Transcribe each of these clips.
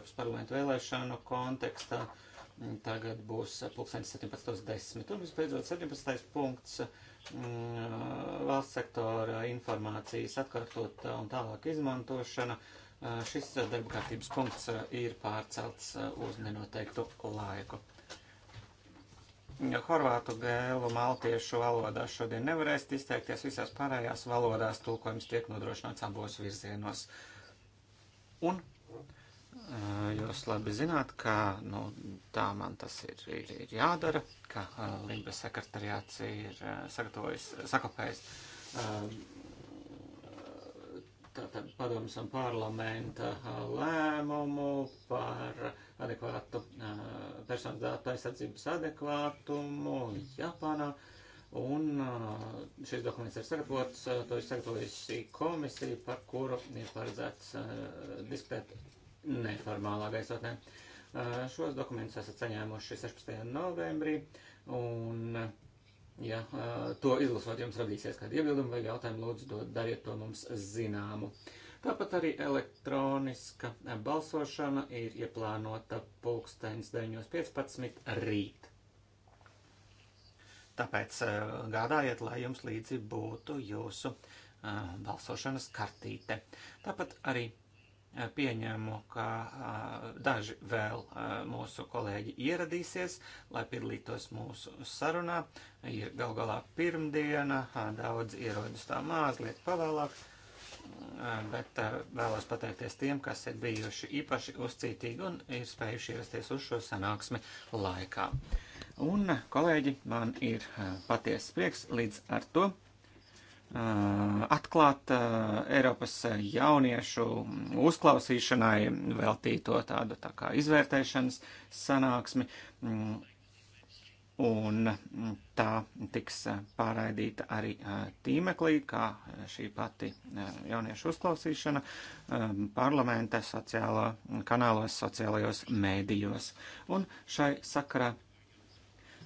Eiropas parlamentu vēlēšanu kontekstā. Mm, tagad būs pulkstenis 17.10. Un visbeidzot 17. punkts mm, valsts sektora informācijas atkārtot un tālāk izmantošana. Mm, šis darba kārtības punkts ir pārcelts uz nenoteiktu laiku. Horvātu gēlu maltiešu valodā šodien nevarēsit izteikties, visās pārējās valodās tulkojums tiek nodrošināts abos virzienos. Un Eh, jūs labi zināt, ka nu, tā man tas ir, ir, ir jādara, ka eh, Limba sekretariāts ir eh, sagatavojis, sakopējis tātad padomus un parlamenta lēmumu par adekvātu personas datu aizsardzības adekvātumu Japānā. Un šis dokuments ir sagatavots, to ir sagatavojusi komisija, par kuru ir paredzēts diskutēt neformālā gaisotnē. Šos dokumentus esat saņēmuši 16. novembrī, un, ja to izlasot jums radīsies kādi iebildumi vai jautājumi, lūdzu, dariet to mums zināmu. Tāpat arī elektroniska balsošana ir ieplānota pulkstenis 9.15 rīt. Tāpēc gādājiet, lai jums līdzi būtu jūsu balsošanas kartīte. Tāpat arī Eh, pieņēmu, ka eh, daži vēl eh, mūsu kolēģi ieradīsies, lai piedalītos mūsu sarunā. Ir gal galā pirmdiena, daudz ierodas tā mazliet pavēlāk, bet vēlos pateikties tiem, kas ir bijuši īpaši uzcītīgi un ir spējuši ierasties uz šo sanāksmi laikā. Un, kolēģi, man ir patiesas prieks līdz ar to. Uh, atklāt uh, Eiropas jauniešu uzklausīšanai veltīto tādu tā kā izvērtēšanas sanāksmi, mm, un tā tiks uh, pārraidīta arī tīmeklī, kā šī pati jauniešu uzklausīšana um, parlamenta sociālā, kanālos, sociālajos mēdījos. Un šai sakarā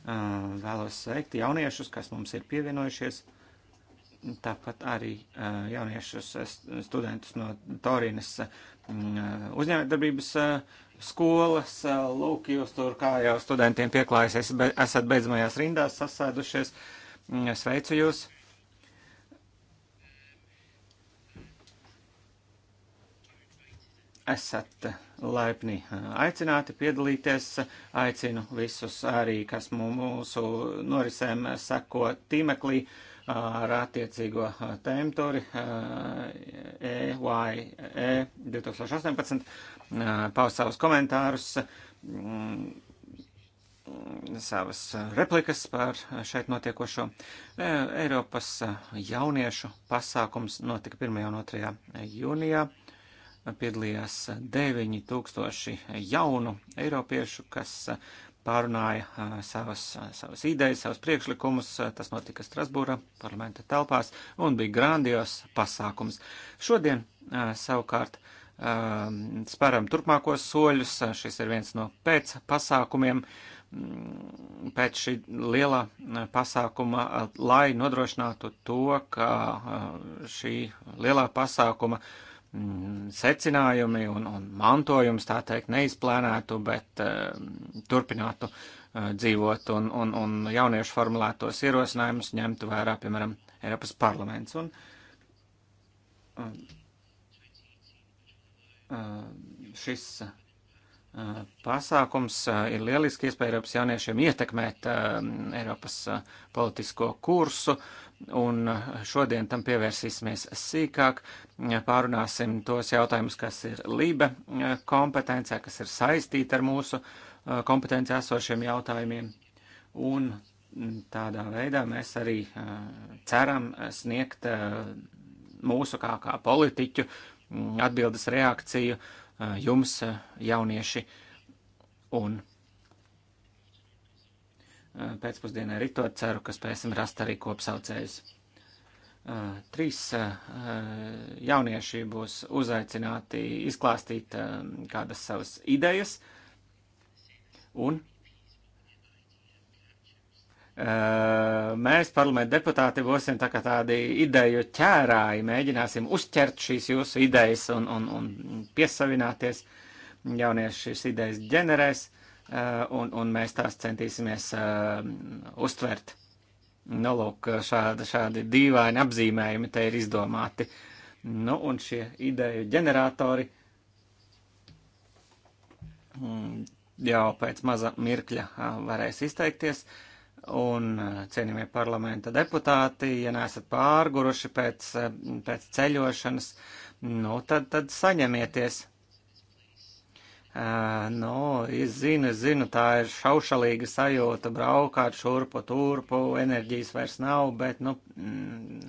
vēlos sveikt jauniešus, kas mums ir pievienojušies Tāpat arī jauniešus, studentus no Torinas uzņēmējdarbības skolas. Lūk, jūs tur kā jau studentiem pieklājas, esat beidzamajās rindās sasēdušies. Mm, sveicu jūs! esat laipni aicināti piedalīties. Aicinu visus arī, kas mūsu norisēm seko tīmeklī. Uh, ar attiecīgo tēmturi EYE 2018, e, paust savus komentārus, mm, savas replikas par šeit notiekošo. E, Eiropas jauniešu pasākums notika 1. un 2. jūnijā. Piedalījās 9000 jaunu eiropiešu, kas pārunāja savas, savas idejas, savus priekšlikumus. Tas notika Strasbūra parlamenta telpās un bija grandios pasākums. Šodien savukārt spēram turpmākos soļus. Šis ir viens no pēc pasākumiem, pēc šī lielā pasākuma, lai nodrošinātu to, ka šī lielā pasākuma uh, Mm, secinājumi un, un mantojums, tā teikt, neizplēnētu, bet eh, turpinātu eh, dzīvot un, un, un jauniešu formulētos ierosinājumus ņemtu vērā, piemēram, Eiropas parlaments. Un, eh, šis pasākums ir lieliski iespēja Eiropas jauniešiem ietekmēt Eiropas politisko kursu. Uh, un šodien tam pievērsīsimies sīkāk. Pārunāsim tos jautājumus, kas ir LIBE eh, kompetencijā, kas ir saistīti ar mūsu eh, kompetenci esošiem jautājumiem. Un tādā veidā mēs arī eh, ceram sniegt mūsu kā, kā politiķu mm, atbildes reakciju jums, jaunieši, un Eh, pēcpusdienā ritot, ceru, ka spēsim rast arī kopsaucējus. Eh, trīs eh, jaunieši būs uzaicināti izklāstīt kādas savas idejas un mēs, parlamenta deputāti, būsim tā tādi ideju ķērāji, mēģināsim uzķert šīs jūsu idejas un, un, un piesavināties. Jaunieši šīs idejas ģenerēs. Uh, Eh, un, un mēs tās centīsimies eh, uztvert. Nu, lūk, šādi, šādi dīvaini apzīmējumi te ir izdomāti. Nu, un šie ideju ģeneratori mm, jau pēc maza mirkļa eh, varēs izteikties. Un, cienījamie parlamenta deputāti, ja neesat pārguruši pēc, pēc ceļošanas, nu, tad, tad saņemieties Uh, nu, es zinu, es zinu, tā ir šaušalīga sajūta braukāt šurpu turpu, enerģijas vairs nav, bet, nu, mm,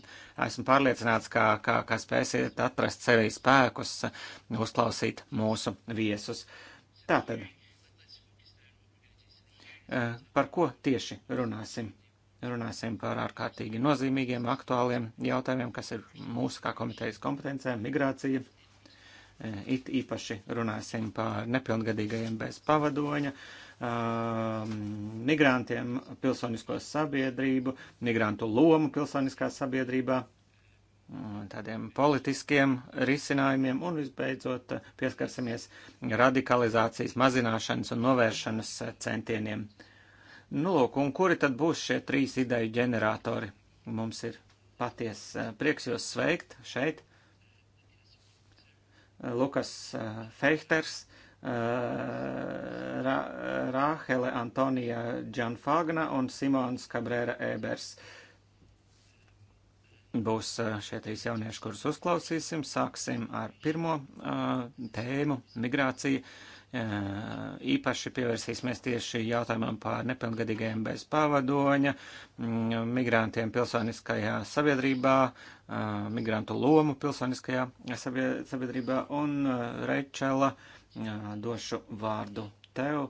esmu pārliecināts, ka, ka, ka spēsiet atrast sevī spēkus, uzklausīt mūsu viesus. Tātad, uh, par ko tieši runāsim? Runāsim par ārkārtīgi nozīmīgiem, aktuāliem jautājumiem, kas ir mūsu kā komitejas kompetencē - migrācija, Eh, it īpaši runāsim par nepilngadīgajiem bez pavadoņa, um, migrantiem pilsonisko sabiedrību, migrantu lomu pilsoniskā sabiedrībā, mm, tādiem politiskiem risinājumiem un visbeidzot eh, pieskarsimies radikalizācijas mazināšanas un novēršanas eh, centieniem. Nu, lūk, un kuri tad būs šie trīs ideju ģeneratori? Mums ir paties prieks jūs sveikt šeit. Eh, Lukas eh, Fechters, Rā, eh, Rāhele Antonija Džanfagna un Simons Kabrēra Ebers. Būs šie trīs jaunieši, kurus uzklausīsim. Sāksim ar pirmo tēmu - migrācija. Eh, īpaši pievērsīsimies tieši jautājumam par nepilngadīgajiem bez pavadoņa, mm, migrantiem pilsoniskajā sabiedrībā, eh, migrantu lomu pilsoniskajā sabiedrībā un eh, Reičela došu vārdu tev.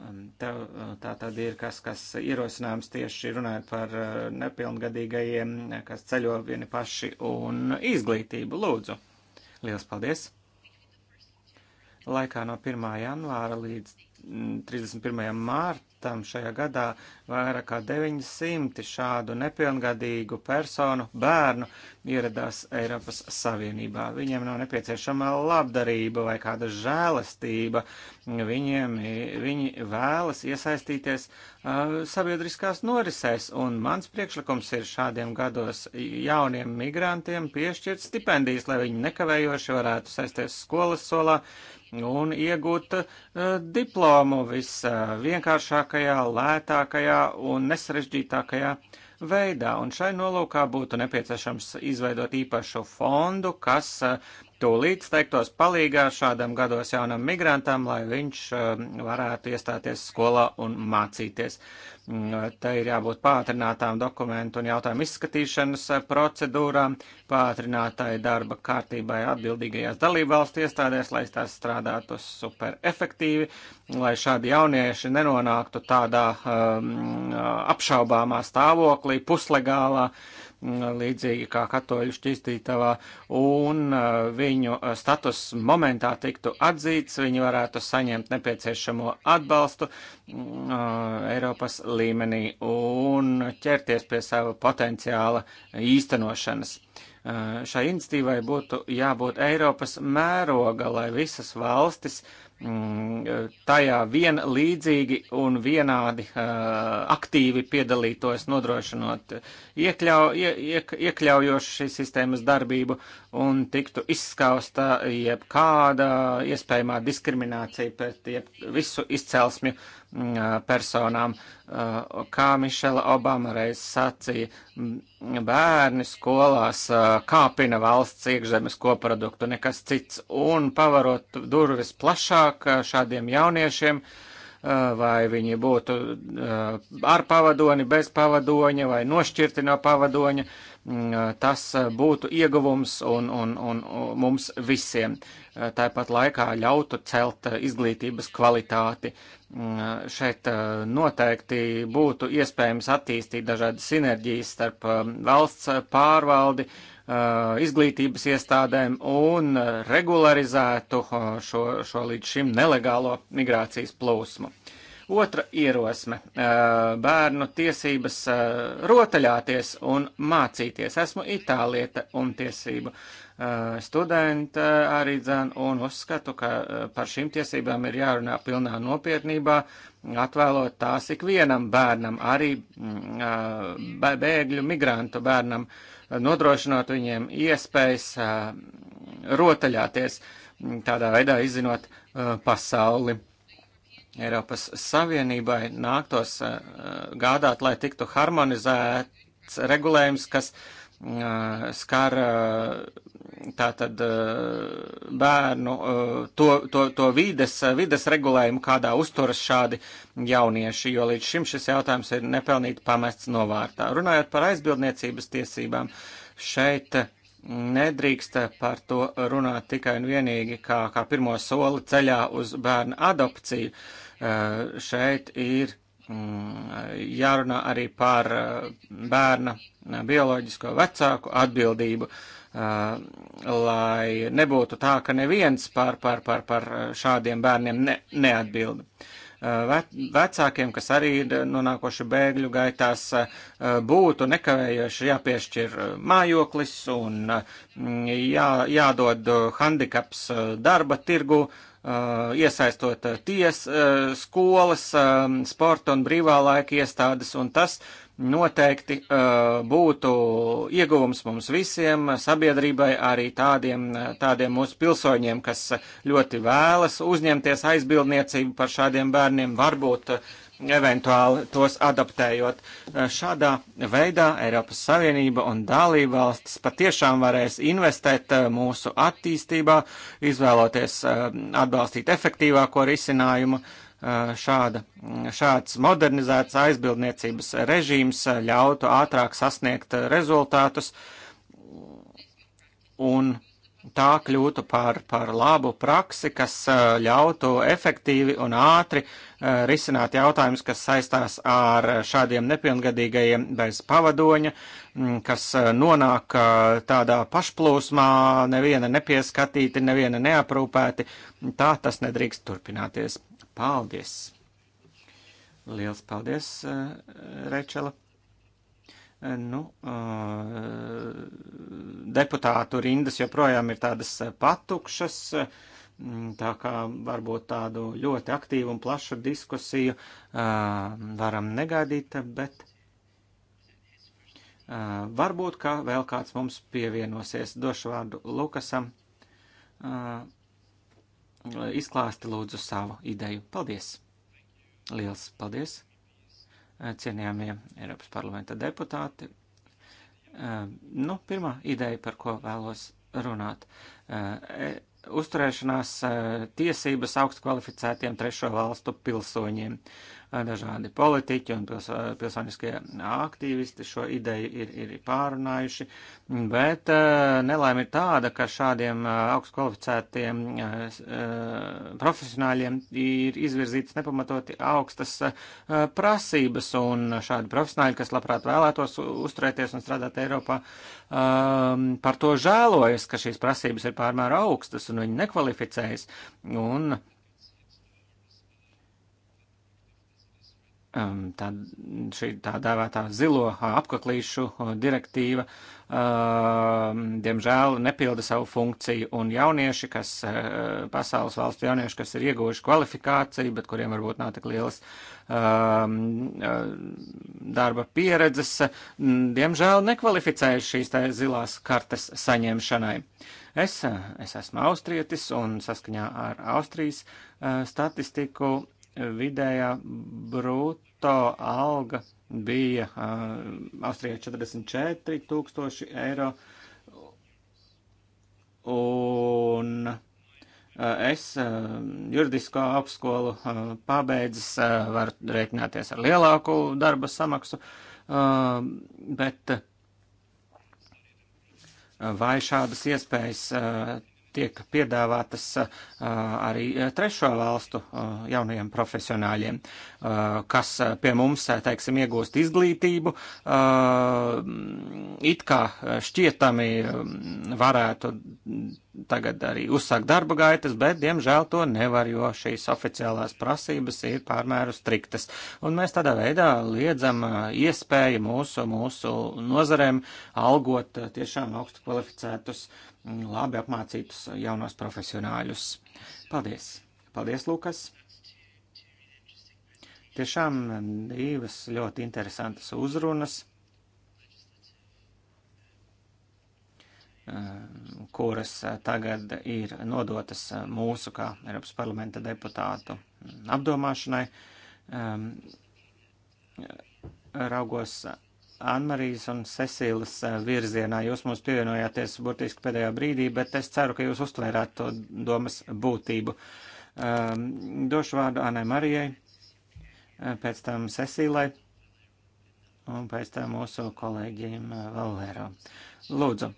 Mm, tev tā tad ir kas, kas ierosinājums tieši runājot par nepilngadīgajiem, kas ceļo vieni paši un izglītību. Lūdzu! Lielas paldies! laikā no 1. janvāra līdz 31. Mm, mārtam šajā gadā vairāk kā 900 šādu nepilngadīgu personu, bērnu ieradās Eiropas Savienībā. Viņiem nav nepieciešama labdarība vai kāda žēlastība. Viņiem, viņi vēlas iesaistīties uh, sabiedriskās norisēs, un mans priekšlikums ir šādiem gados jauniem migrantiem piešķirt stipendijas, lai viņi nekavējoši varētu sēsties skolas solā un iegūt uh, diplomu visā vienkāršākajā, lētākajā un nesarežģītākajā veidā. Un šai nolūkā būtu nepieciešams izveidot īpašu fondu, kas uh, tūlīt steigtos palīgā šādam gados jaunam migrantam, lai viņš eh, varētu iestāties skolā un mācīties. Mm, te ir jābūt pātrinātām dokumentu un jautājumu izskatīšanas eh, procedūrām, pātrinātai darba kārtībai atbildīgajās dalībvalstu iestādēs, lai tās strādātu super efektīvi, lai šādi jaunieši nenonāktu tādā um, apšaubāmā stāvoklī, puslegālā uh, līdzīgi kā katoļu šķistītavā, un uh, viņu uh, status momentā tiktu atzīts, viņi varētu saņemt nepieciešamo atbalstu mm, uh, Eiropas līmenī un ķerties pie sava potenciāla īstenošanas šai institīvai būtu jābūt Eiropas mēroga, lai visas valstis Mm, eh, tajā vien līdzīgi un vienādi uh, aktīvi piedalītos nodrošinot iekļau, iek, iekļaujošu sistēmas darbību un tiktu izskausta jebkāda iespējamā diskriminācija pret jeb visu izcelsmju personām. Kā Mišela Obama reiz sacīja, bērni skolās kāpina valsts iekšzemes koproduktu, nekas cits, un pavarot durvis plašāk šādiem jauniešiem, vai viņi būtu ar pavadoni, bez pavadoņa, vai nošķirti no pavadoņa, Mm, eh, tas eh, būtu ieguvums un, un, un, un mums visiem. Eh, tāpat laikā ļautu celt izglītības kvalitāti. Mm, šeit noteikti būtu iespējams attīstīt dažādas sinerģijas starp valsts pārvaldi, izglītības iestādēm un regularizētu šo, šo līdz šim nelegālo migrācijas plūsmu. Otra ierosme eh, - bērnu tiesības eh, rotaļāties un mācīties. Esmu itālieta un tiesību eh, studenta arī dzēn un uzskatu, ka par šīm tiesībām ir jārunā pilnā nopietnībā, atvēlot tās ikvienam bērnam, arī mm, bēgļu migrantu bērnam, nodrošinot viņiem iespējas rotaļāties, mm, tādā veidā izzinot pasauli. Eiropas Savienībai nāktos eh, gādāt, lai tiktu harmonizēts regulējums, kas eh, skar eh, tātad bērnu to, to, to vides, vides regulējumu, kādā uzturas šādi jaunieši, jo līdz šim šis jautājums ir nepelnīti pamests novārtā. Runājot par aizbildniecības tiesībām, šeit nedrīkst par to runāt tikai un vienīgi kā, kā pirmo soli ceļā uz bērnu adopciju. Uh, Eh, šeit ir mm, jārunā arī par eh, bērna eh, bioloģisko vecāku atbildību, lai nebūtu tā, ka neviens par, par, par, par šādiem bērniem ne, neatbild. Vecākiem, kas arī ir nonākoši bēgļu gaitās, būtu nekavējoši jāpiešķir mājoklis un mm, jā, jādod handikaps darba tirgu, Uh, iesaistot uh, ties, uh, skolas, um, sporta un brīvā laika iestādes, un tas noteikti būtu ieguvums mums visiem, sabiedrībai, arī tādiem, tādiem mūsu pilsoņiem, kas ļoti vēlas uzņemties aizbildniecību par šādiem bērniem, varbūt eventuāli tos adaptējot. Eh, šādā veidā Eiropas Savienība un dalībvalstis patiešām varēs investēt eh, mūsu attīstībā, izvēloties eh, atbalstīt efektīvāko risinājumu. Šāda, mm, šāds modernizēts aizbildniecības režīms ļautu ātrāk sasniegt rezultātus un tā kļūtu par, par labu praksi, kas eh, ļautu efektīvi un ātri eh, risināt jautājumus, kas saistās ar šādiem nepilngadīgajiem bez pavadoņa, mm, kas eh, nonāk tādā pašplūsmā, neviena nepieskatīti, neviena neaprūpēti. Tā tas nedrīkst turpināties. Paldies! Liels paldies, Rečela! Eh, nu, eh, deputātu rindas joprojām ir tādas eh, patukšas, mm, tā kā varbūt tādu ļoti aktīvu un plašu diskusiju varam negaidīt, bet varbūt, ka vēl kāds mums pievienosies. Došu vārdu Lukasam. Izklāsti lūdzu savu ideju. Paldies! Liels paldies! Eh, cienījamie Eiropas parlamenta deputāti. Eh, nu, pirmā ideja, par ko vēlos runāt. Eh, e, uzturēšanās tiesības augstu kvalificētiem trešo valstu pilsoņiem dažādi politiķi un pilsoniskie aktīvisti šo ideju ir, ir pārunājuši, bet eh, nelēma ir tāda, ka šādiem eh, augstu kvalificētiem eh, profesionāļiem ir izvirzītas nepamatoti augstas prasības, un šādi profesionāļi, kas labprāt vēlētos uzturēties un strādāt Eiropā, ehm, par to žēlojas, ka šīs prasības ir pārmēr augstas un viņi nekvalificējas. Un, Um, tā, šī tā dēvētā zilo uh, apaklīšu uh, direktīva, um, diemžēl, nepilda savu funkciju, un jaunieši, kas, uh, pasaules valstu jaunieši, kas ir ieguvuši kvalifikāciju, bet kuriem varbūt nav tik lielas um, darba pieredzes, mm, diemžēl nekvalificējas šīs tā zilās kartes saņemšanai. Es, es esmu austrietis, un saskaņā ar Austrijas statistiku vidējā brūto alga bija uh, Austrijā 44 tūkstoši eiro, un uh, es uh, juridisko apskolu uh, pabeidzis, uh, varu rēķināties ar lielāku darba samaksu, uh, bet uh, vai šādas iespējas uh, tiek piedāvātas arī trešo valstu jaunajiem profesionāļiem, kas pie mums, teiksim, iegūst izglītību, it kā šķietami varētu tagad arī uzsākt darba gaitas, bet, diemžēl, to nevar, jo šīs oficiālās prasības ir pārmēru striktas. Un mēs tādā veidā liedzam iespēju mūsu, mūsu nozarēm algot tiešām augstu kvalificētus uh, labi apmācītus jaunos profesionāļus. Paldies! Paldies, Lukas! Tiešām divas ļoti interesantas uzrunas, eh, kuras tagad ir nodotas mūsu kā Eiropas parlamenta deputātu apdomāšanai. Raugos Anmarijas un Cecīlas eh, virzienā. Jūs mums pievienojāties burtiski pēdējā brīdī, bet es ceru, ka jūs uztvērāt to domas būtību. Um, došu vārdu Anai Marijai, eh, pēc tam Cecīlai un pēc tam mūsu kolēģiem eh, Valēro. Lūdzu.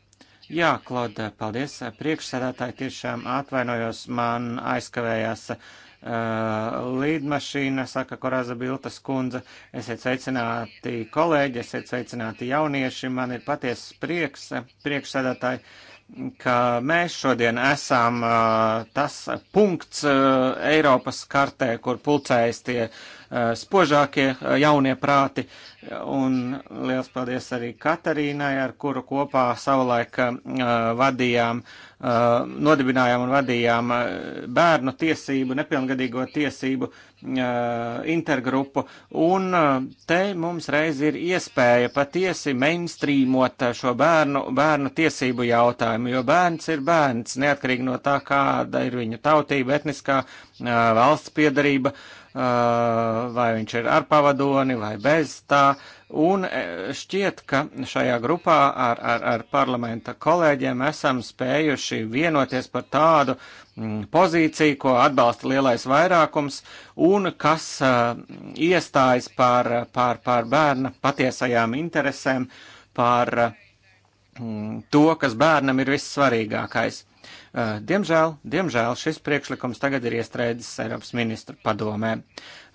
Jā, Klauda, paldies. Priekšsēdētāji tiešām atvainojos, man aizkavējās Eh, līdmašīna, saka Korāza Biltas kundze. Esiet sveicināti kolēģi, esiet sveicināti jaunieši. Man ir patiesas prieks, priekšsēdētāji, ka mēs šodien esam eh, tas punkts eh, Eiropas kartē, kur pulcējas tie uh, Eh, spožākie eh, jaunie prāti. Un liels paldies arī Katarīnai, ar kuru kopā savulaik eh, vadījām, nodibinājām un vadījām bērnu tiesību, nepilngadīgo tiesību intergrupu. Un te mums reiz ir iespēja patiesi mainstreamot šo bērnu, bērnu tiesību jautājumu, jo bērns ir bērns, neatkarīgi no tā, kāda ir viņu tautība, etniskā valsts piedarība. Uh, vai viņš ir ar pavadoni vai bez tā. Un šķiet, ka šajā grupā ar, ar, ar parlamenta kolēģiem esam spējuši vienoties par tādu mm, pozīciju, ko atbalsta lielais vairākums un kas uh, iestājas par, par, par bērna patiesajām interesēm, par uh, to, kas bērnam ir vissvarīgākais. Uh, diemžēl, diemžēl šis priekšlikums tagad ir iestrēdzis Eiropas ministru padomē.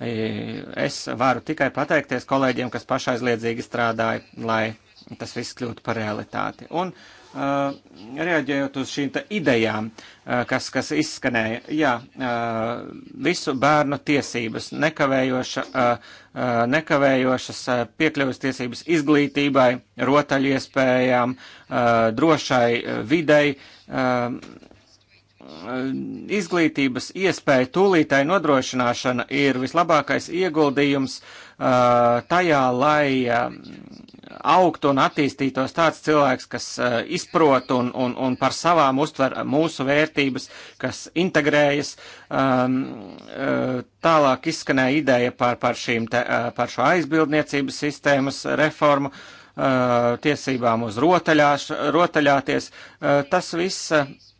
E, es varu tikai pateikties kolēģiem, kas pašaizliedzīgi strādāja, lai tas viss kļūtu par realitāti. Un Uh, reaģējot uz šīm idejām, uh, kas, kas izskanēja, jā, uh, visu bērnu tiesības, nekavējoša, uh, uh, nekavējošas piekļuvis tiesības izglītībai, rotaļiespējām, drošai videi, Eh, izglītības iespēju tūlītai nodrošināšana ir vislabākais ieguldījums uh, tajā, lai uh, augtu un attīstītos tāds cilvēks, kas uh, izprot un, un, un par savām uztver mūsu vērtības, kas integrējas. Um, tālāk izskanēja ideja par, par, šīm te, par šo aizbildniecības sistēmas reformu. Uh, Eh, tiesībām uz rotaļāties. Eh, tas viss,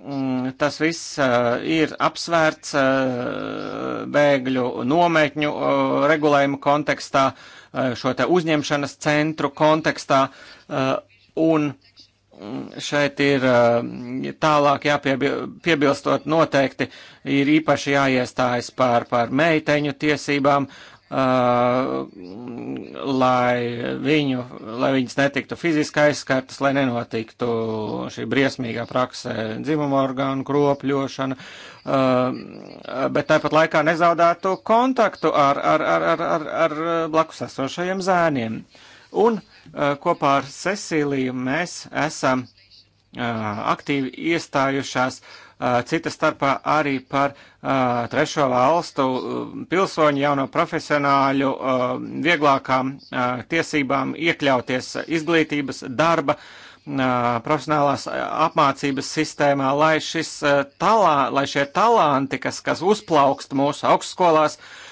mm, tas viss eh, ir apsvērts bēgļu nometņu regulējumu kontekstā, šo te uzņemšanas centru kontekstā, un mm, šeit ir tālāk jāpiebilstot noteikti, ir īpaši jāiestājas par, par meiteņu tiesībām, uh, Uh, lai, viņu, lai viņas netiktu fiziski aizskartas, lai nenotiktu šī briesmīgā prakse dzimuma orgānu kropļošana, uh, bet tāpat laikā nezaudētu kontaktu ar, ar, ar, ar, ar, ar blakus esošajiem zēniem. Un uh, kopā ar Cecīliju mēs esam aktīvi iestājušās uh, Uh, cita starpā arī par uh, trešo valstu uh, pilsoņu, jauno profesionāļu, vieglākām tiesībām iekļauties izglītības, darba, profesionālās apmācības sistēmā, lai, šis, talā, lai šie talanti, kas, kas uzplaukst mūsu augstskolās, uh,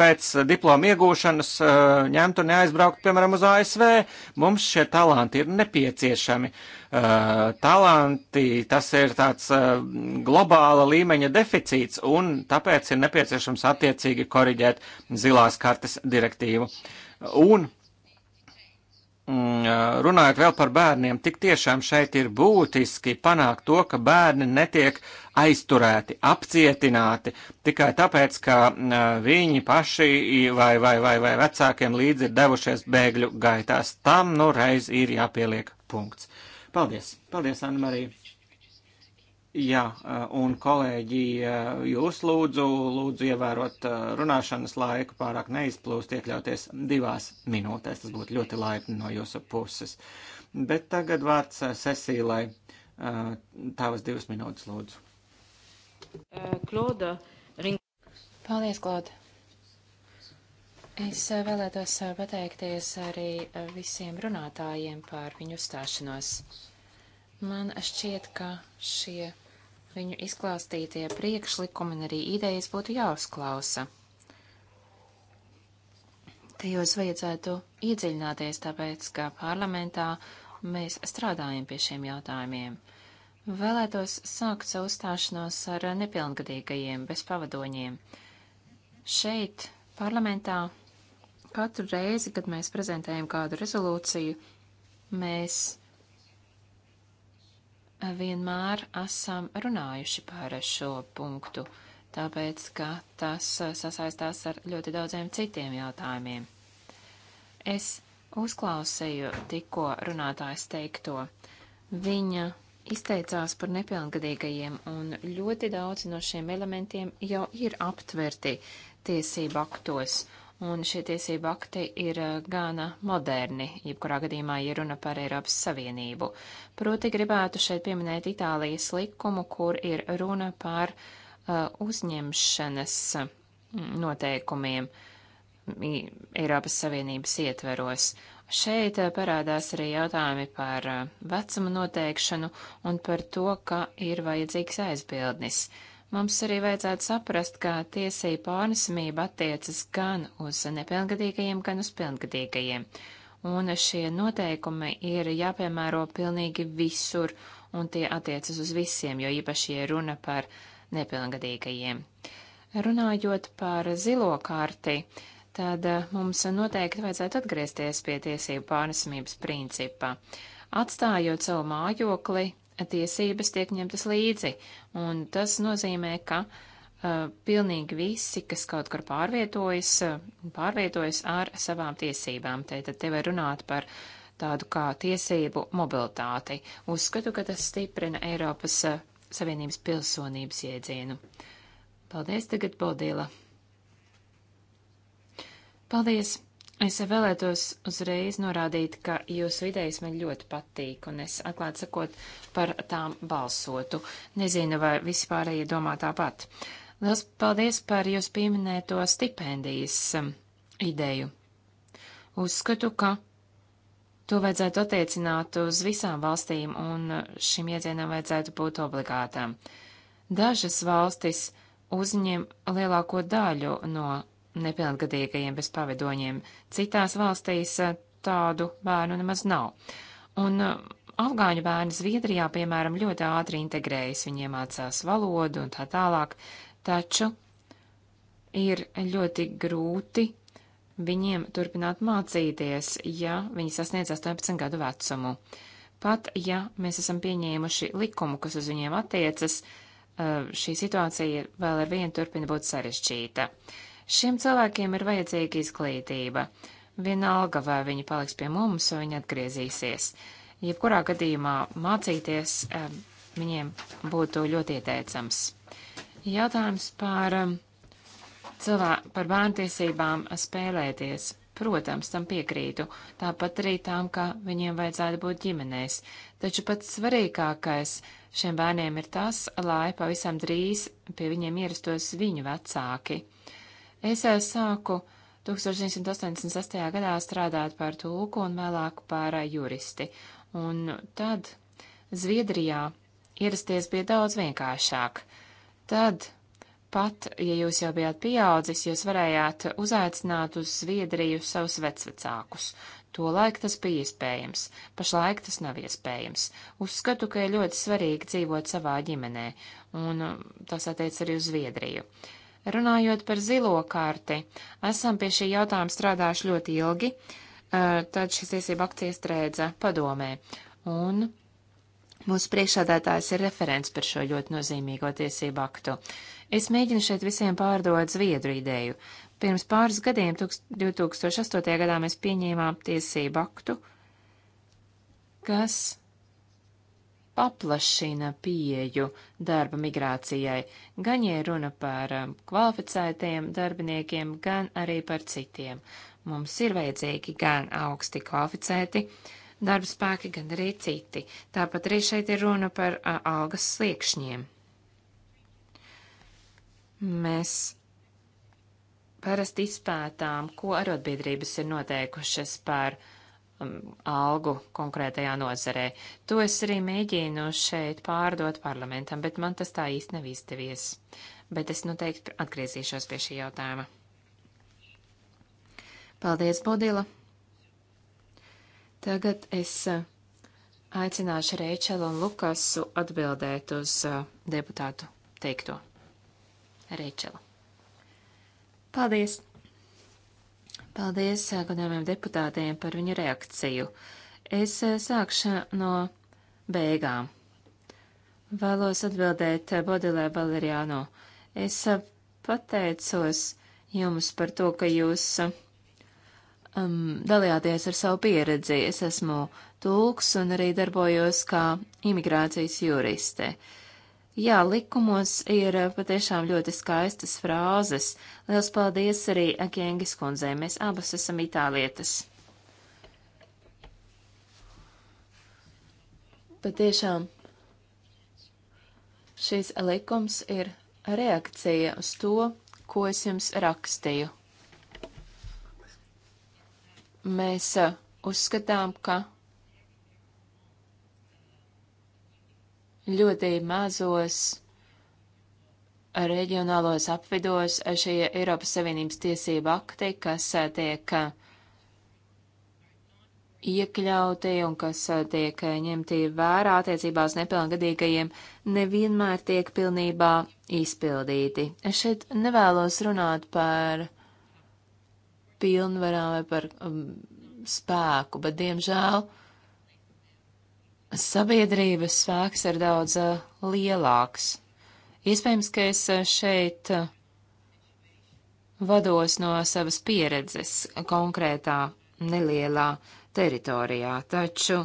pēc diploma iegūšanas ņemt un neaizbraukt, piemēram, uz ASV. Mums šie talanti ir nepieciešami. Talanti tas ir tāds globāla līmeņa deficīts, un tāpēc ir nepieciešams attiecīgi koriģēt zilās kartes direktīvu. Un Mm, runājot vēl par bērniem, tik tiešām šeit ir būtiski panākt to, ka bērni netiek aizturēti, apcietināti tikai tāpēc, ka mm, viņi paši vai, vai, vai, vai vecākiem līdzi ir devušies bēgļu gaitās. Tam nu reiz ir jāpieliek punkts. Paldies! Paldies, Anna Marija! Jā, eh, un kolēģi, eh, jūs lūdzu, lūdzu ievērot eh, runāšanas laiku, pārāk neizplūst, iekļauties divās minūtēs. Tas būtu ļoti laipni no jūsu puses. Bet tagad vārds Cecīlai. Tavas divas minūtes, lūdzu. Klauda. Ring... Paldies, Klauda. Es vēlētos pateikties arī visiem runātājiem par viņu stāšanos. Man šķiet, ka šie Viņu izklāstītie priekšlikumi un arī idejas būtu jāuzklausa. Tajos vajadzētu iedziļināties, tāpēc, ka parlamentā mēs strādājam pie šiem jautājumiem. Vēlētos sākt savu stāšanos ar nepilngadīgajiem bez pavadoņiem. Šeit, parlamentā, katru reizi, kad mēs prezentējam kādu rezolūciju, mēs vienmēr esam runājuši par šo punktu, tāpēc, ka tas sasaistās ar ļoti daudziem citiem jautājumiem. Es uzklausīju tikko runātājs teikto. Viņa izteicās par nepilngadīgajiem, un ļoti daudzi no šiem elementiem jau ir aptverti tiesību aktos, un šie tiesību akti ir eh, gana moderni, jebkurā gadījumā, ja runa par Eiropas Savienību. Proti gribētu šeit pieminēt Itālijas likumu, kur ir runa par uh, uzņemšanas mm, noteikumiem mm, Eiropas Savienības ietveros. Šeit eh, parādās arī jautājumi par vecumu noteikšanu un par to, ka ir vajadzīgs aizbildnis. Uh, Mums arī vajadzētu saprast, ka tiesība pārnesamība attiecas gan uz nepilngadīgajiem, gan uz pilngadīgajiem. Un šie noteikumi ir jāpiemēro pilnīgi visur, un tie attiecas uz visiem, jo īpaši ir runa par nepilngadīgajiem. Runājot par zilo karti, tad eh, mums noteikti vajadzētu atgriezties pie tiesību pārnesamības principa. Atstājot savu mājokli, tiesības tiek ņemtas līdzi, un tas nozīmē, ka uh, pilnīgi visi, kas kaut kur pārvietojas, uh, pārvietojas ar savām tiesībām. Tātad te var runāt par tādu kā tiesību mobilitāti. Uzskatu, ka tas stiprina Eiropas uh, Savienības pilsonības iedzienu. Paldies tagad, Bodila! Paldies! Es vēlētos uzreiz norādīt, ka jūsu idejas man ļoti patīk, un es atklāti sakot par tām balsotu. Nezinu, vai visi pārējie domā tāpat. Liels paldies par jūsu pieminēto stipendijas um, ideju. Uzskatu, ka to vajadzētu attiecināt uz visām valstīm, un uh, šim iedzienam vajadzētu būt obligātām. Dažas valstis uzņem lielāko daļu no nepilngadīgajiem bez pavadoņiem. Citās valstīs eh, tādu bērnu nemaz nav. Un eh, afgāņu bērni Zviedrijā, piemēram, ļoti ātri integrējas, viņi mācās valodu un tā tālāk, taču ir ļoti grūti viņiem turpināt mācīties, ja viņi sasniedz 18 gadu vecumu. Pat ja mēs esam pieņēmuši likumu, kas uz viņiem attiecas, eh, šī situācija vēl ar vienu turpina būt sarežģīta. Uh, Šiem cilvēkiem ir vajadzīga izglītība. Vienalga, vai viņi paliks pie mums, vai viņi atgriezīsies. Jebkurā gadījumā mācīties viņiem būtu ļoti ieteicams. Jautājums par, cilvē, par bērntiesībām spēlēties. Protams, tam piekrītu, tāpat arī tām, ka viņiem vajadzētu būt ģimenēs. Taču pats svarīgākais šiem bērniem ir tas, lai pavisam drīz pie viņiem ierastos viņu vecāki. Es eh, sāku 1986. gadā strādāt par tulku un vēlāk par eh, juristi, un tad Zviedrijā ierasties bija daudz vienkāršāk. Tad, pat ja jūs jau bijāt pieaudzis, jūs varējāt uzaicināt uz Zviedriju savus vecvecākus. Tolaik tas bija iespējams, pašlaik tas nav iespējams. Uzskatu, ka ir ļoti svarīgi dzīvot savā ģimenē, un eh, tas attiec arī uz Zviedriju. Uh, Runājot par zilo karti, esam pie šī jautājuma strādājuši ļoti ilgi, eh, tad šis tiesība akcija strēdza padomē. Un mūsu priekšādātājs ir referents par šo ļoti nozīmīgo tiesību aktu. Es mēģinu šeit visiem pārdot zviedru ideju. Pirms pāris gadiem, 2008. gadā, mēs pieņēmām tiesību aktu, kas paplašina pieju darba migrācijai, gan ja runa par um, kvalificētajiem darbiniekiem, gan arī par citiem. Mums ir vajadzīgi gan augsti kvalificēti darba spēki, gan arī citi. Tāpat arī šeit ir runa par a, algas sliekšņiem. Mēs parasti izpētām, ko arotbiedrības ir noteikušas par uh, Um, algu konkrētajā nozarē. To es arī mēģinu šeit pārdot parlamentam, bet man tas tā īsti nav izdevies. Bet es noteikti nu, atgriezīšos pie šī jautājuma. Paldies, Bodila! Tagad es uh, aicināšu Rēčelu un Lukasu atbildēt uz uh, deputātu teikto. Rēčela. Paldies! Paldies eh, godājumiem deputātiem par viņu reakciju. Es eh, sākšu no beigām. Vēlos atbildēt eh, Bodilē Valeriāno. Es pateicos jums par to, ka jūs um, dalījāties ar savu pieredzi. Es esmu tulks un arī darbojos kā imigrācijas juriste. Uh, Jā, likumos ir eh, patiešām ļoti skaistas frāzes. Liels paldies arī Akiengis kundzei. Mēs abas esam itālietas. Patiešām šīs likums ir reakcija uz to, ko es jums rakstīju. Mēs eh, uzskatām, ka ļoti mazos reģionālos apvidos šie Eiropas Savienības tiesība akti, kas eh, tiek eh, iekļauti un kas eh, tiek ņemti vērā attiecībā uz nepilngadīgajiem, nevienmēr tiek pilnībā izpildīti. Es šeit nevēlos runāt par pilnvarām vai par um, spēku, bet diemžēl uh, sabiedrības spēks ir daudz eh, lielāks. Iespējams, ka es eh, šeit eh, vados no savas pieredzes konkrētā nelielā teritorijā, taču,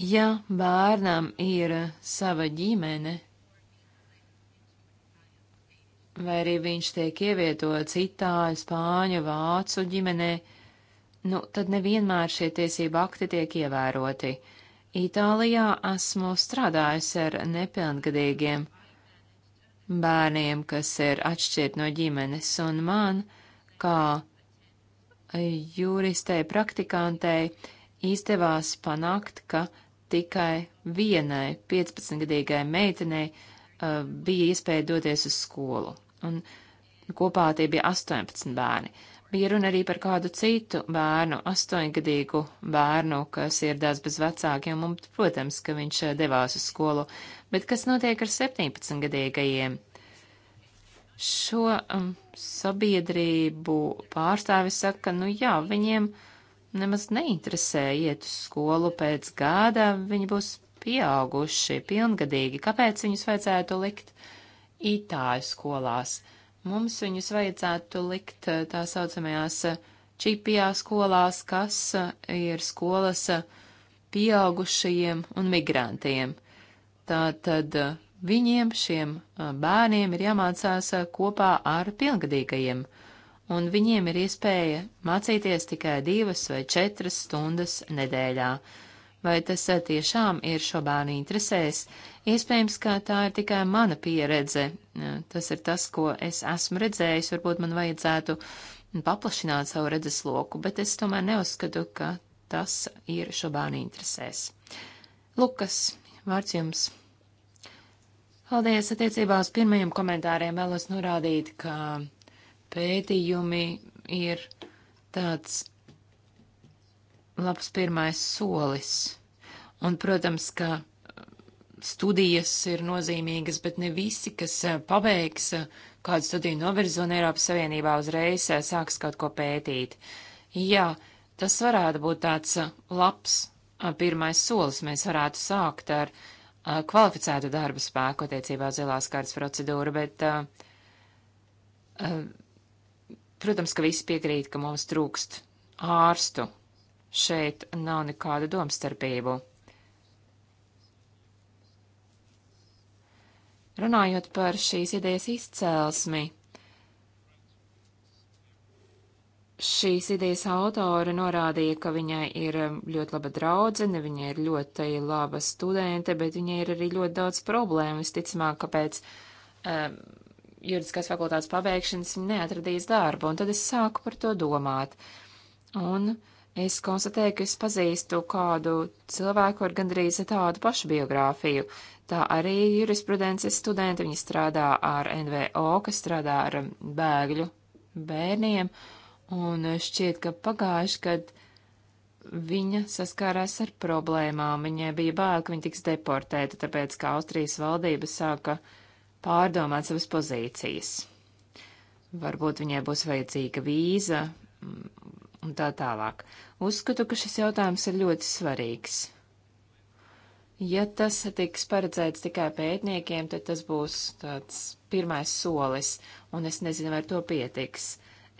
ja bērnam ir sava ģimene, vai arī viņš tiek ievietots itāļu, spāņu, vācu ģimenē, nu, tad nevienmēr šie tiesību akti tiek ievēroti. Uh, Itālijā esmu strādājusi ar nepilngadīgiem bērniem, kas ir atšķirt no ģimenes, un man, kā juristei praktikantei, izdevās panākt, ka tikai vienai 15-gadīgai meitenei uh, bija iespēja doties uz skolu, un kopā tie bija 18 bērni. Uh, bija runa arī par kādu citu bērnu, astoņgadīgu bērnu, kas ieradās bez vecākiem, un, protams, ka viņš eh, devās uz skolu, bet kas notiek ar 17-gadīgajiem? Šo um, sabiedrību pārstāvi saka, nu jā, viņiem nemaz neinteresē iet uz skolu pēc gada, viņi būs pieauguši, pilngadīgi, kāpēc viņus vajadzētu likt itāļu skolās? Uh, Mums viņus vajadzētu likt eh, tā saucamajās eh, čipijā skolās, kas eh, ir skolas pieaugušajiem un migrantiem. Tātad viņiem, šiem bērniem, ir jāmācās kopā ar pilngadīgajiem, un viņiem ir iespēja mācīties tikai divas vai četras stundas nedēļā. Vai tas tiešām ir šo bērnu interesēs? Iespējams, ka tā ir tikai mana pieredze. Tas ir tas, ko es esmu redzējis. Varbūt man vajadzētu paplašināt savu redzesloku, bet es tomēr neuzskatu, ka tas ir šo bērnu interesēs. Lukas, vārds jums. Paldies! Attiecībā uz pirmajiem komentāriem vēlos norādīt, ka pētījumi ir tāds labs pirmais solis. Un, protams, ka studijas ir nozīmīgas, bet ne visi, kas eh, pabeigs eh, kādu studiju novirzonu Eiropas Savienībā, uzreiz eh, sāks kaut ko pētīt. Jā, tas varētu būt tāds labs pirmais solis. Mēs varētu sākt ar kvalificētu darba spēku attiecībā uz zilās kārtas procedūru, bet, protams, ka visi piekrīt, ka mums trūkst ārstu. Šeit nav nekādu domstarpību. Runājot par šīs idejas izcēlesmi, šīs idejas autori norādīja, ka viņai ir um, ļoti laba draudzene, viņai ir ļoti laba studente, bet viņai ir arī ļoti daudz problēmu. Visticamāk, ka pēc um, juridiskās fakultātes pabeigšanas viņa neatradīs darbu, un tad es sāku par to domāt. Un es konstatēju, ka es pazīstu kādu cilvēku ar gandrīz tādu pašu biogrāfiju. Uh, Tā arī ir jurisprudences studenti, viņi strādā ar NVO, kas strādā ar bēgļu bērniem, un šķiet, ka pagājuši, kad viņa saskārās ar problēmām, viņai bija bail, ka viņa tiks deportēta, tāpēc, ka Austrijas valdība sāka pārdomāt savas pozīcijas. Varbūt viņai būs vajadzīga vīza mm, un tā tālāk. Uzskatu, ka šis jautājums ir ļoti svarīgs. Ja tas tiks paredzēts tikai pētniekiem, tad tas būs tāds pirmais solis, un es nezinu, vai to pietiks.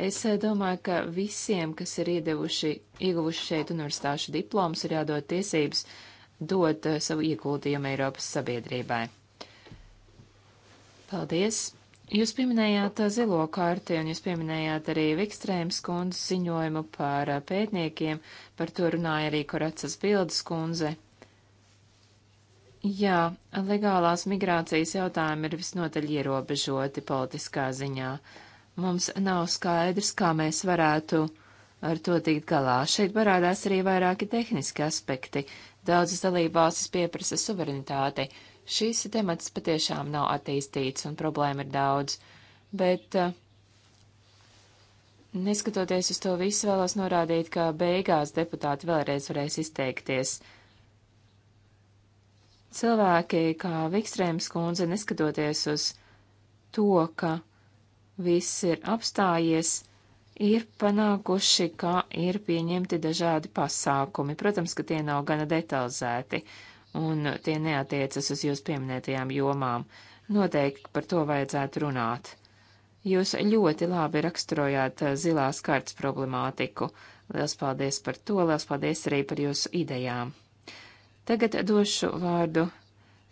Es eh, domāju, ka visiem, kas ir iedevuši, ieguvuši šeit universitāšu diplomas, ir jādod tiesības dot eh, savu ieguldījumu Eiropas sabiedrībai. Paldies! Jūs pieminējāt eh, zilo karti, un jūs pieminējāt arī Vikstrēmas kundzes ziņojumu par pētniekiem, par to runāja arī Koracas bildes kundze. Jā, legālās migrācijas jautājumi ir visnotaļ ierobežoti politiskā ziņā. Mums nav skaidrs, kā mēs varētu ar to tikt galā. Šeit parādās arī vairāki tehniski aspekti. Daudzas dalībvalstis pieprasa suverenitāti. Šīs temats patiešām nav attīstīts un problēma ir daudz, bet eh, neskatoties uz to visu vēlos norādīt, ka beigās deputāti vēlreiz varēs izteikties cilvēki kā Vikstrēms kundze, neskatoties uz to, ka viss ir apstājies, ir panākuši, ka ir pieņemti dažādi pasākumi. Protams, ka tie nav gana detalizēti, un tie neatiecas uz jūs pieminētajām jomām. Noteikti par to vajadzētu runāt. Jūs ļoti labi raksturojāt eh, zilās kartas problemātiku. Liels paldies par to, liels paldies arī par jūsu idejām. Tagad došu vārdu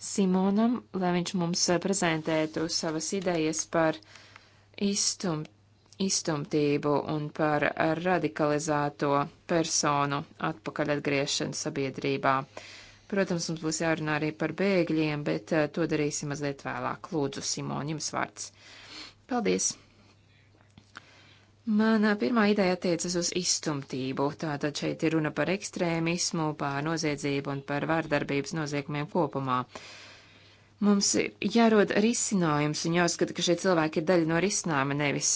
Simonam, lai viņš mums prezentētu savas idejas par izstum, izstumtību un par radikalizēto personu atpakaļ atgriešanu sabiedrībā. Protams, mums būs jārunā arī par bēgļiem, bet eh, to darīsim mazliet vēlāk. Lūdzu, Simon, jums vārds. Paldies! Manā pirmā ideja attiecas uz izstumtību. Tātad šeit ir runa par ekstrēmismu, par noziedzību un par vārdarbības noziegumiem kopumā. Mums ir jārod risinājums un jāuzskata, ka šie cilvēki ir daļa no risinājuma, nevis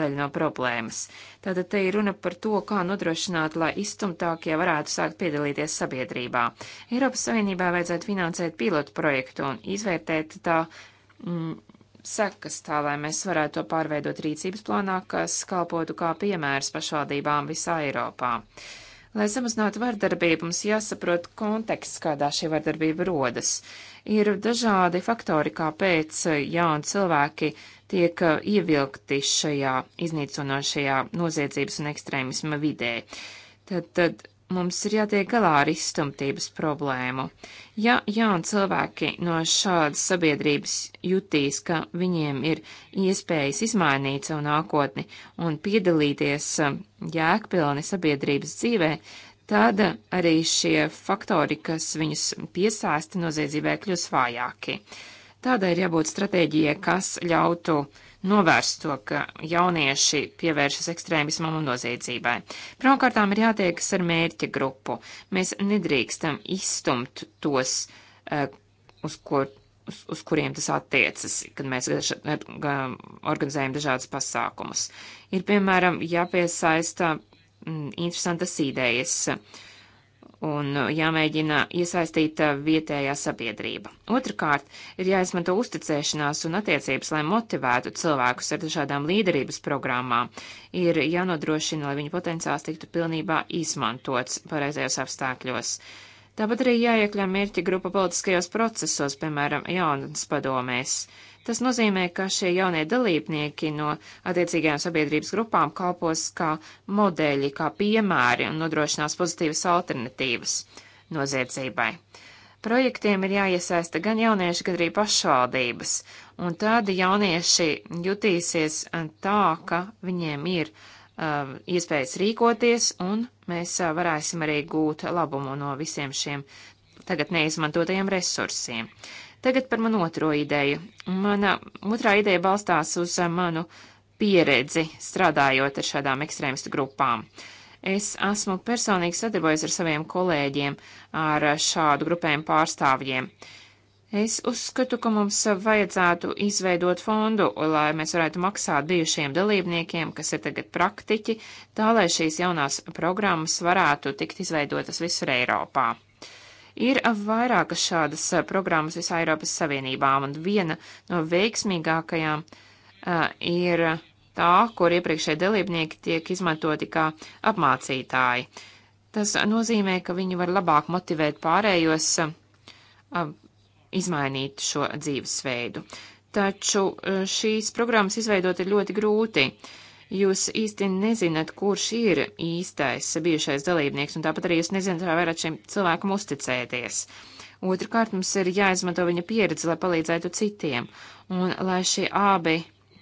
daļa no problēmas. Tātad te ir runa par to, kā nodrošināt, lai izstumtākie varētu sākt piedalīties sabiedrībā. Eiropas Savienībā vajadzētu finansēt pilotu projektu un izvērtēt tā mm, sekas tā, lai mēs varētu to pārveidot rīcības plānā, kas kalpotu kā piemērs pašvaldībām visā Eiropā. Lai samazinātu vardarbību, mums jāsaprot konteksts, kādā šī vardarbība rodas. Ir dažādi faktori, kāpēc jauni cilvēki tiek ievilkti šajā iznīcinošajā noziedzības un ekstrēmisma vidē. Tad, tad Mums ir jātiek galā ar izstumtības problēmu. Ja jauni cilvēki no šādas sabiedrības jutīs, ka viņiem ir iespējas izmainīt savu nākotni un piedalīties um, jēgpilni sabiedrības dzīvē, tad arī šie faktori, kas viņus piesaista noziedzībai, kļūs vājāki. Tādai ir jābūt stratēģijai, kas ļautu uh, novērst to, ka jaunieši pievēršas ekstrēmismam un noziedzībai. Pirmkārtām ir jātiekas ar mērķa grupu. Mēs nedrīkstam izstumt tos, eh, uz, ko, uz, uz kuriem tas attiecas, kad mēs organizējam dažādas pasākumus. Ir, piemēram, jāpiesaista mm, interesantas idejas un uh, jāmēģina iesaistīt uh, vietējā sabiedrība. Otrakārt, ir jāizmanto uzticēšanās un attiecības, lai motivētu cilvēkus ar dažādām līderības programmām. Ir jānodrošina, lai viņu potenciāls tiktu pilnībā izmantots pareizajos apstākļos. Tāpat arī jāiekļā mērķa grupa politiskajos procesos, piemēram, jaunas padomēs. Tas nozīmē, ka šie jaunie dalībnieki no attiecīgajām sabiedrības grupām kalpos kā modeļi, kā piemēri un nodrošinās pozitīvas alternatīvas noziedzībai. Projektiem ir jāiesaista gan jaunieši, gan arī pašvaldības, un tādi jaunieši jutīsies tā, ka viņiem ir uh, iespējas rīkoties, un mēs uh, varēsim arī gūt labumu no visiem šiem tagad neizmantotajiem resursiem. Tagad par manu otro ideju. Mana otrā ideja balstās uz eh, manu pieredzi strādājot ar šādām ekstrēmistu grupām. Es esmu personīgi sadarbojies ar saviem kolēģiem, ar šādu grupējumu pārstāvjiem. Es uzskatu, ka mums vajadzētu izveidot fondu, lai mēs varētu maksāt bijušiem dalībniekiem, kas ir tagad praktiķi, tā lai šīs jaunās programmas varētu tikt izveidotas visur Eiropā. Ir vairākas šādas programmas visā Eiropas Savienībām, un viena no veiksmīgākajām uh, ir tā, kur iepriekšēji dalībnieki tiek izmantoti kā apmācītāji. Tas nozīmē, ka viņi var labāk motivēt pārējos uh, izmainīt šo dzīvesveidu. Taču šīs programmas izveidot ir ļoti grūti. Uh, jūs īsti nezināt, kurš ir īstais bijušais dalībnieks, un tāpat arī jūs nezināt, vai varat šim cilvēkam uzticēties. Otrakārt, mums ir jāizmanto viņa pieredze, lai palīdzētu citiem, un lai šie abi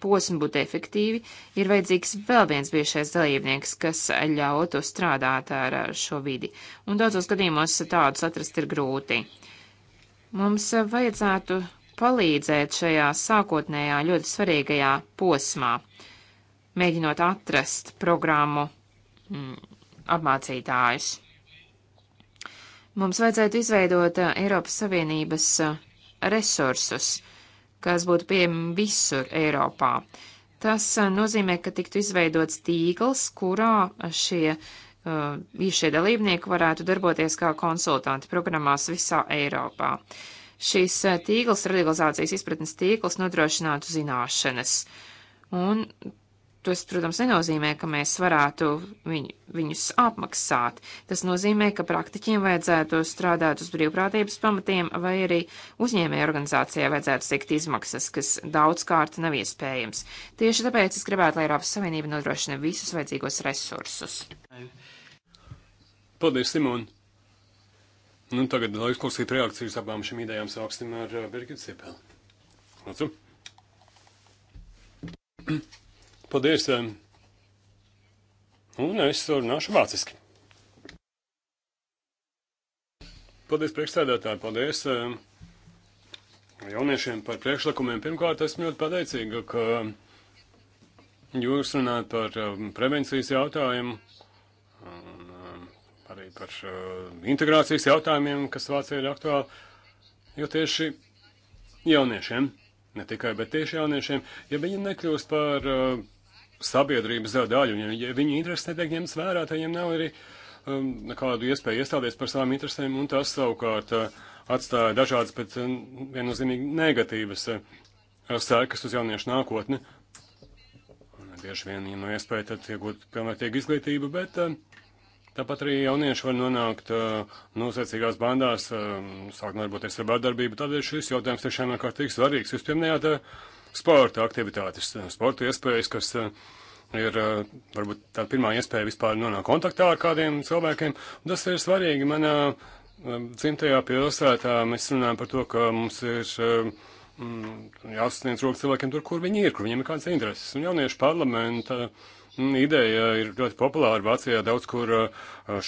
posmi būtu efektīvi, ir vajadzīgs vēl viens bijušais dalībnieks, kas ļautu strādāt ar šo vidi, un daudzos gadījumos tādus atrast ir grūti. Mums vajadzētu palīdzēt šajā sākotnējā ļoti svarīgajā posmā mēģinot atrast programmu mm, apmācītājus. Mums vajadzētu izveidot eh, Eiropas Savienības eh, resursus, kas būtu pieejami visur Eiropā. Tas eh, nozīmē, ka tiktu izveidots tīkls, kurā šie īšie dalībnieki varētu darboties kā konsultanti programmās visā Eiropā. Šīs tīkls, radikalizācijas izpratnes tīkls nodrošinātu zināšanas, un tas, protams, nenozīmē, ka mēs varētu viņu, viņus apmaksāt. Tas nozīmē, ka praktiķiem vajadzētu strādāt uz brīvprātības pamatiem, vai arī uzņēmēja organizācijai vajadzētu sekt izmaksas, kas daudzkārt nav iespējams. Tieši tāpēc es gribētu, lai Eiropas Savienība nodrošina visus vajadzīgos resursus. Paldies, Simon! Nu, tagad, lai uzklausītu reakcijas abām šīm idejām, sāksim ar eh, Birgit Sipeli. Lūdzu! Paldies! Un es runāšu vāciski. Paldies priekšsēdētāji, paldies eh, jauniešiem par priekšlikumiem. Pirmkārt, esmu ļoti pateicīga, ka jūs runājat par eh, prevencijas jautājumu un eh, arī par integrācijas jautājumiem, kas Vācijā ir aktuāli, jo tieši jauniešiem, ne tikai, bet tieši jauniešiem, ja viņi nekļūst par sabiedrības daļu. Un, ja viņu intereses netiek ņemts vērā, tad viņiem nav arī um, kādu iespēju iestāties par savām interesēm, un tas savukārt uh, atstāja dažādas, bet um, uh, viennozīmīgi negatīvas uh, sēkas uz jauniešu nākotni. Un, bieži vien, ja no iespēja, tad iegūt pilnvērtīgu izglītību, bet uh, Tāpat arī jaunieši var nonākt uh, nosacīgās bandās, uh, um, sākt nodarboties ar bārdarbību. Tādēļ šis jautājums tiešām ir kārtīgi svarīgs. Jūs pieminējāt uh, sporta aktivitātes, eh, sporta iespējas, kas eh, ir eh, varbūt tā pirmā iespēja vispār nonākt kontaktā ar kādiem cilvēkiem. Un tas ir svarīgi. Manā dzimtajā pilsētā mēs runājam par to, ka mums ir mm, jāsasniedz rokas cilvēkiem tur, kur viņi ir, kur viņiem ir kādas intereses. Un jauniešu parlamenta mm, ideja ir ļoti populāra Vācijā, daudz kur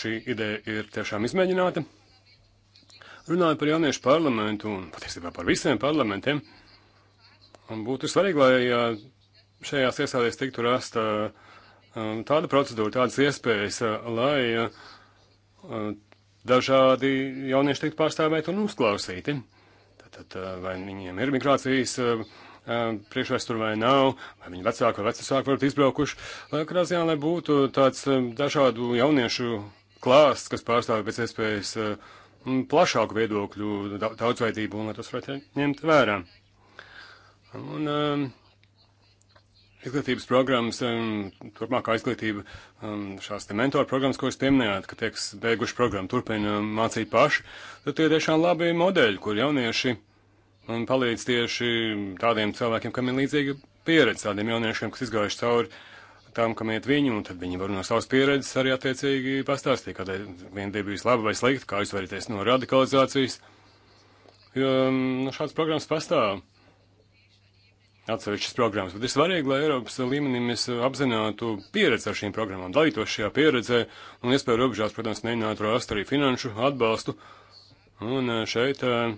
šī ideja ir tiešām izmēģināta. Runāju par jauniešu parlamentu un patiesībā par visiem parlamentiem. Uh, Un būtu svarīgi, lai šajās iestādēs tiktu rasta um, tāda procedūra, tādas iespējas, uh, lai uh, uh, dažādi jaunieši tiktu pārstāvēti un uzklausīti. Tātad, vai viņiem ir migrācijas priekšvēsture vai nav, vai viņi vecāki vai vecāki varbūt izbraukuši, lai krāsjā, lai būtu tāds dažādu jauniešu klāsts, kas pārstāv pēc iespējas plašāku viedokļu daudzveidību un lai tos varētu ņemt vērā. Un um, izglītības programmas, um, turpmākā izglītība, um, šās te mentoru programmas, ko jūs pieminējāt, ka tiek beiguši programmu, turpina mācīt paši, tad tie tiešām labi modeļi, kur jaunieši um, palīdz tieši tādiem cilvēkiem, kam ir līdzīga pieredze, tādiem jauniešiem, kas izgājuši cauri tam, kam iet viņi, un tad viņi var no savas pieredzes arī attiecīgi pastāstīt, kādēļ viena dieva bijis laba vai slikta, kā jūs varieties no radikalizācijas. Jo um, nu, šāds programmas pastāv atsevišķas programmas, bet ir svarīgi, lai Eiropas līmenī mēs apzinātu pieredzi ar šīm programmām, dalītos šajā pieredzē un iespēju robežās, protams, mēģinātu rast arī finanšu atbalstu. Un eh, šeit eh,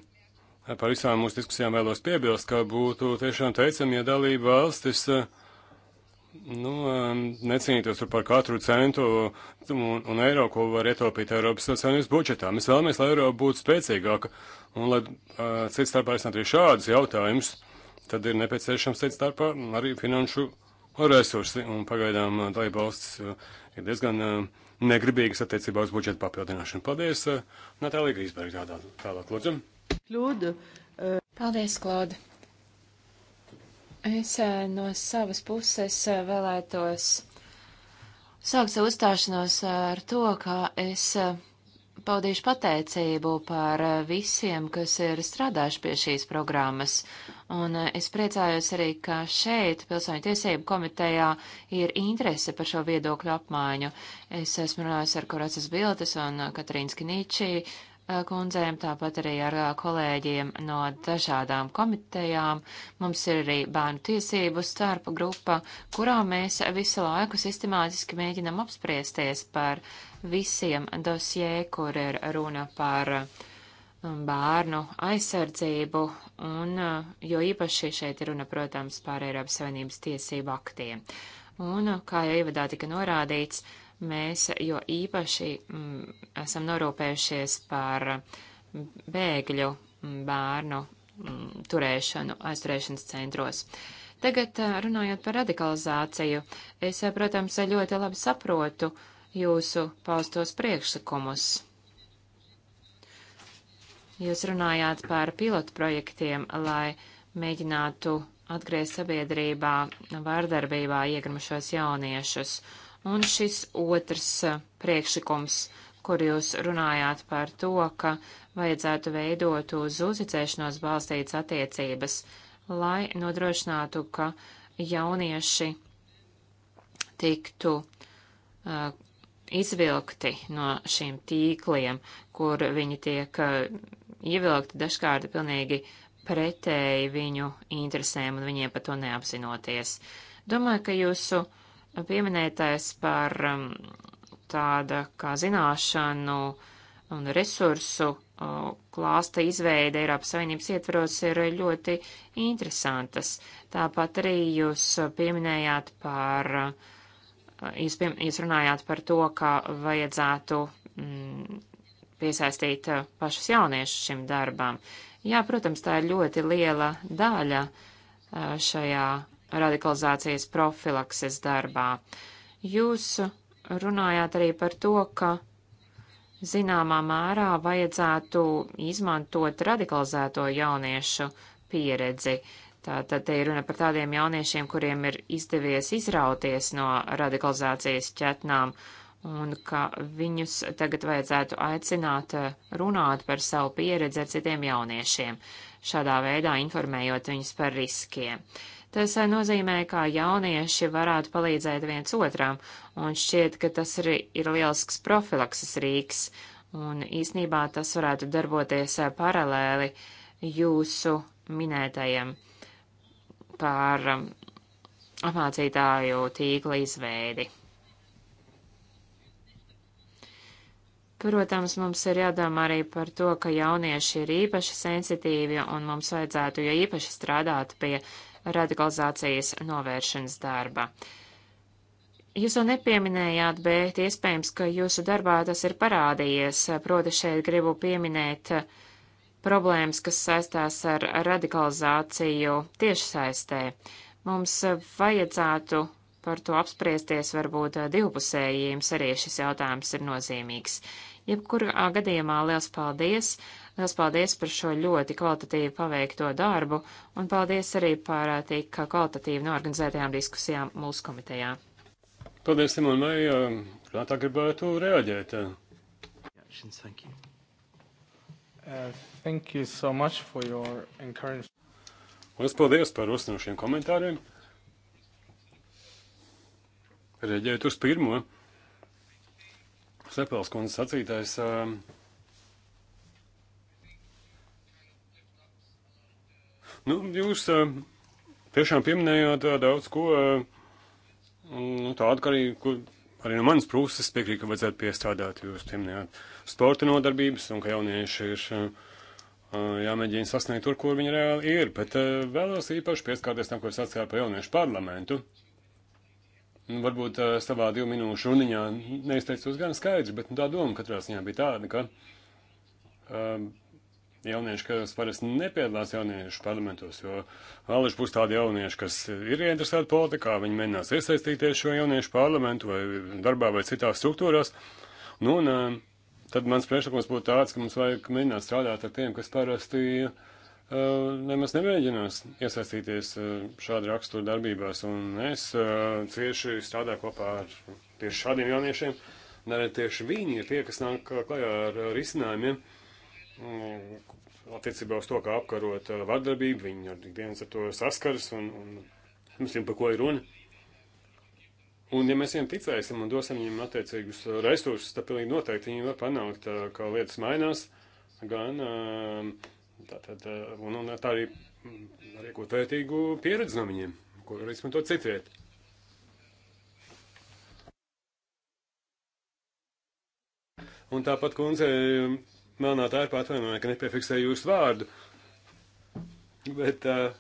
par visām mūsu diskusijām vēlos piebilst, ka būtu tiešām teicami, ja dalība valstis eh, nu, necīnītos par katru centu un, un eiro, ko var ietaupīt Eiropas Savienības budžetā. Mēs vēlamies, lai Eiropa būtu spēcīgāka un lai cits starpā risinātu arī šādus jautājumus tad ir nepieciešams cits starpā arī finanšu resursi, un pagaidām uh, dalība valsts uh, ir diezgan uh, negribīgas attiecībā uz budžeta papildināšanu. Paldies, Natālija Grīsberga, tādā, tālāk, lūdzu. Lūdzu. Paldies, Klauda. Es no savas puses vēlētos sākt savu uzstāšanos ar to, ka es paudīšu pateicību par eh, visiem, kas ir strādājuši pie šīs programmas. Un eh, es priecājos arī, ka šeit Pilsoņu tiesību komitejā ir interese par šo viedokļu apmaiņu. Es esmu runājusi ar Koracas Biltas un eh, Katrīnas Kiničī, Eh, kundzēm, tāpat arī ar eh, kolēģiem no dažādām komitejām. Mums ir arī bērnu tiesību starpa grupa, kurā mēs visu laiku sistemātiski mēģinam apspriesties par visiem dosjē, kur ir runa par eh, bērnu aizsardzību, un jo īpaši šeit ir runa, protams, par Eiropas Savienības tiesību aktiem. Un, kā jau ievadā tika norādīts, uh, Mēs jo īpaši m, mm, esam norūpējušies par bēgļu mm, bērnu m, mm, turēšanu aizturēšanas centros. Tagad runājot par radikalizāciju, es, protams, ļoti labi saprotu jūsu paustos priekšlikumus. Jūs runājāt par pilotu projektiem, lai mēģinātu atgriezt sabiedrībā vārdarbībā iegrimušos jauniešus Un šis otrs eh, priekšlikums, kur jūs runājāt par to, ka vajadzētu veidot uz uzticēšanos balstītas attiecības, lai nodrošinātu, ka jaunieši tiktu uh, izvilkti no šiem tīkliem, kur viņi tiek uh, ievilkti dažkārt pilnīgi pretēji viņu interesēm un viņiem par to neapzinoties. Domāju, ka jūsu uh, pieminētais par um, tāda kā zināšanu un resursu klāsta izveide Eiropas Savienības ietvaros ir ļoti interesantas. Tāpat arī jūs pieminējāt par, jūs, pie, jūs runājāt par to, ka vajadzētu mm, piesaistīt pašus jauniešus šim darbam. Jā, protams, tā ir ļoti liela daļa šajā radikalizācijas profilakses darbā. Jūs runājāt arī par to, ka zināmā mērā vajadzētu izmantot radikalizēto jauniešu pieredzi. Tātad te ir runa par tādiem jauniešiem, kuriem ir izdevies izrauties no radikalizācijas ķetnām un ka viņus tagad vajadzētu aicināt eh, runāt par savu pieredzi ar citiem jauniešiem, šādā veidā informējot viņus par riskiem. Uh, Tas eh, nozīmē, kā jaunieši varētu palīdzēt viens otram, un šķiet, ka tas ir, ir lielisks profilakses rīks, un īsnībā tas varētu darboties eh, paralēli jūsu minētajam par um, apmācītāju tīkla izveidi. Protams, mums ir jādomā arī par to, ka jaunieši ir īpaši sensitīvi un mums vajadzētu jo īpaši strādāt pie radikalizācijas novēršanas darba. Jūs to nepieminējāt, bet iespējams, ka jūsu darbā tas ir parādījies. Proti šeit gribu pieminēt problēmas, kas saistās ar radikalizāciju tiešsaistē. Mums vajadzētu par to apspriesties, varbūt divpusējiem arī šis jautājums ir nozīmīgs. Jebkurā gadījumā liels paldies! Liels paldies par šo ļoti kvalitatīvi paveikto darbu, un paldies arī par eh, tik kvalitatīvi norganizētajām diskusijām mūsu komitejā. Paldies, Simon, vai um, klātā gribētu reaģēt? Thank you. Uh, thank you so much for your encouragement. Liels paldies par uzsnošiem komentāriem. Reaģēt uz pirmo. Sepels kundzes sacītais. Uh, Nu, jūs tiešām pieminējāt daudz ko nu, tādu, ka arī, ko, arī no manas puses piekrīt, ka vajadzētu piestrādāt. Jūs pieminējāt sporta nodarbības un ka jaunieši ir jāmēģina sasniegt tur, kur viņi reāli ir. Bet vēlos īpaši pieskārties tam, ko es atskāru par jauniešu parlamentu. Nu, varbūt uh, savā divu minūšu runiņā neizteicos gan skaidrs, bet nu, tā doma katrā ziņā bija tāda, ka uh, jaunieši, kas parasti nepiedalās jauniešu parlamentos, jo vēlaši būs tādi jaunieši, kas ir ieinteresēti politikā, viņi mēģinās iesaistīties šo jauniešu parlamentu vai darbā vai citās struktūrās. Nu, un, eh, tad mans priekšlikums būtu tāds, ka mums vajag mēģināt strādāt ar tiem, kas parasti uh, nemaz nemēģinās iesaistīties uh, šāda rakstura darbībās, un es uh, cieši strādāju kopā ar tieši šādiem jauniešiem, un arī tieši viņi ir tie, kas nāk klajā ar risinājumiem. Ja? Nu, attiecībā uz to, kā apkarot uh, vardarbību, viņi ar dienas ar to saskaras un, un mums jau par ko ir runa. Un ja mēs viņiem ticēsim un dosim viņiem attiecīgus uh, resursus, tad pilnīgi noteikti viņi var panākt, uh, ka lietas mainās, gan tā, tā, tā, un, un tā arī arī mm, kaut vērtīgu pieredzi no viņiem, ko var izmantot citviet. Un tāpat, kundze, melnā tērpa atvainoja, ka nepiefiksēju jūsu vārdu. Bet uh,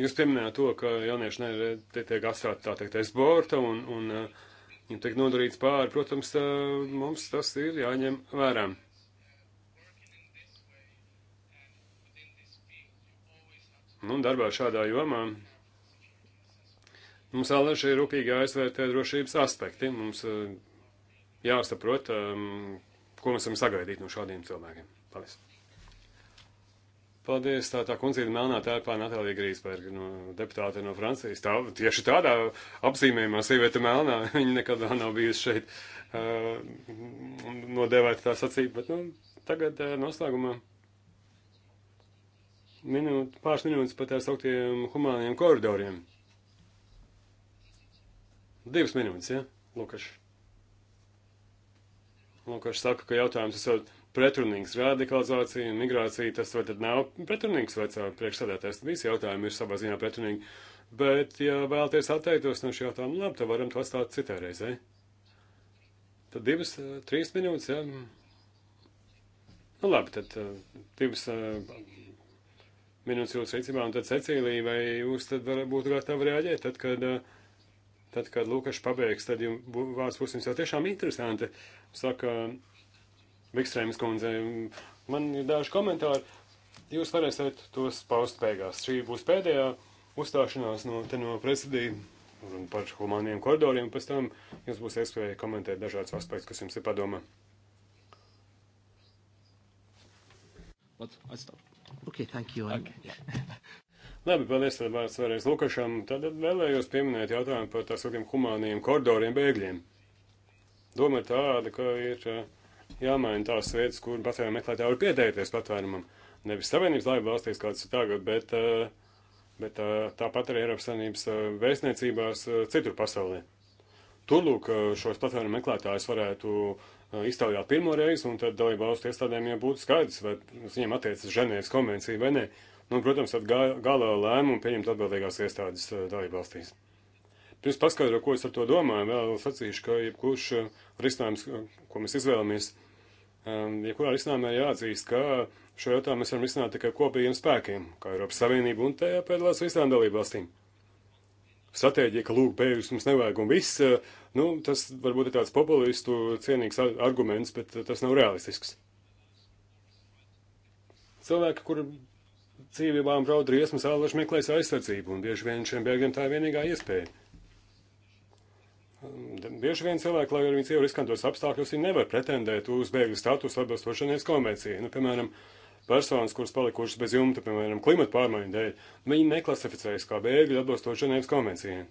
jūs pieminējāt to, ka jaunieši ne, te tiek atstāti tā teikt aiz borta un, un uh, viņiem tiek nodarīts pāri. Protams, uh, mums tas ir jāņem vērā. Nu, darbā šādā jomā mums vēl ir rūpīgi jāizvērtē drošības aspekti. Mums uh, jāsaprot, um, ko mēs varam sagaidīt no šādiem cilvēkiem. Paldies! Paldies, tā, tā kundzīte melnā tērpā Natālija Grīsberga, no deputāte no Francijas. Tā, tieši tādā apzīmējumā sieviete melnā, viņa nekad vēl nav bijusi šeit uh, nodēvēta tā sacība, bet, nu, tagad uh, noslēgumā minūte, pāris minūtes pat ar sauktiem humāniem koridoriem. Divas minūtes, ja, Lukašs? Lukašs saka, ka jautājums esot pretrunīgs radikalizācija un migrācija, tas vai tad nav pretrunīgs vai caur priekšsēdētājs. Visi jautājumi ir savā ziņā pretrunīgi. Bet, ja vēlaties atteiktos no šī jautājuma, labi, tad varam to atstāt citā reizē. Tad divas, eh, trīs minūtes, jā. Ja? Nu labi, tad eh, divas eh, minūtes jūsu rīcībā, un tad Cecīlija, vai jūs tad var, būtu gatavi reaģēt, tad, kad uh, Tad, kad Lukašs pabeigs, tad jums vārds būs jums jau tiešām interesanti, saka Vikstrēmas kundze. Man ir daži komentāri, jūs varēsiet tos paust beigās. Šī būs pēdējā uzstāšanās no te no prezidija un par humāniem koridoriem, pēc tam jums būs iespēja komentēt dažādas aspektus, kas jums ir padoma. What? I stop. Okay, thank you. Okay. Labi, paldies tad vārds vēlreiz Lukašam. Tad vēlējos pieminēt jautājumu par tā sauktiem humāniem koridoriem bēgļiem. Doma ir tāda, ka ir eh, jāmaina tās vietas, kur patvērumu meklētāji var pieteikties patvērumam. Nevis Savienības laiva valstīs, kāds ir tagad, bet, eh, bet eh, tāpat arī Eiropas Savienības vēstniecībās citur pasaulē. Tur, lūk, šos patvērumu meklētājus varētu iztaujāt pirmo reizi, un tad dalību valstu iestādēm jau būtu skaidrs, vai uz viņiem attiecas Ženēvas konvencija vai nē. Ne. Nu, protams, tad galā lēmumu pieņemt atbildīgās iestādes eh, dalībvalstīs. Pirms paskaidro, ko es ar to domāju, vēl sacīšu, ka jebkurš eh, risinājums, eh, ko mēs izvēlamies, jebkurā risinājumā jāatzīst, ka šo jautājumu mēs varam risināt tikai kopīgiem spēkiem, kā Eiropas Savienība un tajā piedalās visām dalībvalstīm stratēģija, ka lūk, bēgļus mums nevajag un viss, nu, tas varbūt ir tāds populistu cienīgs arguments, bet tas nav realistisks. Cilvēki, kuri dzīvībām draud briesmas, ālaši meklēs aizsardzību, un bieži vien šiem bēgļiem tā ir vienīgā iespēja. Um, bieži vien cilvēki, lai arī viņi dzīvo riskantos apstākļos, viņi nevar pretendēt uz bēgļu statusu atbilstoši Ženēvas konvencijai. Nu, piemēram, personas, kuras palikušas bez jumta, piemēram, klimata pārmaiņu dēļ, viņi neklasificējas kā bēgļi atbilstoši Ženēvas konvencijai.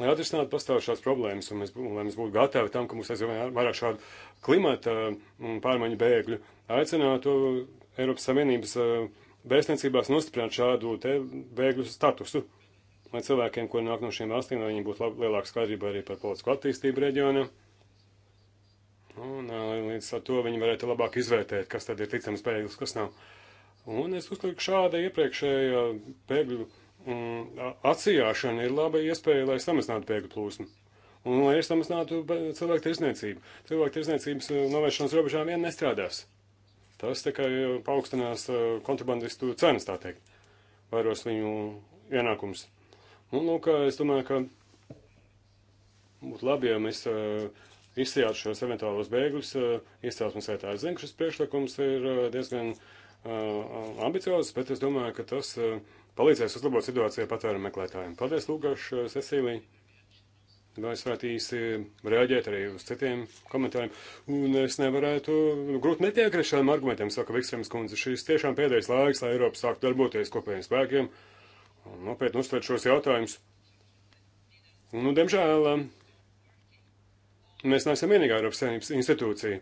Lai atrisinātu pastāvošās problēmas, un mēs, un, lai mēs būtu gatavi tam, ka mums aizvien vairāk šādu klimata mm, pārmaiņu bēgļu, aicinātu Eiropas Savienības eh, vēstniecībās nostiprināt šādu te bēgļu statusu, lai cilvēkiem, ko nāk no šīm valstīm, lai viņiem būtu lielāka skaidrība arī par politisko attīstību reģionā. Un eh, līdz ar to viņi varētu labāk izvērtēt, kas tad ir ticams bēglis, kas nav. Un es uzskatu, ka šāda iepriekšējā bēgļu mm, atsijāšana ir laba iespēja, lai samazinātu bēgļu plūsmu. Un lai arī samazinātu cilvēku tirzniecību. Cilvēku tirzniecības eh, novēršanas robežām vien nestrādās. Tas tikai paaugstinās kontrabandistu cenas, tā teikt, vairos viņu ienākums. Un, nu, lūk, es domāju, ka būtu labi, ja mēs izsijātu šos eventuālos bēgļus izcelsmes vietā. Es zinu, ka šis priekšlikums ir diezgan ambiciozs, bet es domāju, ka tas palīdzēs uzlabot situāciju patvērumu meklētājiem. Paldies, Lūgaš, Cecīlija! Vai nu, es varētu īsti reaģēt arī uz citiem komentāriem? Un es nevarētu, nu, grūti nepiekrist šādam argumentam, saka Vikstrēms kundze. Šis tiešām pēdējais laiks, lai Eiropa sāktu darboties kopējiem spēkiem un nopietni uztvērt šos jautājumus. Nu, diemžēl mēs neesam vienīgā Eiropas saimnības institūcija.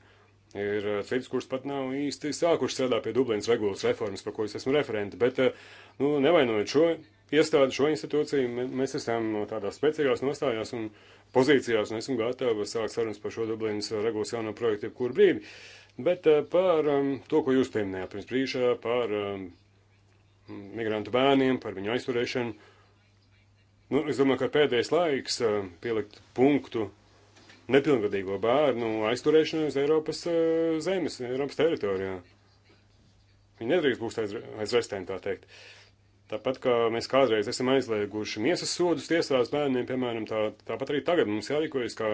Ir eh, citas, kuras pat nav īsti sākušas strādāt pie Dublinas regulas reformas, par ko es esmu referenti, bet, eh, nu, nevainojot šo iestādi, šo institūciju, mēs esam tādās spēcīgās nostājās un pozīcijās, un esam gatavi sākt sarunas par šo Dublinas regulas jauno projektu jebkur brīdi. Bet eh, par um, to, ko jūs pieminējāt pirms brīža, par um, migrantu bērniem, par viņu aizturēšanu, nu, es domāju, ka pēdējais laiks um, pielikt punktu nepilngadīgo bērnu aizturēšanai uz Eiropas uh, zemes, Eiropas teritorijā. Viņi nedrīkst būt aiz, aiz restēm, tā teikt. Uh, Tāpat kā mēs kādreiz esam aizlieguši miesas sodus tiesās bērniem, piemēram, tā, tāpat arī tagad mums jārīkojas kā,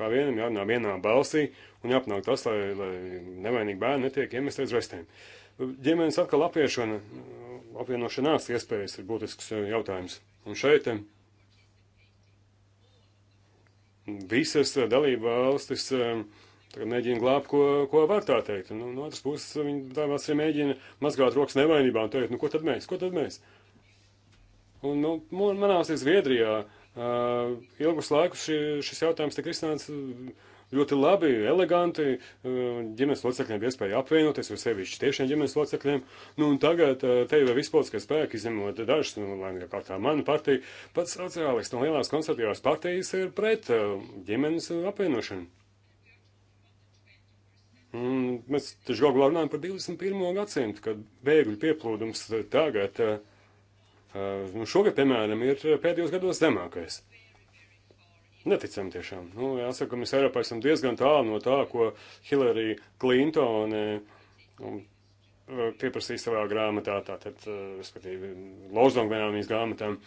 kā vienam, jārunā vienā balsī un jāpanāk tas, lai, lai nevainīgi bērni netiek iemest aiz restēm. Ģimenes atkal apiešana, apvienošanās iespējas ir būtisks eh, jautājums. Un šeit eh, visas eh, dalība valstis mēģina glābt, ko, ko var tā teikt. Nu, no otras puses, viņi tāpēc arī mēģina mazgāt rokas nevainībā un teikt, nu, ko tad mēs, ko tad mēs? Un, nu, manā valstī Zviedrijā uh, ilgus laikus šī, šis jautājums tika risināts ļoti labi, eleganti. Uh, ģimenes locekļiem bija iespēja apvienoties, jo sevišķi tiešiem ģimenes locekļiem. Nu, un tagad uh, te jau ir vispolitiskie spēki, izņemot dažus, nu, lai kā nu tā mana partija, pats sociālists no lielās konservatīvās partijas ir pret uh, ģimenes apvienošanu. Un mēs taču galvā runājam par 21. gadsimtu, kad bēgļu pieplūdums tagad. Uh, Eh, nu, šogad, piemēram, ir pēdējos gados zemākais. Neticam tiešām. Nu, jāsaka, mēs Eiropā esam diezgan tālu no tā, ko Hillary Clinton eh, eh, pieprasīja savā grāmatā, tātad, respektīvi, lozongvenā viņas grāmatām,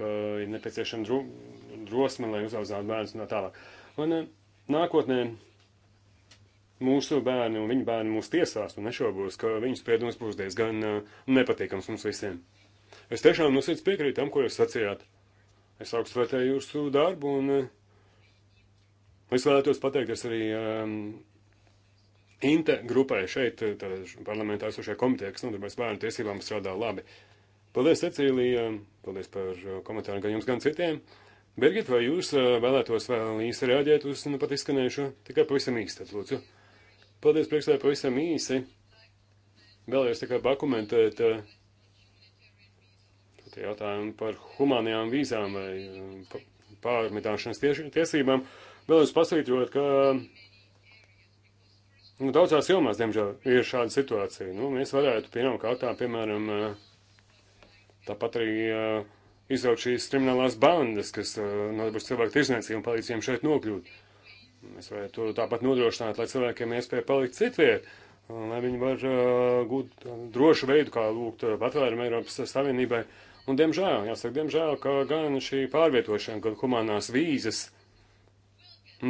ka ir nepieciešama dro, drosme, lai uzaudzinātu bērnus un tā tālāk. Un nākotnē mūsu bērni un viņu bērni mūs tiesās, un nešaubos, ka viņu spriedums būs diezgan nepatīkams mums visiem. Es tiešām no sirds piekrītu tam, ko jūs sacījāt. Es augstu vērtēju jūsu darbu un eh, es vēlētos pateikties arī um, Inte grupai šeit, parlamentā esošajā komitē, kas nodarbojas bērnu tiesībām, strādā labi. Paldies, Cecīlija, paldies par eh, komentāru gan jums, gan citiem. Birgit, vai jūs eh, vēlētos vēl īsi reaģēt uz nu, pat izskanējušo? Tikai pavisam īsi, tad lūdzu. Paldies, priekšstādā, pavisam īsi. Vēlējos tikai pakomentēt. Uh, tie jautājumi par humānajām vīzām vai um, pārmitāšanas tiesībām, vēlos pasvītrot, ka nu, daudzās jomās, diemžēl, ir šāda situācija. Nu, mēs varētu pirmām kārtām, piemēram, uh, tāpat arī uh, izraut šīs kriminālās bandas, kas uh, nodarbojas cilvēku tirzniecību un palīdz viņiem šeit nokļūt. Mēs varētu tāpat nodrošināt, lai cilvēkiem iespēja palikt citviet, lai viņi var gūt drošu veidu, kā lūgt patvērumu Eiropas Savienībai. Uh, Un, diemžēl, jāsaka, diemžēl, ka gan šī pārvietošana, gan humanās vīzas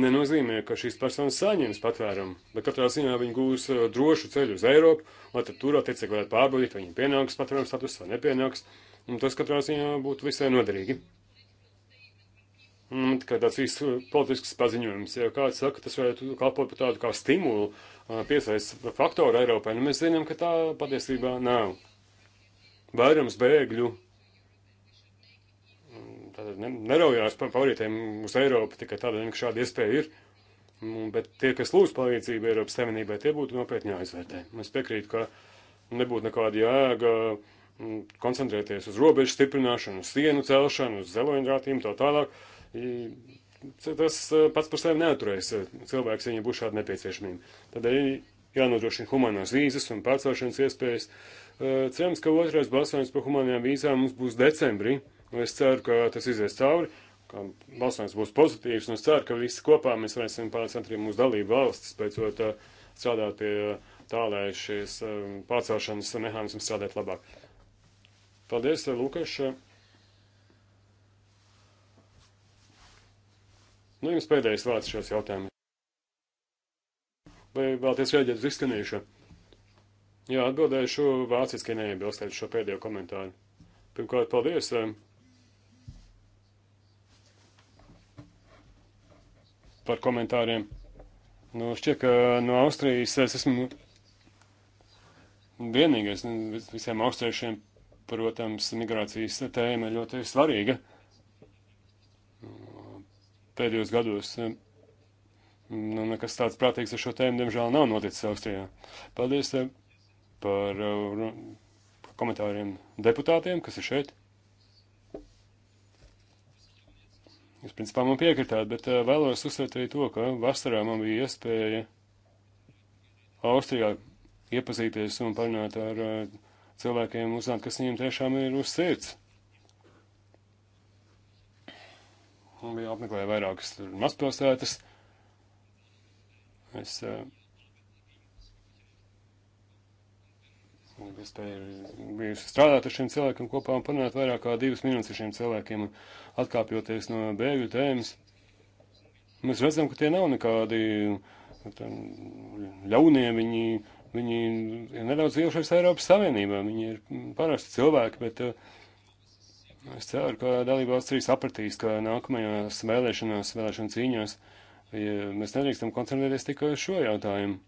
nenozīmē, ka šīs personas saņems patvērumu, bet katrā ziņā viņi gūs eh, drošu ceļu uz Eiropu, lai tad tur attiecīgi varētu pārbaudīt, vai viņiem pienāks patvērumu status vai nepienāks, un tas katrā ziņā būtu visai noderīgi. Un mm, tikai tāds viss eh, politisks paziņojums, ja kāds saka, tas varētu kalpot par tādu kā stimulu eh, piesaist faktoru Eiropai, nu mēs zinām, ka tā patiesībā nav. Vairums bēgļu Tātad neraujās par pārvietēm uz Eiropu tikai tādēļ, ka šāda iespēja ir. Mm, bet tie, kas lūdz palīdzību Eiropas Savienībai, tie būtu nopietni jāizvērtē. Es piekrītu, ka nebūtu nekāda jēga mm, koncentrēties uz robežu stiprināšanu, uz sienu celšanu, uz zeloņrātīm, tā tālāk. Tas e, pats par sevi neaturēs e, cilvēks, ja viņam būs šāda nepieciešamība. Tādēļ jānodrošina humanās vīzas un pārcelšanas iespējas. E, cerams, ka otrais balsojums par humanajām vīzām mums būs decembrī. Es ceru, ka tas izies cauri, ka balsojums būs pozitīvs, un es ceru, ka visi kopā mēs varēsim pārcelt arī mūsu dalību valstis, beidzot uh, strādāt pie uh, tā, lai šīs um, pārcelšanas mehānisms strādētu labāk. Paldies, uh, Lukaš! Nu, jums pēdējais vārds šajos jautājumos. Vai vēlaties rēģēt uz izskanējušo? Jā, atbildēšu vāciski neiebilstēt šo pēdējo komentāru. Pirmkārt, paldies um, par komentāriem. Nu, šķiet, ka no Austrijas es esmu vienīgais. Nu, visiem austriešiem, protams, migrācijas tēma ļoti svarīga. Nu, pēdējos gados nu, nekas tāds prātīgs ar šo tēmu, diemžēl, nav noticis Austrijā. Paldies eh, par, par eh, komentāriem deputātiem, kas ir šeit. Jūs, principā, man piekritāt, bet eh, vēlos uzsvērt arī to, ka vasarā man bija iespēja Austrijā iepazīties un parunāt ar eh, cilvēkiem, uzzināt, kas viņiem tiešām ir uz sirds. Un bija apmeklēja vairākas mazpilsētas. Es uh, iespēja bijusi strādāt ar šiem cilvēkiem kopā un panākt vairāk kā divas minūtes ar šiem cilvēkiem, atkāpjoties no bēgļu tēmas. Mēs redzam, ka tie nav nekādi ļaunie, viņi, viņi ir nedaudz iejušies Eiropas Savienībā, viņi ir parasti cilvēki, bet eh, es ceru, ka dalībvalsts arī sapratīs, ka nākamajās vēlēšanās, vēlēšana cīņās, ja mēs nedrīkstam koncentrēties tikai uz šo jautājumu.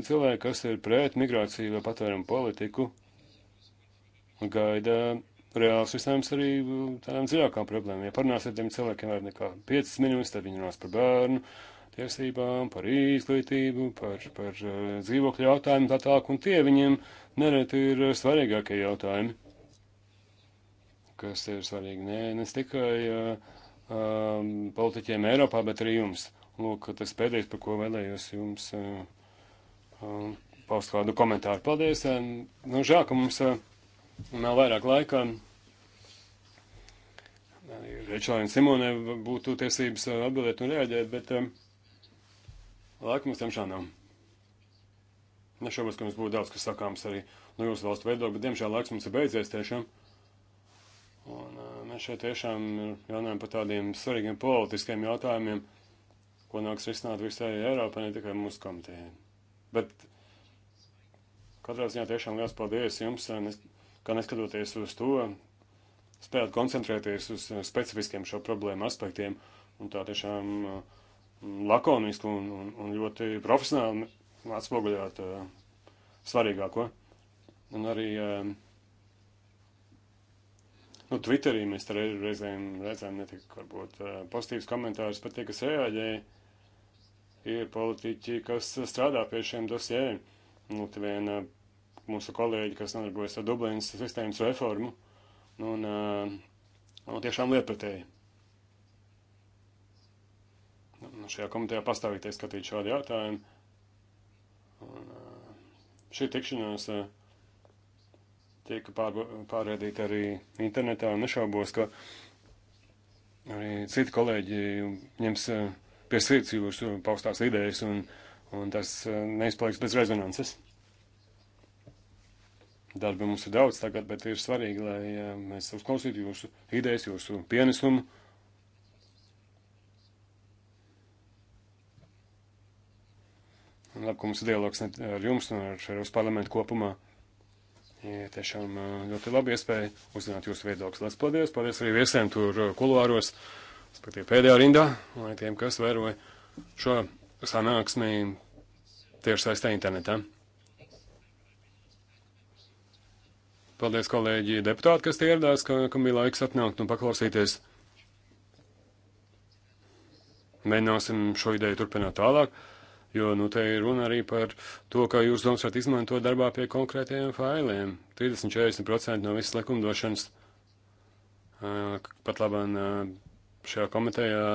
Cilvēki, kas ir pret migrāciju vai patvērumu politiku, gaida reāls risinājums arī tādām dziļākām problēmām. Ja parunās ar tiem cilvēkiem vairāk nekā 5 minūtes, tad viņi runās par bērnu tiesībām, par izglītību, par, par eh, dzīvokļu jautājumu tā tālāk, un tie viņiem nereti ir svarīgākie jautājumi, kas ir svarīgi ne, ne tikai uh, um, politiķiem Eiropā, bet arī jums. Lūk, tas pēdējais, par ko vēlējos jums uh, Um, paust kādu komentāru. Paldies! Um, nu, žēl, ka mums uh, nav vairāk laika. Um, Rečālai un Simonai būtu tiesības uh, atbildēt un reaģēt, bet um, laika mums tiemžēl nav. Nešaubos, ka mums būtu daudz, kas sakāms arī no jūsu valstu viedokļa, bet diemžēl laiks mums ir beidzies tiešām. Un uh, mēs šeit tiešām runājam par tādiem svarīgiem politiskiem jautājumiem, ko nāks risināt visai Eiropai, ne tikai mūsu komitējai. Bet katrā ziņā tiešām liels paldies jums, eh, nes, ka neskatoties uz to, spējāt koncentrēties uz eh, specifiskiem šo problēmu aspektiem un tā tiešām eh, lakoniski un, un, un ļoti profesionāli atspoguļot uh, svarīgāko. Un arī uh, nu, Twitterī mēs reizēm redzam ne tik varbūt uh, pozitīvas komentārus, bet tie, kas reaģēja, ir politiķi, kas strādā pie šiem dosieriem. Nu, te vien mūsu kolēģi, kas nodarbojas ar Dublinas sistēmas reformu, nu, un, un nu, tiešām lietpratēji. Nu, nu šajā komitejā pastāvīgi tiek skatīt šādi jautājumi. Un, šī tikšanās tika pārraidīta arī internetā, un nešaubos, ka arī citi kolēģi ņems uh, pie sirds jūsu uh, paustās idejas, un, un tas uh, neizpaliks bez rezonances. Darba mums ir daudz tagad, bet ir svarīgi, lai uh, mēs uzklausītu jūsu idejas, jūsu pienesumu. Labi, ka mums ir dialogs ar jums un ar Eiropas parlamentu kopumā. Ja, tiešām ļoti labi iespēja uzzināt jūsu viedokli. Lielas paldies! Paldies arī viesiem tur kuluāros! respektīvi pēdējā rindā, lai tiem, kas vēroja šo sanāksmi tieši saistē internetā. Paldies, kolēģi deputāti, kas tie ieradās, ka, kam bija laiks atnākt un paklausīties. Mēģināsim šo ideju turpināt tālāk, jo, nu, te ir runa arī par to, ka jūs domas varat izmantot darbā pie konkrētajiem failiem. 30-40% no visas likumdošanas pat labāk šajā komitejā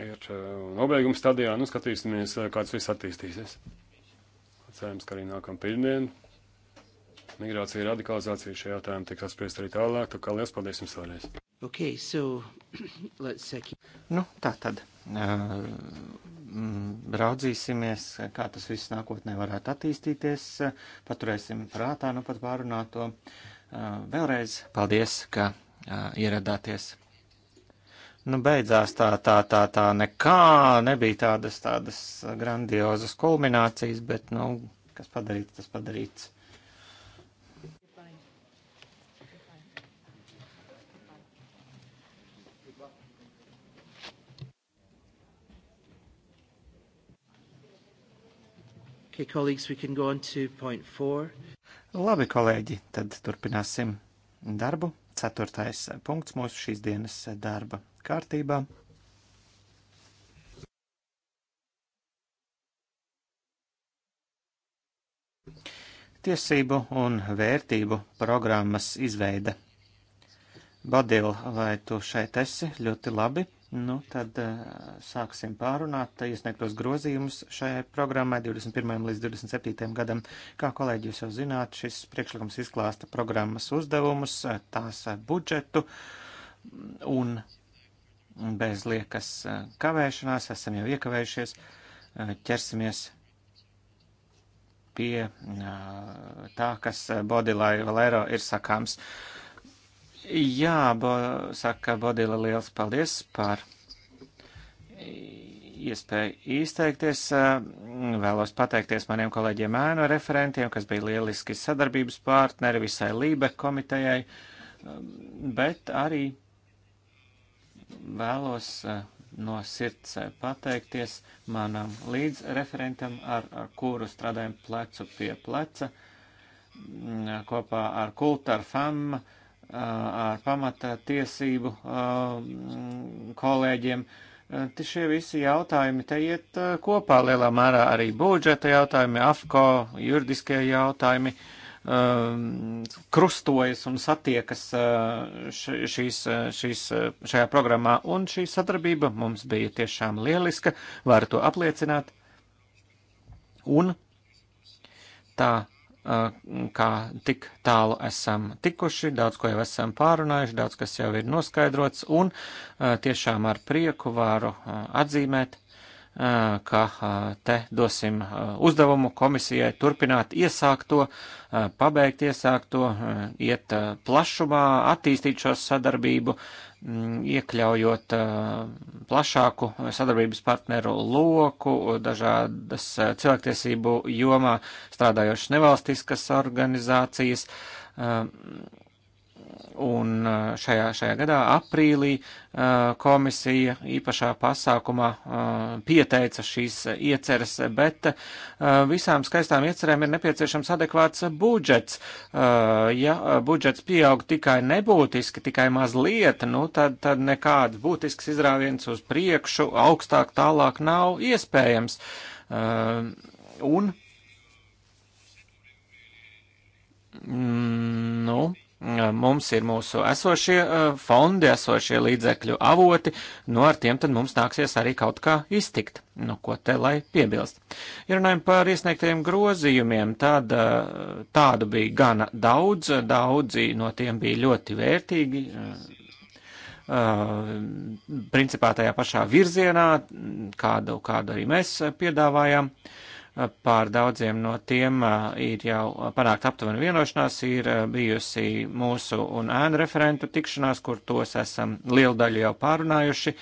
ir eh, nobeiguma stadijā, nu skatīsimies, eh, kāds viss attīstīsies. Cerams, ka arī nākam pirmdien migrācija, radikalizācija šajā jautājumā tiks apspriest arī tālāk, tā kā liels paldies jums vēlreiz. Okay, so, let's check. Nu, tā tad. Uh, raudzīsimies, kā tas viss nākotnē varētu attīstīties. Paturēsim prātā nu pat pārunāto. Uh, vēlreiz paldies, ka ieradāties. Nu, beidzās tā, tā, tā, tā nekā, nebija tādas, tādas grandiozas kulminācijas, bet, nu, kas padarīts, tas padarīts. Okay, colleagues, we can go on to point four. Labi, kolēģi, tad turpināsim darbu. Ceturtais punkts mūsu šīs dienas darba kārtībā. Tiesību un vērtību programmas izveide. Badil, vai tu šeit esi? Ļoti labi. Nu, tad eh, sāksim pārunāt iesniegtos grozījumus šai programmai 21. līdz 27. gadam. Kā kolēģi jūs jau zināt, šis priekšlikums izklāsta programmas uzdevumus, eh, tās eh, budžetu un bez liekas kavēšanās, esam jau iekavējušies, ķersimies pie tā, kas Bodilai Valero ir sakāms. Uh, Jā, bo, saka Bodila, liels paldies par iespēju izteikties. Vēlos pateikties maniem kolēģiem ēnu referentiem, kas bija lieliski sadarbības partneri visai Lībe komitejai, bet arī vēlos eh, no sirds eh, pateikties manam līdzreferentam, ar, ar kuru strādājam plecu pie pleca kopā ar Kultāru Famu ar pamata tiesību kolēģiem. Te šie visi jautājumi te iet kopā lielā mērā arī budžeta jautājumi, AFCO, juridiskie jautājumi krustojas un satiekas šīs, šīs, šajā programmā, un šī sadarbība mums bija tiešām lieliska, var to apliecināt. Un tā kā tik tālu esam tikuši, daudz ko jau esam pārunājuši, daudz kas jau ir noskaidrots, un tiešām ar prieku varu atzīmēt, ka te dosim uzdevumu komisijai turpināt iesākto, pabeigt iesākto, iet plašumā, attīstīt šo sadarbību, mm, iekļaujot plašāku sadarbības partneru loku, dažādas cilvēktiesību jomā strādājošas nevalstiskas organizācijas Un uh, šajā, šajā gadā, aprīlī, uh, komisija īpašā pasākumā uh, pieteica šīs ieceres, bet visām skaistām iecerēm ir nepieciešams adekvāts budžets. Ja budžets pieaug tikai nebūtiski, tikai mazliet, nu tad, tad nekāds būtisks izrāviens uz priekšu augstāk tālāk nav iespējams. Un, mm, nu, Mums ir mūsu esošie fondi, esošie līdzekļu avoti, no nu, ar tiem tad mums nāksies arī kaut kā iztikt. Nu, ko te lai piebilst? Ja runājam par iesniegtajiem grozījumiem, tad tādu bija gana daudz, daudzi no tiem bija ļoti vērtīgi, principā tajā pašā virzienā, kādu, kādu arī mēs piedāvājām. Uh, Eh, pār daudziem no tiem eh, ir jau panākt aptuveni vienošanās, ir eh, bijusi mūsu un ēnu referentu tikšanās, kur tos esam lielu daļu jau pārunājuši.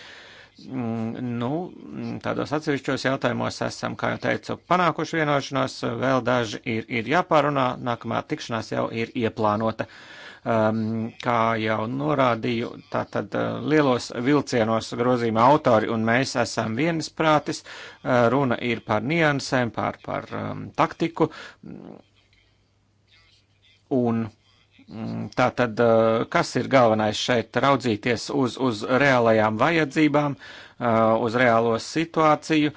Mm, nu, mm, tādos atsevišķos jautājumos esam, kā jau teicu, panākuši vienošanos, vēl daži ir, ir jāpārunā, nākamā tikšanās jau ir ieplānota. Uh, Um, kā jau norādīju, tātad uh, lielos vilcienos grozījuma autori un mēs esam vienisprātis. Uh, runa ir par niansēm, par, par um, taktiku. Un mm, Tā tad, uh, kas ir galvenais šeit, raudzīties uz, uz reālajām vajadzībām, uz reālo situāciju,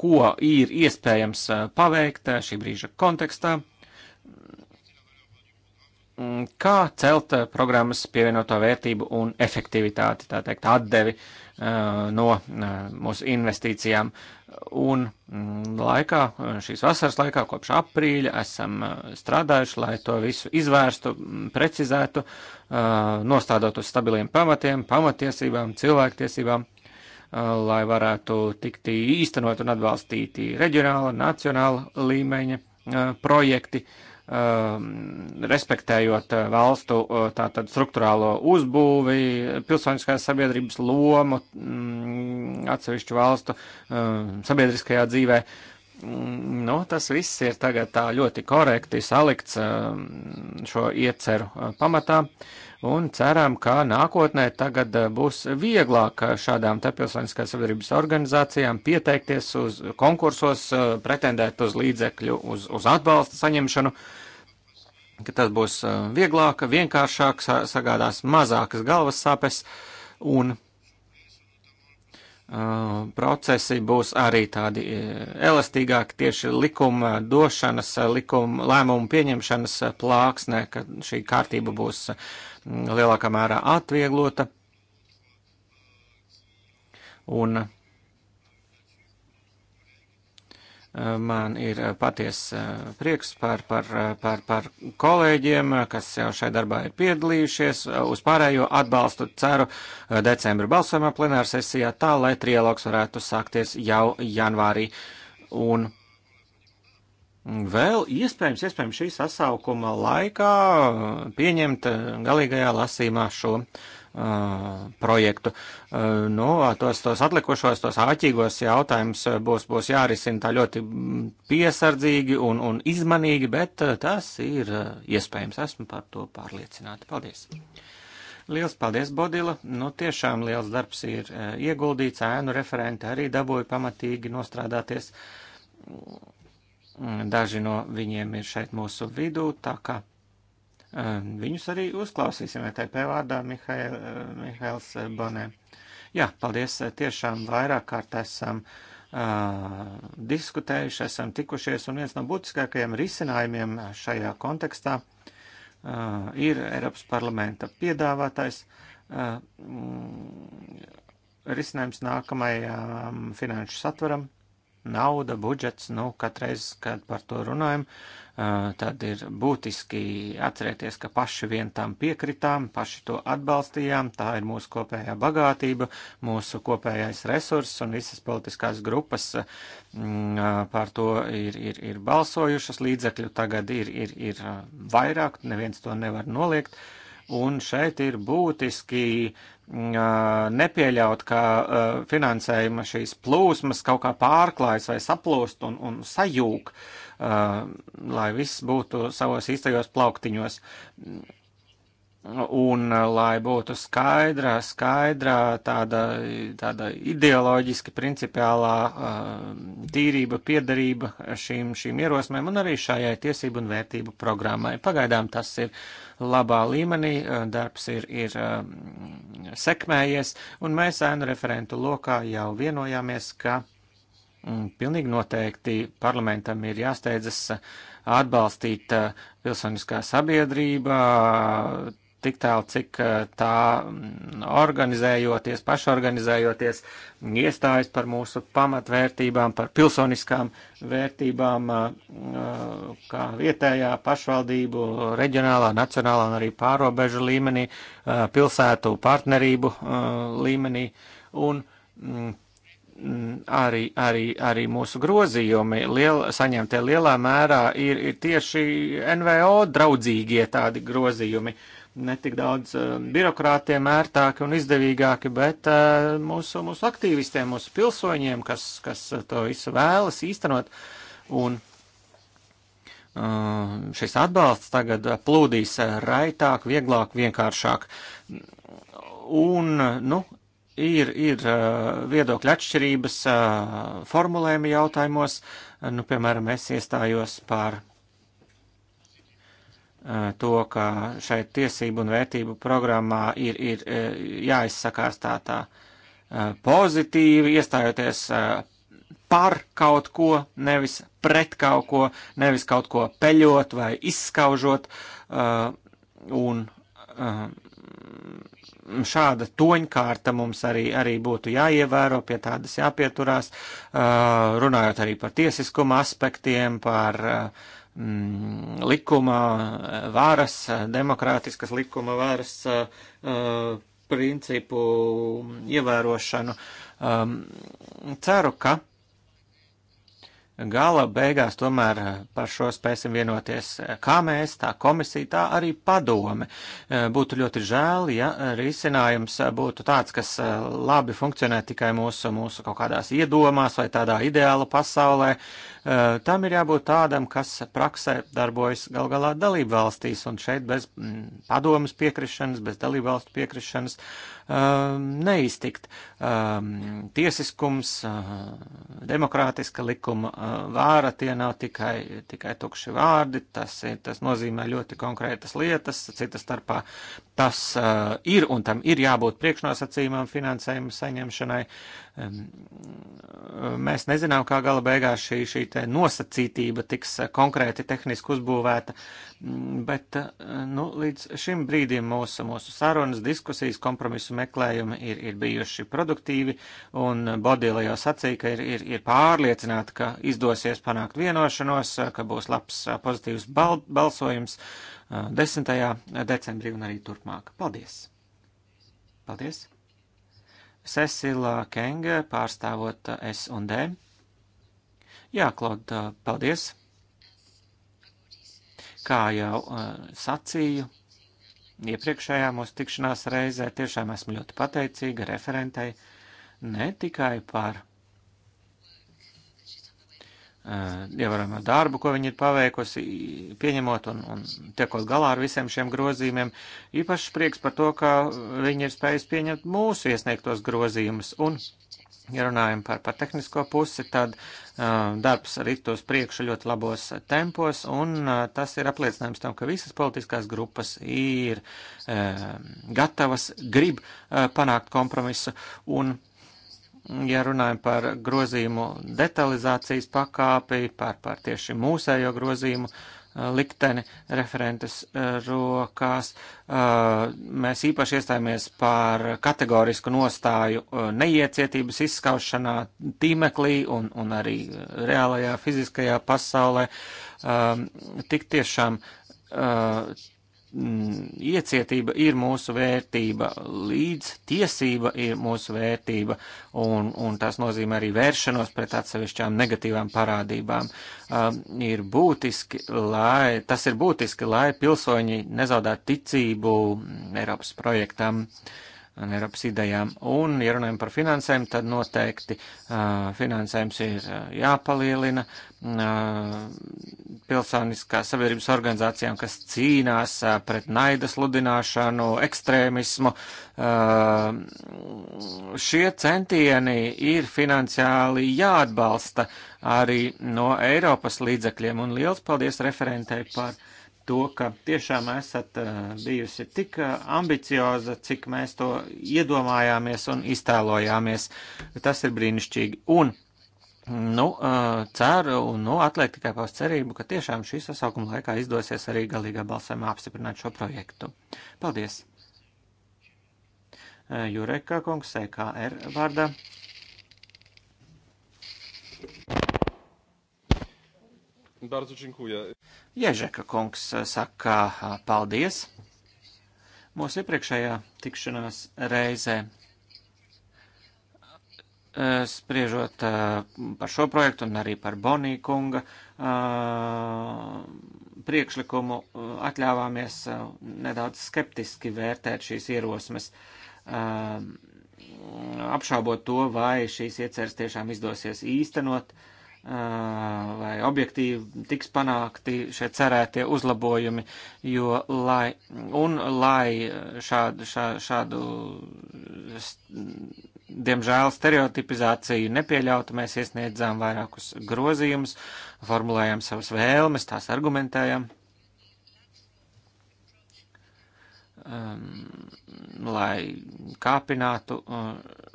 ko ir iespējams paveikt šī brīža kontekstā. Mm, kā celt eh, programmas pievienoto vērtību un efektivitāti, tā teikt, atdevi eh, no eh, mūsu investīcijām. Un mm, laikā, šīs vasaras laikā, kopš aprīļa, esam strādājuši, lai to visu izvērstu, mm, precizētu, nostādot uz stabiliem pamatiem, pamatiesībām, cilvēktiesībām, lai varētu tikt īstenot un atbalstīti reģionāla, nacionāla līmeņa projekti, uh, Um, respektējot uh, valstu uh, tātad struktūrālo uzbūvi, pilsoniskās sabiedrības lomu mm, atsevišķu valstu um, sabiedriskajā dzīvē. Mm, nu, tas viss ir tagad tā ļoti korekti salikts um, šo ieceru uh, pamatā. Uh, un ceram, ka nākotnē tagad eh, būs vieglāk eh, šādām te pilsoniskās sabiedrības organizācijām pieteikties uz konkursos, eh, pretendēt uz līdzekļu, uz, uz atbalsta saņemšanu, ka tas būs vieglāk, vienkāršāk, sagādās mazākas galvas sāpes un Uh, procesi būs arī tādi uh, elastīgāki tieši likuma došanas, uh, likuma lēmumu pieņemšanas plāksnē, ka šī kārtība būs lielākā mērā atvieglota. Un Man ir eh, paties eh, prieks par, par, eh, par, par kolēģiem, kas jau šai darbā ir piedalījušies. Uz pārējo atbalstu ceru decembra balsojumā plenāra sesijā tā, lai trialogs varētu sākties jau janvārī. Un vēl iespējams, iespējams šī sasaukuma laikā pieņemt galīgajā lasīmā šo uh, projektu. Nu, tos, tos atlikušos, tos āķīgos jautājumus būs, būs jārisina tā ļoti piesardzīgi un, un izmanīgi, bet tas ir iespējams. Esmu par to pārliecināta. Paldies! Liels paldies, Bodila! Nu, tiešām liels darbs ir ieguldīts, ēnu referenti arī dabūja pamatīgi nostrādāties. Daži no viņiem ir šeit mūsu vidū, tā kā. Ka... Ehm, viņus arī uzklausīsim ETP vārdā Mihail, eh, Mihails eh, Bonē. Jā, paldies, eh, tiešām vairāk kārt esam uh, diskutējuši, esam tikušies, un viens no būtiskākajiem risinājumiem šajā kontekstā uh, ir Eiropas parlamenta piedāvātais uh, risinājums nākamajam finanšu satveram nauda, budžets, nu, katreiz, kad par to runājam, tad ir būtiski atcerēties, ka paši vien tam piekritām, paši to atbalstījām, tā ir mūsu kopējā bagātība, mūsu kopējais resurss, un visas politiskās grupas mm, par to ir, ir, ir balsojušas, līdzekļu tagad ir, ir, ir vairāk, neviens to nevar noliegt un šeit ir būtiski nepieļaut, ka finansējuma šīs plūsmas kaut kā pārklājas vai saplūst un, un sajūg, lai viss būtu savos īstajos plauktiņos. Un, eh, lai būtu skaidrā, skaidrā tāda, tāda ideoloģiski principiālā eh, tīrība, piedarība šīm, šīm ierosmēm un arī šajai tiesību un vērtību programmai. Pagaidām tas ir labā līmenī, eh, darbs ir, ir sekmējies, un mēs ēnu referentu lokā jau vienojāmies, ka mm, pilnīgi noteikti parlamentam ir jāsteidzas atbalstīt pilsoniskā sabiedrība, tik tālu, cik eh, tā mm, organizējoties, pašorganizējoties, iestājas par mūsu pamatvērtībām, par pilsoniskām vērtībām, eh, eh, kā vietējā pašvaldību, reģionālā, nacionālā un arī pārobežu līmenī, pilsētu partnerību līmenī. Un, mm, arī, arī, arī mūsu grozījumi liel, saņemtie lielā mērā ir, ir tieši NVO draudzīgie tādi grozījumi netik daudz uh, eh, birokrātiem ērtāki un izdevīgāki, bet uh, mūsu, mūsu aktīvistiem, mūsu pilsoņiem, kas, kas eh, to visu vēlas īstenot. Un uh, šis atbalsts tagad plūdīs raitāk, vieglāk, vienkāršāk. Un, nu, ir, ir viedokļa atšķirības formulējuma jautājumos. Nu, piemēram, es iestājos par Eh, to, ka šeit tiesību un vērtību programmā ir, ir eh, jāizsakās tā tā eh, pozitīvi, iestājoties par kaut ko, nevis pret kaut ko, nevis kaut ko peļot vai izskaužot. Un šāda toņkārta mums arī, arī būtu jāievēro, pie tādas jāpieturās, runājot arī par tiesiskuma aspektiem, par uh, mm, likuma eh, varas, eh, demokrātiskas likuma varas uh, eh, principu mm, ievērošanu. Um, ceru, ka uh, gala beigās tomēr eh, par šo spēsim vienoties, eh, kā mēs, tā komisija, tā arī padome. Eh, būtu ļoti žēl, ja risinājums būtu tāds, kas labi funkcionē tikai mūsu, mūsu kaut kādās iedomās vai tādā ideāla pasaulē. Tam ir jābūt tādam, kas praksē darbojas gal galā dalību valstīs, un šeit bez mm, padomas piekrišanas, bez dalību valstu piekrišanas Um, neiztikt. Um, tiesiskums, uh, demokrātiska likuma uh, vāra tie nav tikai, tikai tukši vārdi, tas, tas nozīmē ļoti konkrētas lietas, citas starpā tas uh, ir un tam ir jābūt priekšnosacījumam finansējuma saņemšanai. Um, mēs nezinām, kā gala beigās šī, šī nosacītība tiks eh, konkrēti tehniski uzbūvēta, mm, bet uh, nu, līdz šim brīdim mūsu, mūsu sarunas, diskusijas, kompromisu meklējumi ir, ir bijuši produktīvi, un Bodila jau sacīja, ka ir, ir, ir pārliecināta, ka izdosies panākt vienošanos, ka būs labs pozitīvs bal balsojums. Uh, 10. decembrī un arī turpmāk. Paldies! Paldies! Cecila Kenga pārstāvot S un D. Jā, Klaud, paldies! Kā jau sacīju, iepriekšējā mūsu tikšanās reizē tiešām esmu ļoti pateicīga referentei ne tikai par Eh, ievaramā darbu, ko viņi ir paveikusi, pieņemot un, un tiekot galā ar visiem šiem grozījumiem. Īpašs prieks par to, ka viņi ir spējuši pieņemt mūsu iesniegtos grozījumus. Un, ja runājam par, par tehnisko pusi, tad uh, darbs rit uz priekšu ļoti labos tempos, un uh, tas ir apliecinājums tam, ka visas politiskās grupas ir uh, gatavas, grib uh, panākt kompromisu. Un, uh, ja runājam par grozījumu detalizācijas pakāpi, par, par tieši mūsējo grozījumu eh, likteni referentes eh, rokās, eh, mēs īpaši iestājāmies par kategorisku nostāju neiecietības izskaušanā tīmeklī un, un arī reālajā fiziskajā pasaulē. Tik tiešām Mm, iecietība ir mūsu vērtība, līdz tiesība ir mūsu vērtība, un, un tas nozīmē arī vēršanos pret atsevišķām negatīvām parādībām. Um, ir būtiski, lai, tas ir būtiski, lai pilsoņi nezaudētu ticību Eiropas projektam. Uh, Eiropas idejām. Un, ja runājam par finansēm, tad noteikti uh, finansējums ir jāpalielina uh, pilsoniskās sabiedrības organizācijām, kas cīnās uh, pret naidas ludināšanu, ekstrēmismu. Šie centieni ir finansiāli jāatbalsta arī no Eiropas līdzekļiem. Un liels paldies referentei par to, ka tiešām esat eh, bijusi tik eh, ambicioza, cik mēs to iedomājāmies un iztēlojāmies. Tas ir brīnišķīgi. Un, nu, eh, ceru un nu, atliek tikai paust cerību, ka tiešām šī sasaukuma laikā izdosies arī galīgā balsēmā apstiprināt šo projektu. Paldies! Jurekā kungs, EKR vārdā. Bardzo dziękuję. Ježeka kungs e, saka e, paldies. Mūsu iepriekšējā tikšanās reizē e, spriežot par šo projektu un arī par Bonija kunga priekšlikumu, atļāvāmies nedaudz skeptiski vērtēt šīs ierosmes, apšaubot to, vai šīs ieceres tiešām izdosies īstenot. Uh, lai uh, objektīvi tiks panākti šie cerētie uzlabojumi, jo lai, un lai šādu, šā, šādu, diemžēl, stereotipizāciju nepieļautu, mēs iesniedzām vairākus grozījumus, formulējām savas vēlmes, tās argumentējām. Um, lai kāpinātu uh,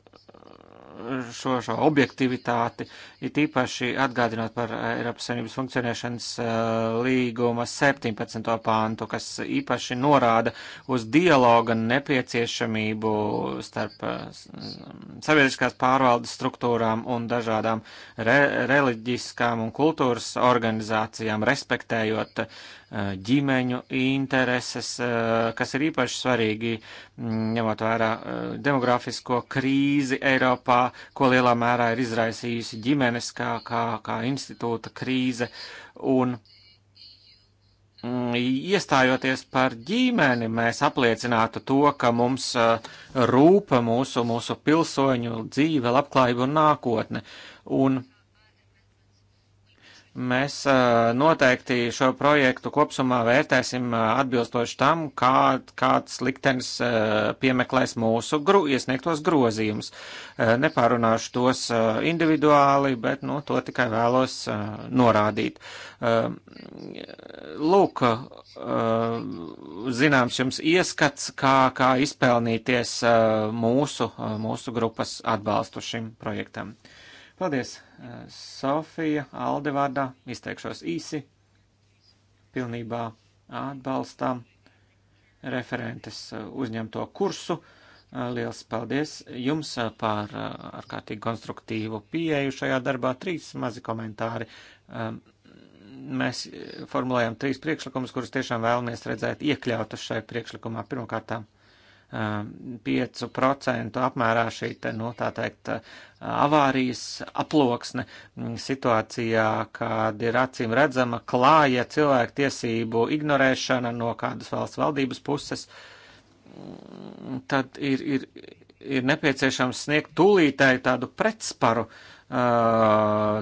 šo, šo objektivitāti, it īpaši atgādinot par eh, Eiropas Savienības funkcionēšanas eh, līguma 17. pāntu, kas īpaši norāda uz dialoga nepieciešamību starp eh, sabiedriskās pārvaldes struktūrām un dažādām re, reliģiskām un kultūras organizācijām, respektējot uh, Eh, ģimeņu intereses, eh, kas ir īpaši svarīgi, mm, ņemot vērā eh, demografisko krīzi Eiropā, ko lielā mērā ir izraisījusi ģimenes kā, kā, kā institūta krīze. Un mm, Iestājoties par ģimeni, mēs apliecinātu to, ka mums rūpa mūsu, mūsu pilsoņu dzīve, labklājība un nākotne. Un Mēs noteikti šo projektu kopsumā vērtēsim atbilstoši tam, kā, kāds liktenis piemeklēs mūsu gru, iesniegtos grozījumus. Nepārunāšu tos individuāli, bet nu, to tikai vēlos norādīt. Lūk, zināms jums ieskats, kā, kā izpelnīties mūsu, mūsu grupas atbalstu šim projektam. Paldies, eh, Sofija, Aldevārdā, izteikšos īsi, pilnībā atbalstām referentes eh, uzņemto kursu. Eh, liels paldies jums par ārkārtīgi konstruktīvu pieeju šajā darbā. Trīs mazi komentāri. Ehm, mēs formulējam trīs priekšlikumus, kurus tiešām vēlamies redzēt iekļautus šajā priekšlikumā. Pirmkārtām 5% apmērā šī te, nu, tā teikt, avārijas aploksne situācijā, kad ir acīm redzama klāja cilvēktiesību ignorēšana no kādas valsts valdības puses, tad ir, ir, ir nepieciešams sniegt tūlītēju tādu pretsparu.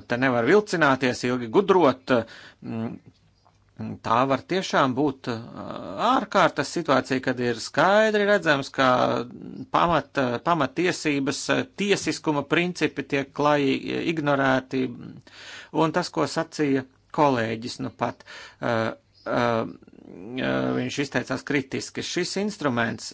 Te nevar vilcināties, ilgi gudrot, Tā var tiešām būt uh, ārkārtas situācija, kad ir skaidri redzams, ka pamat, uh, pamatiesības, uh, tiesiskuma principi tiek klajīgi ignorēti. Un tas, ko sacīja kolēģis, nu pat uh, uh, viņš izteicās kritiski, šis instruments,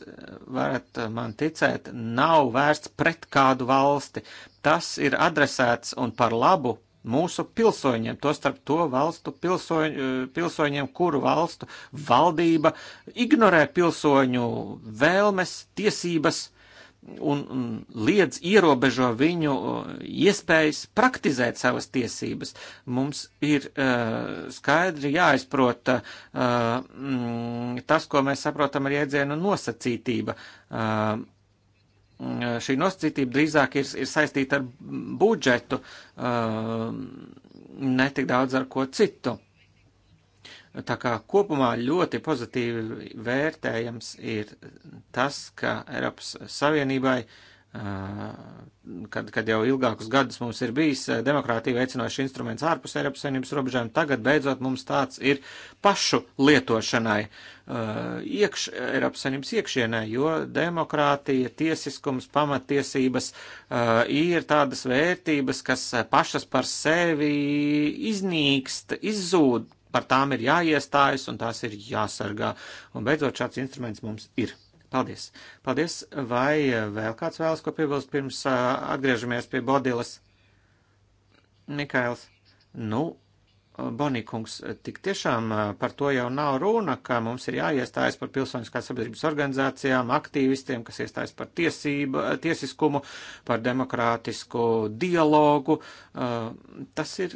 varat man ticēt, nav vērsts pret kādu valsti. Tas ir adresēts un par labu mūsu pilsoņiem, to starp to valstu pilsoņ, eh, pilsoņiem, kuru valstu valdība ignorē pilsoņu vēlmes, tiesības un, un liedz ierobežo viņu eh, iespējas praktizēt savas tiesības. Mums ir uh, skaidri jāizprot uh, mm, tas, ko mēs saprotam ar jēdzienu nosacītība. Uh, Mm, šī nosacītība drīzāk ir, ir saistīta ar budžetu, um, netik daudz ar ko citu. Tā kā kopumā ļoti pozitīvi vērtējams ir tas, ka Eiropas Savienībai uh, Eh, kad, kad jau ilgākus gadus mums ir bijis eh, demokrātija veicinošs instruments ārpus Eiropas Savienības robežām, tagad beidzot mums tāds ir pašu lietošanai eh, iekš, Eiropas Savienības iekšienē, jo demokrātija, tiesiskums, pamatiesības ir tādas vērtības, kas pašas par sevi iznīkst, izzūd, par tām ir jāiestājas un tās ir jāsargā. Un beidzot šāds instruments mums ir. Paldies. Paldies. Vai eh, vēl kāds vēlas ko piebilst pirms eh, atgriežamies pie Bodilas? Mikails. Nu, Bonīkungs, tik tiešām eh, par to jau nav runa, ka mums ir jāiestājas par pilsoniskās sabiedrības organizācijām, aktīvistiem, kas iestājas par tiesību, tiesiskumu, par demokrātisku dialogu. Tas ir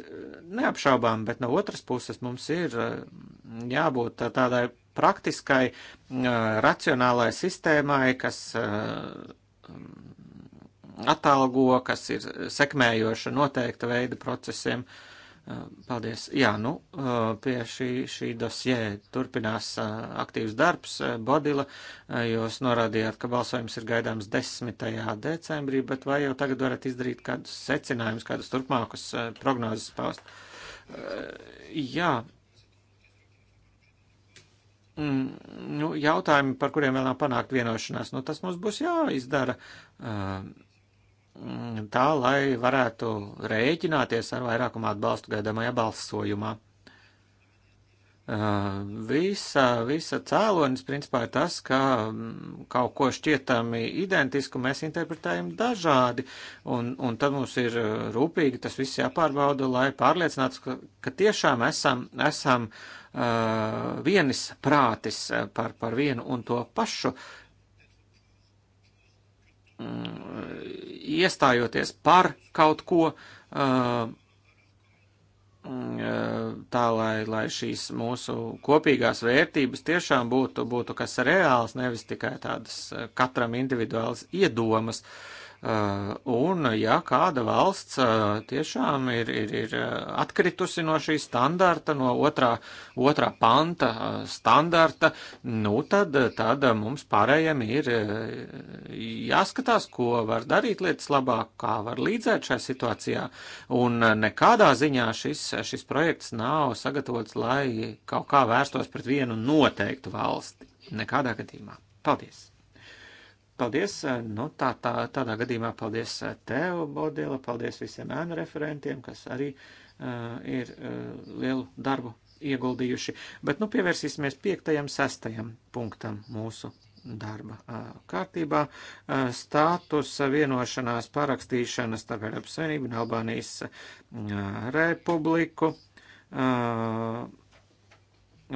neapšaubām, bet no otras puses mums ir jābūt tādai praktiskai, mm, racionālai sistēmai, kas mm, atalgo, kas ir sekmējoša noteikta veida procesiem. Mm, paldies. Jā, nu, pie šī, šī dosjē turpinās aktīvs darbs. Bodila, jūs norādījāt, ka balsojums ir gaidāms 10. decembrī, bet vai jau tagad varat izdarīt kādus secinājumus, kādus turpmākus prognozes paust? Jā, mm, nu, jautājumi, par kuriem vēl nav panākt vienošanās, nu, tas mums būs jāizdara uh, mm, tā, lai varētu rēķināties ar vairākumu atbalstu gaidāmajā balsojumā. Uh, visa, visa cēlonis principā ir tas, ka mm, kaut ko šķietami identisku mēs interpretējam dažādi, un, un tad mums ir uh, rūpīgi tas viss jāpārbauda, lai pārliecinātu, ka, ka tiešām esam, esam uh, Uh, vienis prātis uh, par, par vienu un to pašu, mm, iestājoties par kaut ko, uh, mm, tā lai, lai šīs mūsu kopīgās vērtības tiešām būtu, būtu kas reāls, nevis tikai tādas katram individuāls iedomas. Uh, Eh, un, ja kāda valsts eh, tiešām ir, ir, ir eh, atkritusi no šī standarta, no otrā, otrā panta standarta, nu tad, tad mums pārējiem ir jāskatās, ko var darīt lietas labāk, kā var līdzēt šajā situācijā. Un nekādā ziņā šis, šis projekts nav sagatavots, lai kaut kā vērstos pret vienu noteiktu valsti. Nekādā gadījumā. Paldies! Paldies! Eh, nu, tā, tā, tādā gadījumā paldies eh, tev, Bodila, paldies visiem ēnu referentiem, kas arī uh, ir uh, lielu darbu ieguldījuši. Bet nu pievērsīsimies piektajam, sestajam punktam mūsu darba kārtībā. Statusa vienošanās parakstīšanas starp Eiropas Savienību un Albānijas Republiku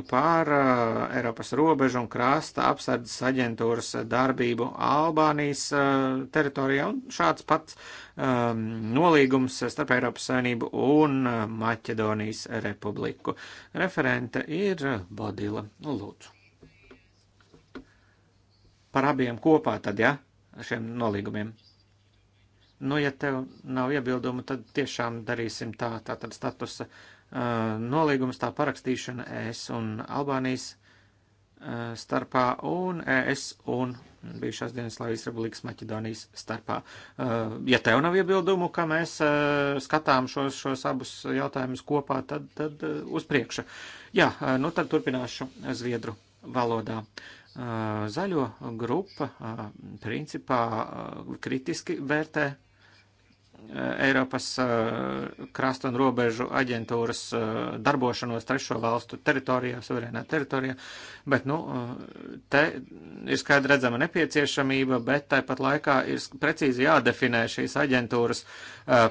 pār uh, eh, Eiropas robežu un krāsta apsardzes aģentūras darbību Albānijas uh, teritorijā, un šāds pats um, nolīgums starp Eiropas Savienību un uh, Maķedonijas republiku. Referente ir Bodila Lūdzu. Par abiem kopā tad, ja, šiem nolīgumiem. Nu, ja tev nav iebildumu, tad tiešām darīsim tā, tā tad statusa. Uh, Eh, nolīgums tā parakstīšana ES un Albānijas eh, starpā un ES un bijušās Dienaslāvijas Republikas Maķedonijas starpā. Eh, ja tev nav iebildumu, ka mēs skatām šos, šos abus jautājumus kopā, tad, tad uz priekšu. Jā, nu tad turpināšu zviedru valodā. Zaļo grupa principā kritiski vērtē Eh, Eiropas eh, krasta un robežu aģentūras eh, darbošanos trešo valstu teritorijā, suverēnā teritorijā, bet, nu, te ir skaidri redzama nepieciešamība, bet tāpat laikā ir precīzi jādefinē šīs aģentūras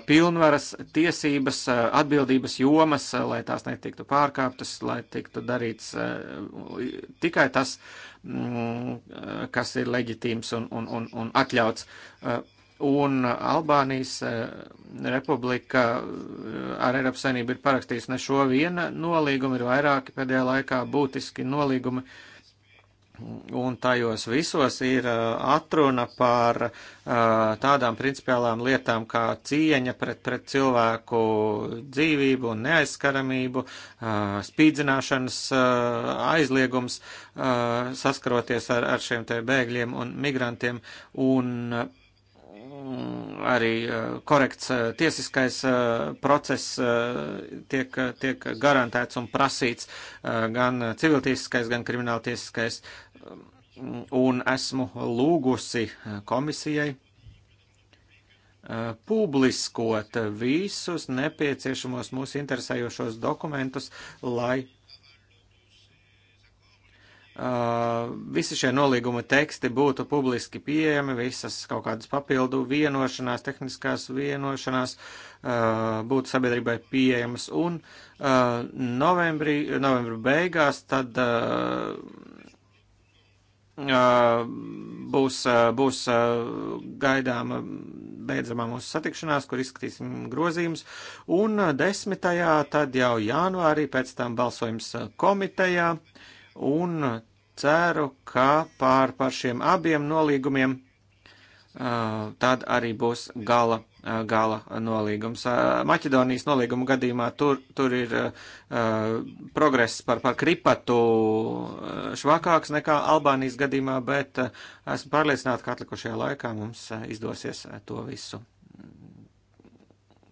pilnvaras, tiesības, atbildības jomas, lai tās netiktu pārkāptas, lai tiktu darīts tikai tas, mm, kas ir leģitīms un, un, un, un atļauts un Albānijas eh, republika eh, ar Eiropas saimnību ir parakstījusi ne šo viena nolīgumu, ir vairāki pēdējā laikā būtiski nolīgumi, un tajos visos ir eh, atruna par tādām principiālām lietām kā cieņa pret, pret cilvēku dzīvību un neaizskaramību, spīdzināšanas aizliegums saskaroties ar, ar šiem te bēgļiem un migrantiem. Un arī korekts tiesiskais process tiek, tiek garantēts un prasīts gan civiltiesiskais, gan krimināltiesiskais. Un esmu lūgusi komisijai publiskot visus nepieciešamos mūsu interesējošos dokumentus, lai visi šie nolīguma teksti būtu publiski pieejami, visas kaut kādas papildu vienošanās, tehniskās vienošanās būtu sabiedrībai pieejamas. Un novembrī, novembra beigās tad būs, būs gaidāma beidzamā mūsu satikšanās, kur izskatīsim grozījumus. Un desmitajā tad jau janvārī pēc tam balsojums komitejā un ceru, ka pār, pār šiem abiem nolīgumiem uh, tad arī būs gala, uh, gala nolīgums. Uh, Maķedonijas nolīguma gadījumā tur, tur ir progress par, par kripatu švakāks nekā Albānijas gadījumā, bet esmu pārliecināta, ka atlikušajā laikā mums izdosies to visu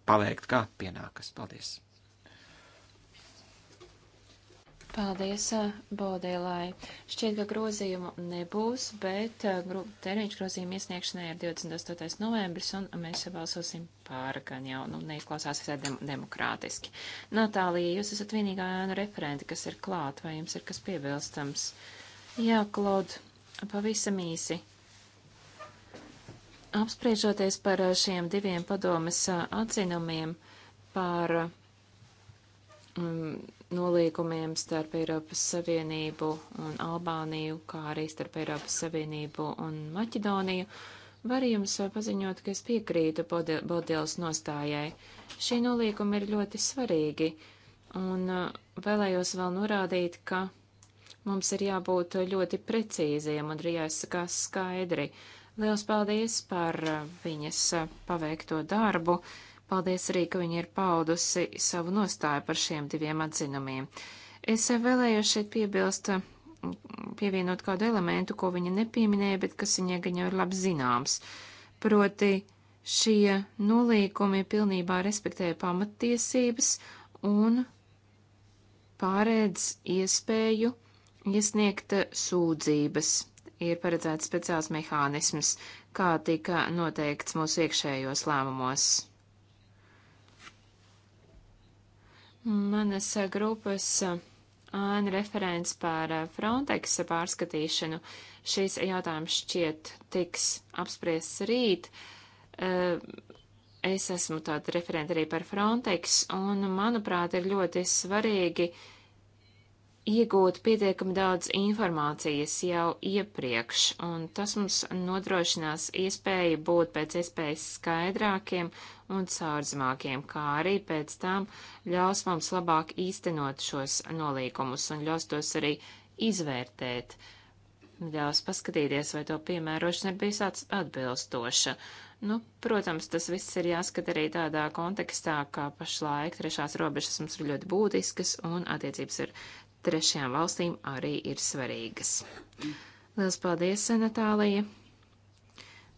paveikt, kā pienākas. Paldies! Paldies, Bodēlai. Šķiet, ka grozījumu nebūs, bet termiņš grozījuma iesniegšanai ir 28. novembris, un mēs balsosim pār, gan jau nu, neizklausās visai dem demokrātiski. Natālija, jūs esat vienīgā ēnu referente, kas ir klāt, vai jums ir kas piebilstams? Jā, Klod, pavisam īsi. Apspriežoties par šiem diviem padomes atzinumiem par. Mm, nolīgumiem starp Eiropas Savienību un Albāniju, kā arī starp Eiropas Savienību un Maķedoniju, var jums paziņot, ka es piekrītu Bodils nostājai. Šie nolīgumi ir ļoti svarīgi, un uh, vēlējos vēl norādīt, ka mums ir jābūt ļoti precīziem un ir jāizsakās skaidri. Liels paldies par uh, viņas uh, paveikto darbu! Paldies arī, ka viņa ir paudusi savu nostāju par šiem diviem atzinumiem. Es vēlējos šeit piebilst, pievienot kādu elementu, ko viņa nepieminēja, bet kas viņai gan jau ir labi zināms. Proti, šie nolīkumi pilnībā respektē pamattiesības un pārēdz iespēju iesniegt sūdzības. Ir paredzēts speciāls mehānisms, kā tika noteikts mūsu iekšējos lēmumos. Manas eh, grupas eh, ēna referents par eh, Frontex pārskatīšanu. Šīs jautājums šķiet tiks apspriests rīt. Es esmu tāda referenta arī par Frontex, un manuprāt ir ļoti svarīgi uh, iegūt pietiekami daudz informācijas jau iepriekš, un tas mums nodrošinās iespēju būt pēc iespējas skaidrākiem un caurzmākiem, kā arī pēc tam ļaus mums labāk īstenot šos nolīkumus un ļaus tos arī izvērtēt. Ļaus paskatīties, vai to piemērošana ir bijusi atbilstoša. Nu, protams, tas viss ir jāskata arī tādā kontekstā, kā pašlaik trešās robežas mums ir ļoti būtiskas un attiecības ar trešajām valstīm arī ir svarīgas. Lielas paldies, Natālija!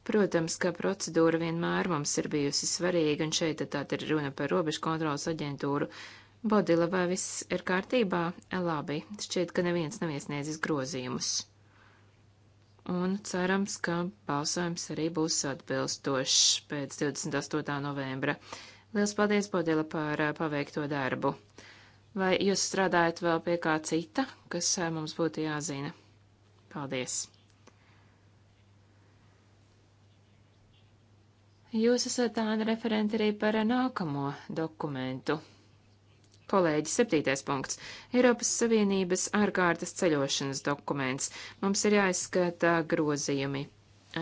Protams, ka procedūra vienmēr mums ir bijusi svarīga, un šeit tad ir runa par robežu kontrolas aģentūru. Bodila, vai viss ir kārtībā? E, labi, šķiet, ka neviens nav iesniedzis grozījumus. Un cerams, ka balsojums arī būs atbilstošs pēc 28. novembra. Lielas paldies, Bodila, par paveikto darbu! Vai jūs strādājat vēl pie kā cita, kas eh, mums būtu jāzina? Paldies! Jūs esat tāda eh, referenta arī par eh, nākamo dokumentu. Kolēģi, septītais punkts - Eiropas Savienības ārkārtas ceļošanas dokuments. Mums ir jāizskata grozījumi.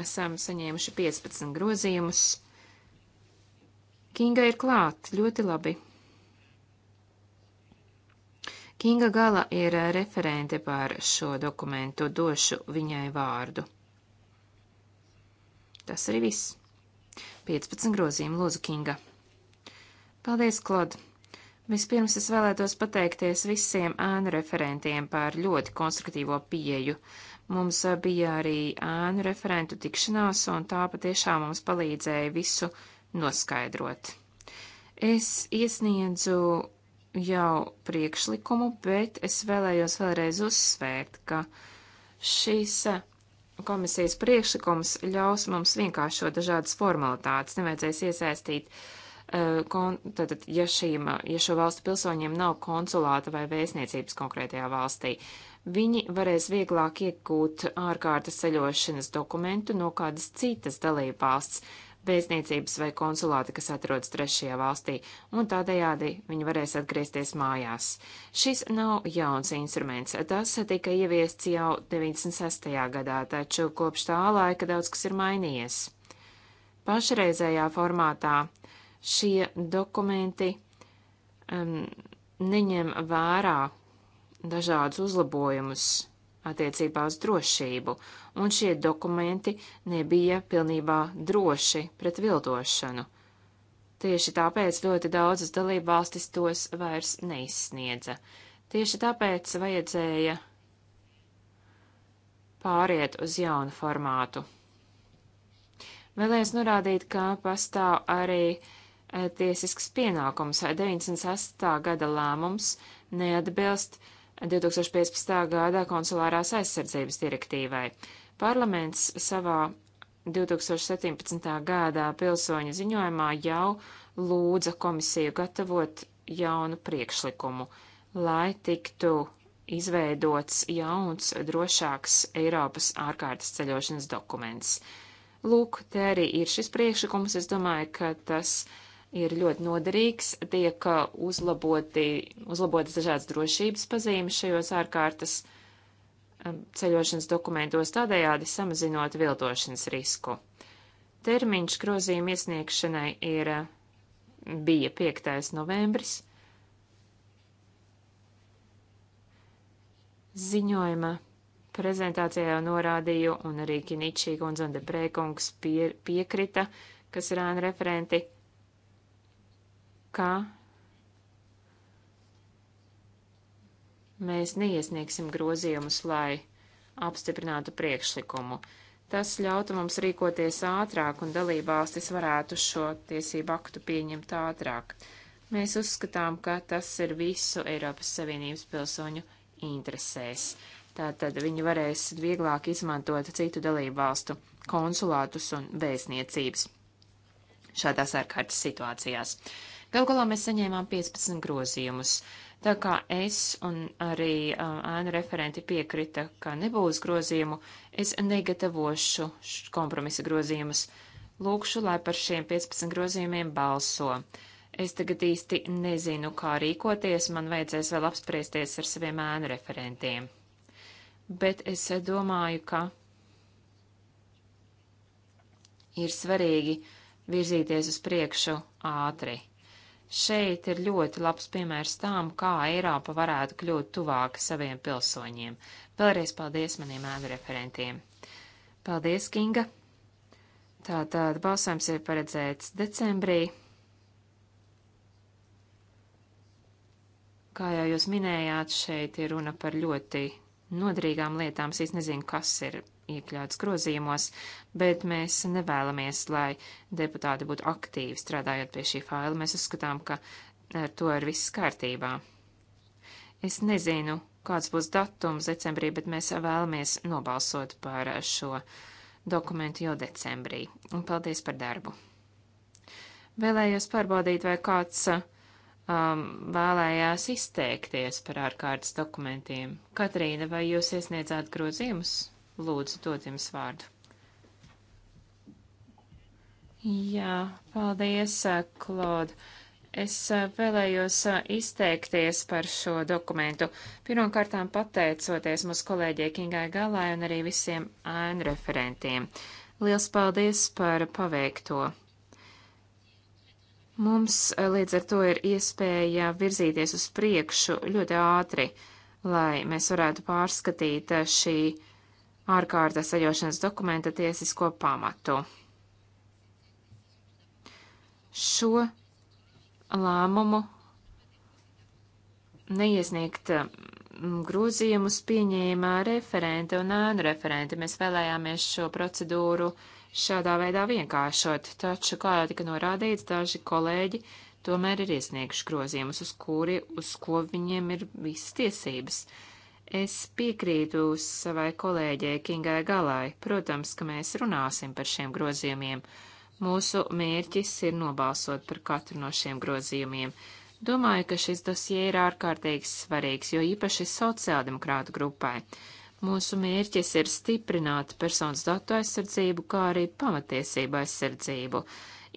Esam saņēmuši 15 grozījumus. Kinga ir klāt, ļoti labi. Kinga Gala ir eh, referente par šo dokumentu, došu viņai vārdu. Tas arī viss. 15 grozījumu lūdzu Kinga. Paldies, Klod! Vispirms es vēlētos pateikties visiem ēnu referentiem par ļoti konstruktīvo pieeju. Mums bija arī ēnu referentu tikšanās, un tā patiešām mums palīdzēja visu noskaidrot. Es iesniedzu jau priekšlikumu, bet es vēlējos vēlreiz uzsvērt, ka šīs eh, komisijas priekšlikums ļaus mums vienkāršot dažādas formalitātes, nevajadzēs iesaistīt eh, tātad, ja, šīm, ja šo valstu pilsoņiem nav konsulāta vai vēstniecības konkrētajā valstī, viņi varēs vieglāk iegūt ārkārtas ceļošanas dokumentu no kādas citas dalībvalsts, vēstniecības vai konsulāti, kas atrodas trešajā valstī, un tādējādi viņi varēs atgriezties mājās. Šis nav jauns instruments. Tas tika ieviests jau 96. gadā, taču kopš tā laika daudz kas ir mainījies. Pašreizējā formātā šie dokumenti um, neņem vērā dažādus uzlabojumus attiecībā uz drošību, un šie dokumenti nebija pilnībā droši pret viltošanu. Tieši tāpēc ļoti daudzas dalībvalstis tos vairs neizsniedza. Tieši tāpēc vajadzēja pāriet uz jaunu formātu. Vēlējos norādīt, ka pastāv arī e, tiesisks pienākums vai 98. gada lēmums neatbilst uh, 2015. gada konsulārās aizsardzības direktīvai. Parlaments savā 2017. gadā pilsoņa ziņojumā jau lūdza komisiju gatavot jaunu priekšlikumu, lai tiktu izveidots jauns, drošāks Eiropas ārkārtas ceļošanas dokuments. Lūk, te arī ir šis priekšlikums. Es domāju, ka tas ir ļoti noderīgs, tiek uh, uzlaboti, uzlabotas dažādas drošības pazīmes šajos ārkārtas um, ceļošanas dokumentos, tādējādi samazinot viltošanas risku. Termiņš grozījuma iesniegšanai ir uh, bija 5. novembris. Ziņojuma prezentācijā jau norādīju, un arī Kiničī kundze un Deprēkungs pie, piekrita, kas ir ēna referenti ka mēs neiesniegsim grozījumus, lai apstiprinātu priekšlikumu. Tas ļautu mums rīkoties ātrāk un dalībvalstis varētu šo tiesību aktu pieņemt ātrāk. Mēs uzskatām, ka tas ir visu Eiropas Savienības pilsoņu interesēs. Tātad viņi varēs vieglāk izmantot citu dalībvalstu konsulātus un vēstniecības šādās ārkārtas situācijās. Gal galā mēs saņēmām 15 grozījumus. Tā kā es un arī ēnu referenti piekrita, ka nebūs grozījumu, es negatavošu kompromisa grozījumus. Lūkšu, lai par šiem 15 grozījumiem balso. Es tagad īsti nezinu, kā rīkoties, man vajadzēs vēl apspriesties ar saviem ēnu referentiem. Bet es domāju, ka ir svarīgi virzīties uz priekšu ātri. Šeit ir ļoti labs piemērs tām, kā Eiropa varētu kļūt tuvāka saviem pilsoņiem. Vēlreiz paldies maniem ēnu referentiem. Paldies, Kinga! Tātad balsojums ir paredzēts decembrī. Kā jau jūs minējāt, šeit ir runa par ļoti nodrīgām lietām. Es nezinu, kas ir iekļauts grozījumos, bet mēs nevēlamies, lai deputāti būtu aktīvi strādājot pie šī faila. Mēs uzskatām, ka ar to ir viss kārtībā. Es nezinu, kāds būs datums decembrī, bet mēs vēlamies nobalsot par šo dokumentu jau decembrī. Un paldies par darbu! Vēlējos pārbaudīt, vai kāds um, vēlējās izteikties par ārkārtas dokumentiem. Katrīna, vai jūs iesniedzāt grozījumus? Lūdzu, dod jums vārdu. Jā, paldies, Klod. Es vēlējos izteikties par šo dokumentu. Pirmkārtām pateicoties mūsu kolēģiem Kingai Galai un arī visiem ēnu referentiem. Liels paldies par paveikto. Mums līdz ar to ir iespēja virzīties uz priekšu ļoti ātri, lai mēs varētu pārskatīt šī ārkārtas sajošanas dokumenta tiesisko pamatu. Šo lēmumu neiesniegt mm, grozījumus pieņēma referente un ēnu referente. Mēs vēlējāmies šo procedūru šādā veidā vienkāršot, taču, kā jau tika norādīts, daži kolēģi tomēr ir iesnieguši grozījumus, uz, kuri, uz ko viņiem ir visas tiesības. Uh, Es piekrītu savai kolēģei Kingai Galai. Protams, ka mēs runāsim par šiem grozījumiem. Mūsu mērķis ir nobalsot par katru no šiem grozījumiem. Domāju, ka šis dosie ir ārkārtīgi svarīgs, jo īpaši sociāldemokrātu grupai. Mūsu mērķis ir stiprināt personas datu aizsardzību, kā arī pamatiesību aizsardzību.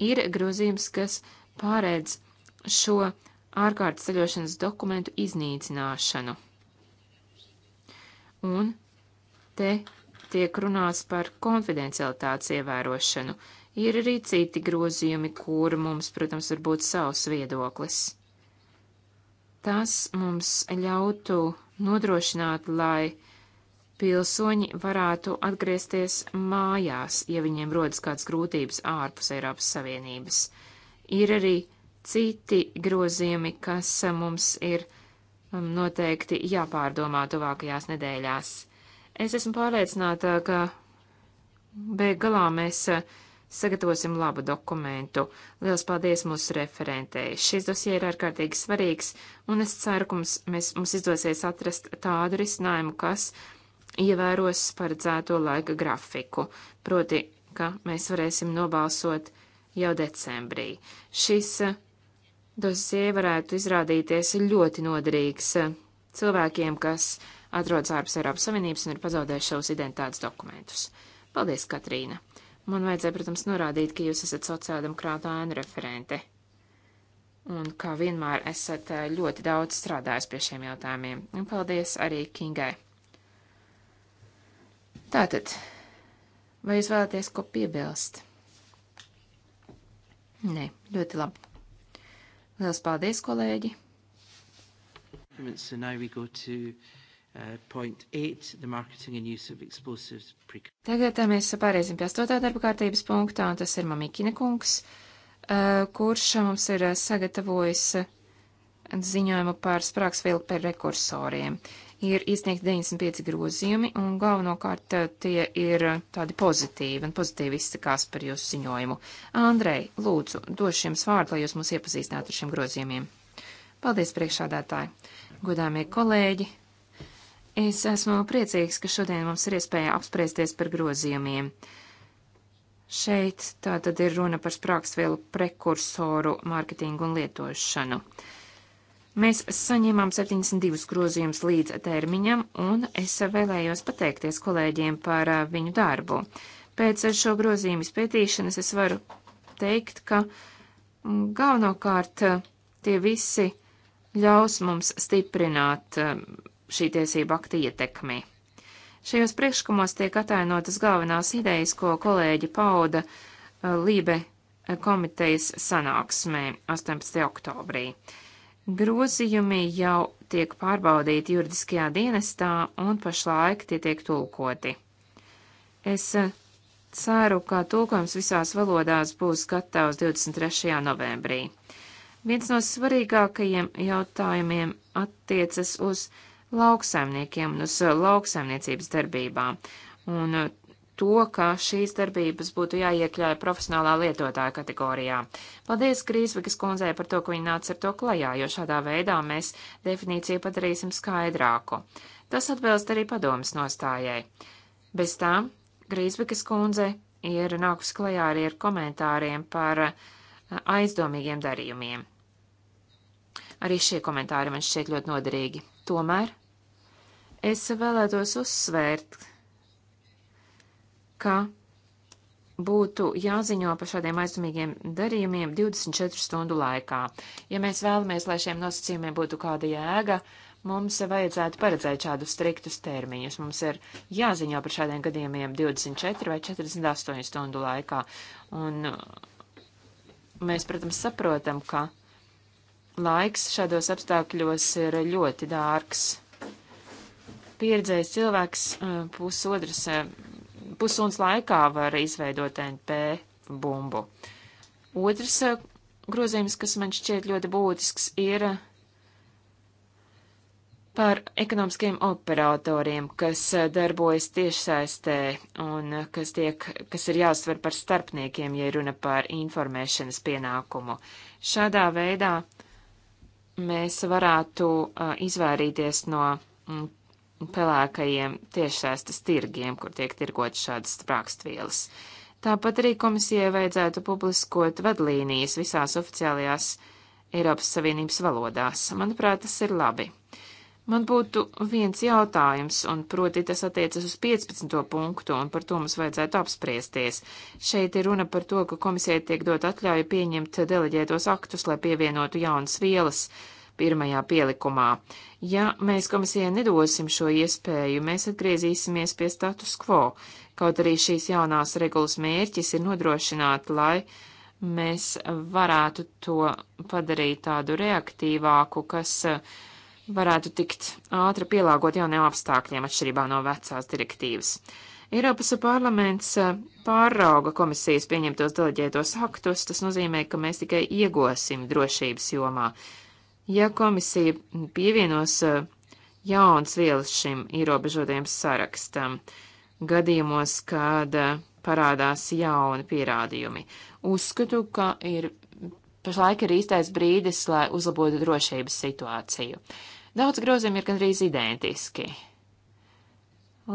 Ir grozījums, kas pārēdz šo ārkārtas ceļošanas dokumentu iznīcināšanu un te tiek runāts par konfidencialitātes ievērošanu. Ir arī citi grozījumi, kur mums, protams, var būt savs viedoklis. Tas mums ļautu nodrošināt, lai pilsoņi varētu atgriezties mājās, ja viņiem rodas kādas grūtības ārpus Eiropas Savienības. Ir arī citi grozījumi, kas mums ir noteikti jāpārdomā tuvākajās nedēļās. Es esmu pārliecināta, ka beigalā mēs uh, sagatavosim labu dokumentu. Lielas paldies mūsu referentei. Šis dosie ir ārkārtīgi svarīgs, un es ceru, ka mums, mēs, mums izdosies atrast tādu risinājumu, kas ievēros paredzēto laika grafiku, proti, ka mēs varēsim nobalsot jau decembrī. Šis uh, dosie varētu izrādīties ļoti noderīgs eh, cilvēkiem, kas atrodas ārpus Eiropas Savienības un ir pazaudējuši savus identitātes dokumentus. Paldies, Katrīna! Man vajadzēja, protams, norādīt, ka jūs esat sociāldemokrāta ēnu referente. Un kā vienmēr esat eh, ļoti daudz strādājis pie šiem jautājumiem. Un paldies arī Kingai. Tātad, vai jūs vēlaties ko piebilst? Nē, ļoti labi. Lielas paldies, kolēģi! Uh, Tagad uh, mēs pāriesim pie 8. darba kārtības punktā, un tas ir Mamikina kungs, uh, kurš mums ir sagatavojis ziņojumu par sprāgsvielu par rekursoriem ir izsniegti 95 grozījumi, un galvenokārt eh, tie ir eh, tādi pozitīvi un pozitīvi izsakās par jūsu ziņojumu. Andrei, lūdzu, došu jums vārdu, lai jūs mūs iepazīstinātu ar šiem grozījumiem. Paldies, priekšādātāji! Godāmie kolēģi! Es esmu priecīgs, ka šodien mums ir iespēja apspriesties par grozījumiem. Šeit tā tad ir runa par sprākstvielu prekursoru mārketingu un lietošanu. Uh, Mēs saņēmām 72 grozījumus līdz termiņam, un es vēlējos pateikties kolēģiem par viņu darbu. Pēc šo grozījumu izpētīšanas es varu teikt, ka galvenokārt tie visi ļaus mums stiprināt šī tiesība akta ietekmi. Šajos priekšlikumos tiek atainotas galvenās idejas, ko kolēģi pauda Lībe komitejas sanāksmē 18. oktobrī. Grozījumi jau tiek pārbaudīti juridiskajā dienestā un pašlaik tie tiek tulkoti. Es eh, ceru, ka tulkojums visās valodās būs gatavs 23. novembrī. Viens no svarīgākajiem jautājumiem attiecas uz lauksaimniekiem un uz lauksaimniecības darbībām, un eh, to, ka šīs darbības būtu jāiekļauj profesionālā lietotāja kategorijā. Paldies Krīsvikas kundzei par to, ka viņa nāca ar to klajā, jo šādā veidā mēs definīciju padarīsim skaidrāku. Tas atbilst arī padomas nostājai. Bez tām Grīsvikas kundze ir nākus klajā arī ar komentāriem par aizdomīgiem darījumiem. Arī šie komentāri man šķiet ļoti noderīgi. Tomēr es vēlētos uzsvērt, ka būtu jāziņo par šādiem aizdomīgiem darījumiem 24 stundu laikā. Ja mēs vēlamies, lai šiem nosacījumiem būtu kāda jēga, mums vajadzētu paredzēt šādus striktus termiņus. Mums ir jāziņo par šādiem gadījumiem 24 vai 48 stundu laikā. Un uh, mēs, protams, saprotam, ka laiks šādos apstākļos ir ļoti dārgs. Pieredzējis cilvēks uh, pusotras uh, pusstundas laikā var izveidot NP bumbu. Otrs eh, grozījums, kas man šķiet ļoti būtisks, ir par ekonomiskiem operatoriem, kas eh, darbojas tiešsaistē un eh, kas, tiek, kas ir jāuztver par starpniekiem, ja runa par informēšanas pienākumu. Šādā veidā mēs varētu izvairīties no mm, pelēkajiem tiešsaistes tirgiem, kur tiek tirgot šādas sprākstvielas. Tāpat arī komisijai vajadzētu publiskot vadlīnijas visās oficiālajās Eiropas Savienības valodās. Manuprāt, tas ir labi. Man būtu viens jautājums, un proti tas attiecas uz 15. punktu, un par to mums vajadzētu apspriesties. Šeit ir runa par to, ka komisijai tiek dot atļauja pieņemt deleģētos aktus, lai pievienotu jaunas vielas pirmajā pielikumā. Ja mēs komisijai nedosim šo iespēju, mēs atgriezīsimies pie status quo, kaut arī šīs jaunās regulas mērķis ir nodrošināt, lai mēs varētu to padarīt tādu reaktīvāku, kas eh, varētu tikt ātri pielāgot jauniem apstākļiem atšķirībā no vecās direktīvas. Eiropas parlaments eh, pārauga komisijas pieņemtos deleģētos aktus, tas nozīmē, ka mēs tikai iegosim drošības jomā. Ja komisija pievienos eh, jauns vielas šim ierobežotajam sarakstam, gadījumos, kad eh, parādās jauni pierādījumi, uzskatu, ka ir pašlaik ir īstais brīdis, lai uzlabotu drošības situāciju. Daudz grozījumi ir gandrīz identiski.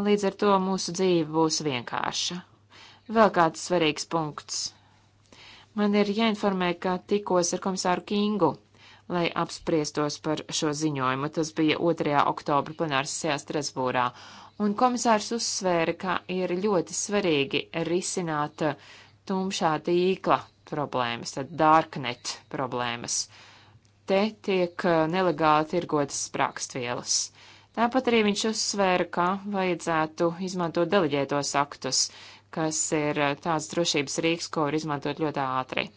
Līdz ar to mūsu dzīve būs vienkārša. Vēl kāds svarīgs punkts. Man ir jāinformē, ka tikos ar komisāru Kingu lai apspriestos par šo ziņojumu. Tas bija 2. oktobra plenārs sesijā Strasbūrā. Un komisārs uzsvēra, ka ir ļoti svarīgi risināt uh, tumšā tīkla problēmas, tad darknet problēmas. Te tiek uh, nelegāli tirgotas sprākstvielas. Tāpat arī viņš uzsvēra, ka vajadzētu izmantot deleģētos aktus, kas ir uh, tāds drošības rīks, ko var izmantot ļoti ātri.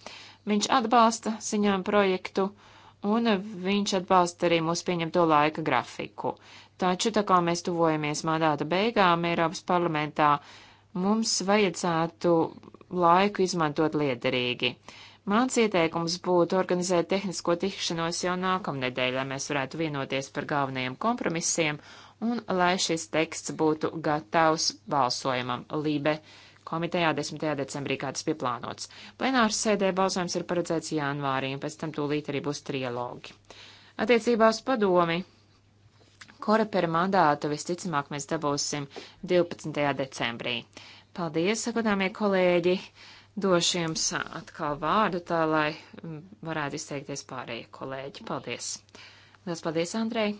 Viņš atbalsta ziņojumu projektu, uh, un viņš atbalsta arī mūsu pieņemto laika grafiku. Taču, tā kā mēs tuvojamies mandāta beigām Eiropas parlamentā, mums vajadzētu laiku izmantot liederīgi. Mans ieteikums būtu organizēt tehnisko tikšanos jau nākamnedēļ, lai mēs varētu vienoties par galvenajiem kompromisiem un lai šis teksts būtu gatavs balsojumam Lībe komitejā 10. decembrī, kā tas pieplānots. Plenāras sēdē balsojums ir paredzēts janvārī, un pēc tam tūlīt arī būs trilogi. Attiecībā uz padomi. Korepera mandātu visticamāk mēs dabūsim 12. decembrī. Paldies, godāmie kolēģi! Došu jums atkal vārdu tā, lai varētu izteikties pārējie kolēģi. Paldies! Lielas paldies, Andrei!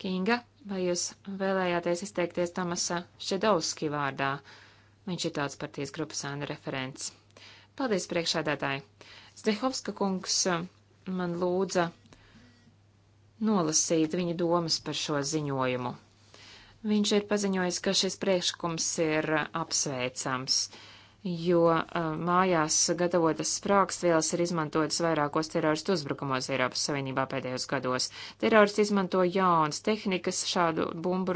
Kinga! Vai jūs vēlējāties izteikties Tomasa Šedovski vārdā? Viņš ir tāds partijas grupas āna referents. Paldies priekšādātāji. Zdehovska kungs eh, man lūdza nolasīt viņa domas par šo ziņojumu. Viņš ir paziņojis, ka šis priekšlikums ir apsveicams. Uh, jo uh, mājās gatavotas sprākstvielas ir izmantotas vairākos teroristu uzbrukumos Eiropas Savienībā pēdējos gados. Teroristi izmanto jaunas tehnikas šādu bumbu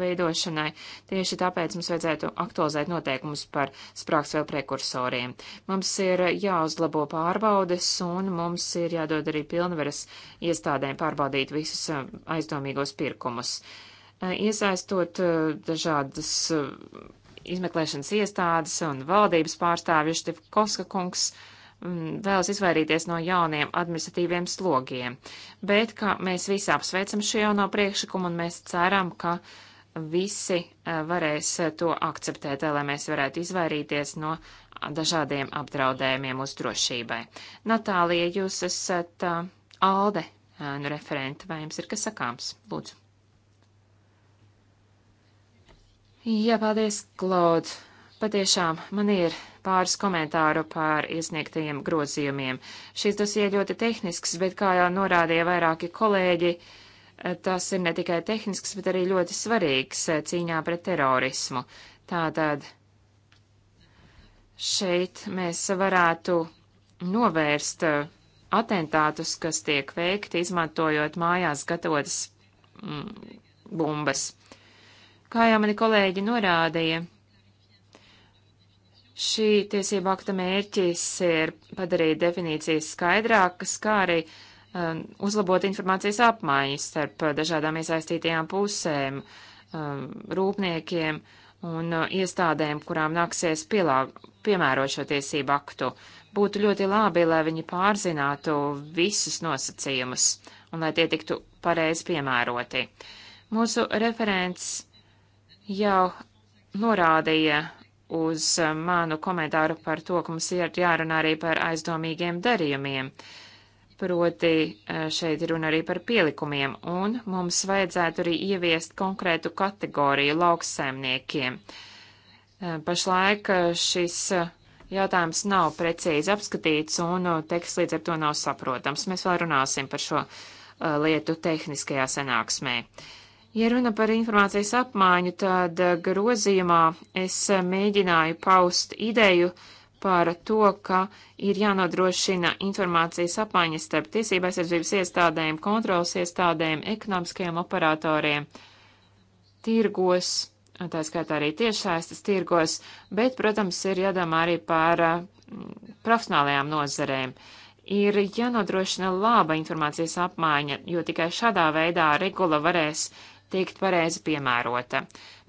veidošanai, tieši tāpēc mums vajadzētu aktualizēt noteikumus par sprākstvielu prekursoriem. Mums ir jāuzlabo pārbaudes un mums ir jādod arī pilnvaras iestādēm pārbaudīt visus aizdomīgos pirkumus. Iesaistot dažādas izmeklēšanas iestādes un valdības pārstāvjuši Tivkovska kungs mm, vēlas izvairīties no jauniem administratīviem slogiem, bet ka mēs visi apsveicam šo jauno priekšlikumu un mēs ceram, ka visi eh, varēs eh, to akceptēt, lai mēs varētu izvairīties no dažādiem apdraudējumiem uz drošībai. Natālija, jūs esat eh, Alde nu, referente, vai jums ir kas sakāms? Lūdzu. Jā, paldies, Klaud. Patiešām man ir pāris komentāru par iesniegtajiem grozījumiem. Šis dosie ļoti tehnisks, bet, kā jau norādīja vairāki kolēģi, tas ir ne tikai tehnisks, bet arī ļoti svarīgs cīņā pret terorismu. Tātad šeit mēs varētu novērst atentātus, kas tiek veikti, izmantojot mājās gatavotas mm, bumbas. Kā jau mani kolēģi norādīja, šī tiesība akta mērķis ir padarīt definīcijas skaidrākas, kā arī um, uzlabot informācijas apmaiņas starp dažādām iesaistītajām pusēm, um, rūpniekiem un uh, iestādēm, kurām nāksies pielā, piemērot šo tiesību aktu. Būtu ļoti labi, lai viņi pārzinātu visus nosacījumus un lai tie tiktu pareizi piemēroti. Mūsu referents jau norādīja uz eh, manu komentāru par to, ka mums ir jārunā arī par aizdomīgiem darījumiem. Proti eh, šeit ir runa arī par pielikumiem, un mums vajadzētu arī ieviest konkrētu kategoriju lauksaimniekiem. Eh, pašlaik šis jautājums nav precīzi apskatīts, un teksts līdz ar to nav saprotams. Mēs vēl runāsim par šo lietu tehniskajā sanāksmē. Uh, Ja runa par informācijas apmaiņu, tad eh, grozījumā es eh, mēģināju paust ideju par to, ka ir jānodrošina informācijas apmaiņas starp tiesība aizsardzības iestādēm, kontrolas iestādēm, ekonomiskajiem operatoriem, tirgos, tā skaitā arī tiešsaistes tirgos, bet, protams, ir jādomā arī par eh, profesionālajām nozarēm ir jānodrošina laba informācijas apmaiņa, jo tikai šādā veidā regula varēs tikt pareizi piemērota.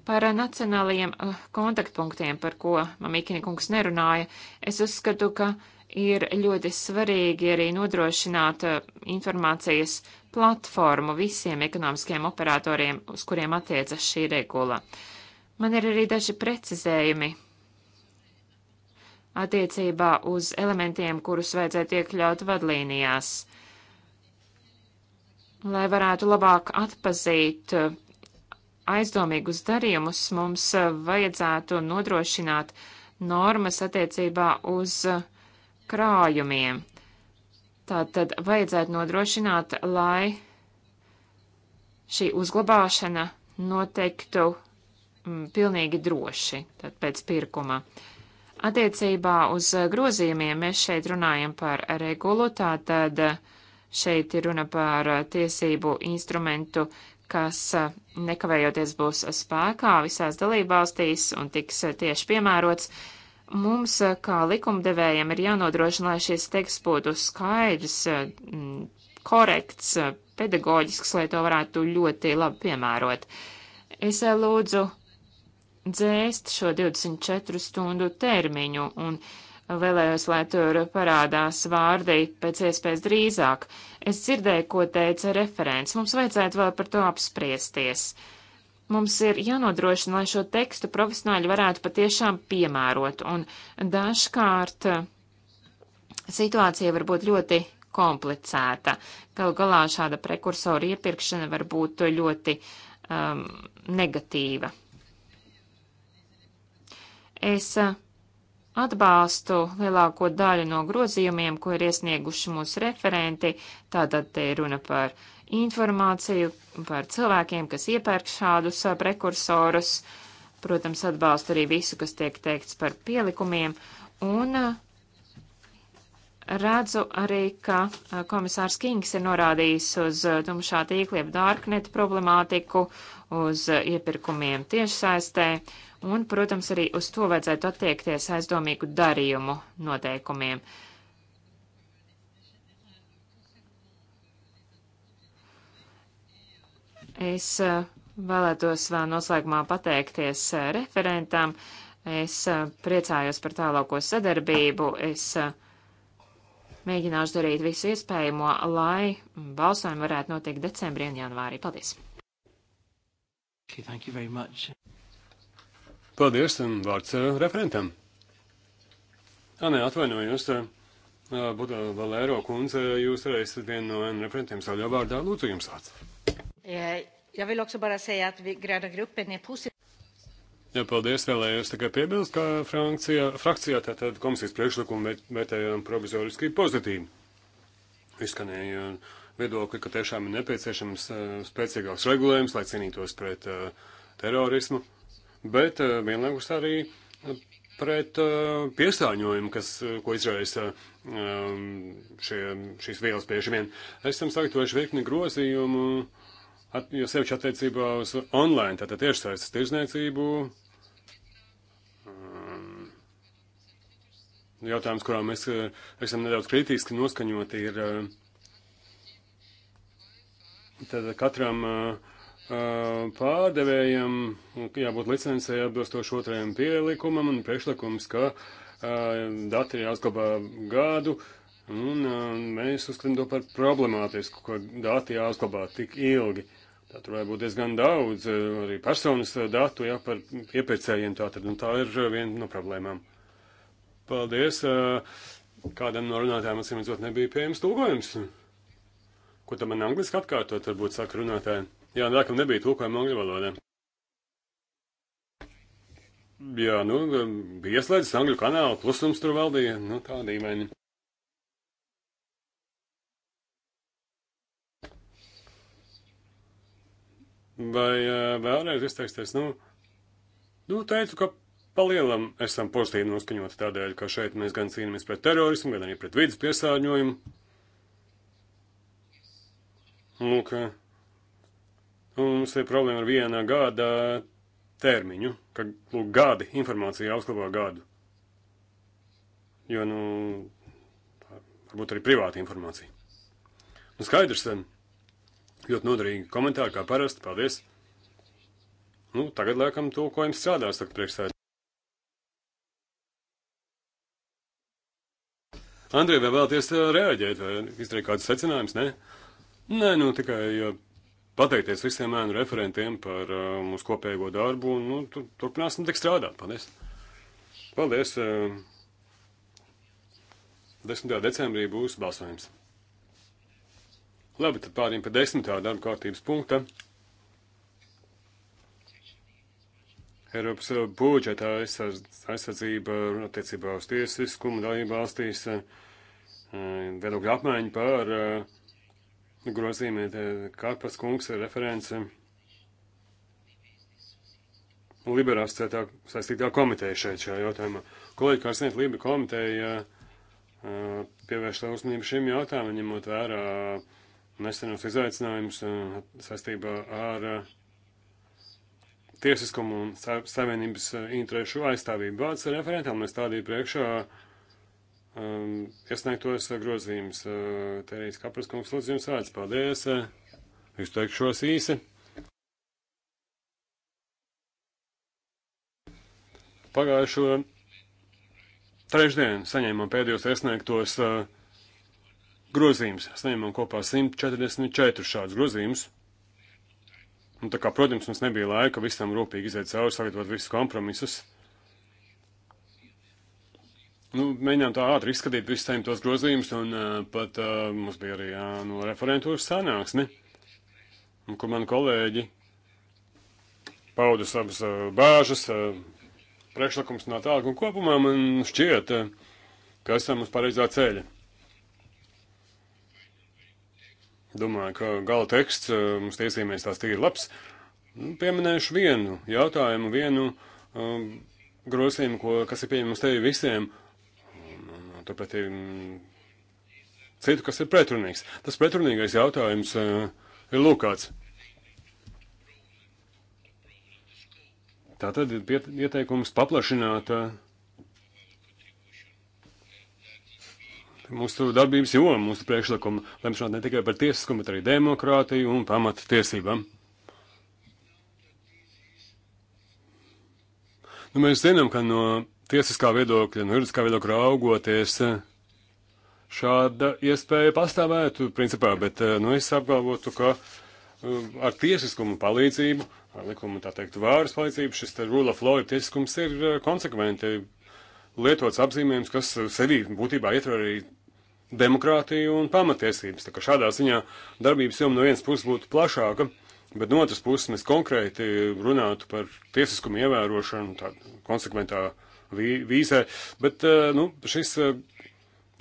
Par nacionālajiem eh, kontaktpunktiem, par ko Mamikini kungs nerunāja, es uzskatu, ka ir ļoti svarīgi arī nodrošināt eh, informācijas platformu visiem ekonomiskiem operatoriem, uz kuriem attiecas šī regula. Man ir arī daži precizējumi attiecībā uz elementiem, kurus vajadzētu iekļaut vadlīnijās lai varētu labāk atpazīt eh, aizdomīgus darījumus, mums eh, vajadzētu nodrošināt normas attiecībā uz eh, krājumiem. Tātad vajadzētu nodrošināt, lai šī uzglabāšana noteiktu mm, pilnīgi droši tad pēc pirkuma. Attiecībā uz grozījumiem mēs šeit runājam par regulu, tātad uh, Šeit ir runa par eh, tiesību instrumentu, kas eh, nekavējoties būs spēkā visās dalībvalstīs un tiks eh, tieši piemērots. Mums, kā likumdevējiem, ir jānodrošina, lai šis teksts būtu skaidrs, korekts, pedagoģisks, lai to varētu ļoti labi piemērot. Es lūdzu dzēst šo 24 stundu termiņu un uh, Vēlējos, lai tur parādās vārdi pēc iespējas drīzāk. Es dzirdēju, ko teica referents. Mums vajadzētu vēl par to apspriesties. Mums ir jānodrošina, lai šo tekstu profesionāļi varētu patiešām piemērot, un dažkārt uh, situācija var būt ļoti komplicēta. Galu galā šāda prekursora iepirkšana var būt ļoti um, negatīva. Es uh, Atbalstu lielāko daļu no grozījumiem, ko ir iesnieguši mūsu referenti, tātad te ir runa par informāciju, par cilvēkiem, kas iepērk šādus prekursorus, protams, atbalstu arī visu, kas tiek teikts par pielikumiem, un redzu arī, ka komisārs Kings ir norādījis uz tumšā tīkliepa dārknetu problemātiku, uz iepirkumiem tiešsaistē, Un, protams, arī uz to vajadzētu attiekties aizdomīgu darījumu noteikumiem. Es eh, vēlētos vēl noslēgumā pateikties eh, referentam. Es eh, priecājos par tālāko sadarbību. Es mēģināšu darīt visu iespējamo, lai balsojumi varētu notikt decembrī un janvārī. Paldies! Okay, Paldies, un vārds eh, referentam. Jā, nē, atvainojos, eh, Buda Valēro kundze, jūs arī eh, esat viena no referentiem saļā vārdā. Lūdzu, jums vārds. Jag vill också bara säga att vi, gröna gruppen är positiv. Jā, paldies, vēlējos tikai piebilst, ka frakcijā, frakcijā tātad komisijas priekšlikumu vērtējām provizoriski pozitīvi. Izskanēja viedokli, ka tiešām ir nepieciešams spēcīgāks regulējums, lai cīnītos pret terorismu. Uh, bet eh, vienlaikus arī pret eh, piesāņojumu, kas, eh, ko izraisa ehm, šie, šīs vielas bieži vien. Esam sagatavojuši virkni grozījumu, at, jo sevišķi attiecībā uz online, tātad tiešsaistes tirzniecību. Ehm, jautājums, kurā mēs esam nedaudz kritiski noskaņoti, ir tad katram uh, Eh, pārdevējiem jābūt licencē atbilstoši otrajam pielikumam un priekšlikums, ka eh, dati ir jāuzglabā gadu, un eh, mēs uzskatām to par problemātisku, ka dati jāuzglabā tik ilgi. Tā tur var būt diezgan daudz arī personas datu, jā, par iepirkējiem tātad, un nu, tā ir viena no problēmām. Paldies! Kādam no runātājiem atsimredzot nebija pieejams tulkojums. Ko tam man angliski atkārtot, varbūt saka runātājiem? Jā, nākam nu, nebija tulkojuma angļu valodā. Jā, nu, bija ieslēdzis angļu kanālu, klusums tur valdīja, nu, tā dīvaini. Vai vēlreiz izteiksties, nu, nu, teicu, ka palielam esam pozitīvi noskaņoti tādēļ, ka šeit mēs gan cīnāmies pret terorismu, gan arī pret vidas piesārņojumu. Lūk, nu, Un mums ir problēma ar viena gada termiņu, ka, lūk, gadi, informācija jāuzklabā gadu. Jo, nu, varbūt arī privāta informācija. Nu, skaidrs, ļoti noderīgi komentāri, kā parasti, paldies. Nu, tagad, laikam, to, ko jums strādās, saka priekšsēdē. Andrej, vai vēlaties eh, reaģēt, vai izdarīt kādus secinājumus, ne? Nē, nu, tikai, ja pateikties visiem ēnu referentiem par uh, mūsu kopējo darbu un nu, tur, turpināsim tik strādāt. Paldies! Paldies! Uh, 10. decembrī būs balsojums. Labi, tad pārējiem pie 10. darba kārtības punkta. Eiropas uh, budžeta aizsardzība attiecībā uz tiesiskumu dalību valstīs uh, uh, viedokļu apmaiņu par uh, grozījumi, eh, Kārpas kungs ir eh, reference eh, liberās cietā saistītā komiteja šeit šajā jautājumā. Kolēģi Kārsniet Lība komiteja pievērš savu uzmanību šim jautājumam, ņemot vērā nesenos izaicinājumus saistībā ar tiesiskumu un savienības interešu aizstāvību. Vārds referentam mēs tādīju priekšā uh, um, iesniegtos grozījumus. Uh, uh Tērijas Kapras kungs, lūdzu, jums vārds. Paldies. Uh, es teikšos īsi. Pagājušo trešdienu saņēmām pēdējos iesniegtos uh, grozījumus. Saņēmām kopā 144 šādus grozījumus. Un tā kā, protams, mums nebija laika visam rūpīgi iziet cauri, sagatavot visus kompromisus. Nu, mēģinām tā ātri izskatīt visus tiem tos grozījumus, un uh, pat uh, mums bija arī jā, no referentūras sanāksme, kur mani kolēģi pauda savas uh, bāžas, uh, priekšlikums no tālāk, un kopumā man šķiet, uh, ka esam uz pareizā ceļa. Domāju, ka gala teksts uh, mums tiesīmies tās tīri labs. Nu, pieminēšu vienu jautājumu, vienu uh, grozījumu, ko, kas ir pieņemams tevi visiem. Uh, Turpretī mm, citu, kas ir pretrunīgs. Tas pretrunīgais jautājums eh, ir lūkāts. Tātad ir ieteikums paplašināt eh, mūsu darbības jomu, mūsu priekšlikumu, lemšanāt ne tikai par tiesiskumu, bet arī demokrātiju un pamata tiesībām. Nu, mēs zinām, ka no tiesiskā viedokļa, no juridiskā viedokļa raugoties, šāda iespēja pastāvētu principā, bet eh, nu, es apgalvotu, ka eh, ar tiesiskumu palīdzību, ar likumu tā teikt vāras palīdzību, šis te rule of law ir tiesiskums ir eh, konsekventi lietots apzīmējums, kas sevī būtībā ietver arī demokrātiju un pamatiesības. Tā kā šādā ziņā darbības joma no vienas puses būtu plašāka, bet no otras puses mēs konkrēti runātu par tiesiskumu ievērošanu, tādu konsekventā uh, vīzē. Bet eh, nu, šis eh,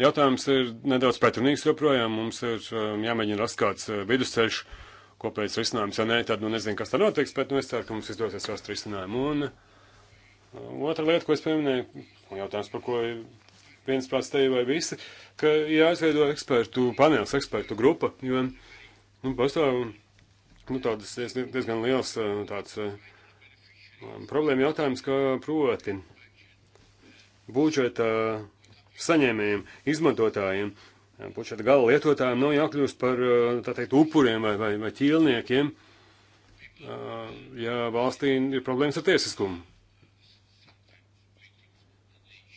jautājums ir nedaudz pretrunīgs joprojām. Mums ir eh, jāmēģina rast kāds vidusceļš, kopējs risinājums. Ja nē, tad nu, nezinu, kas tā notiks, bet nu, es ceru, ka mums izdosies rast risinājumu. Un otra lieta, ko es pieminēju, un jautājums, par ko ir viensprāts te vai visi, ka jāizveido ekspertu panelis, ekspertu grupa, jo nu, pastāv nu, tādas diezgan liels nu, tāds, problēma jautājums, ka proti budžeta saņēmējiem, izmantotājiem, budžeta gala lietotājiem nav jākļūst par, eh, tā teikt, upuriem vai, vai, vai ķīlniekiem, eh, ja valstī ir problēmas ar tiesiskumu.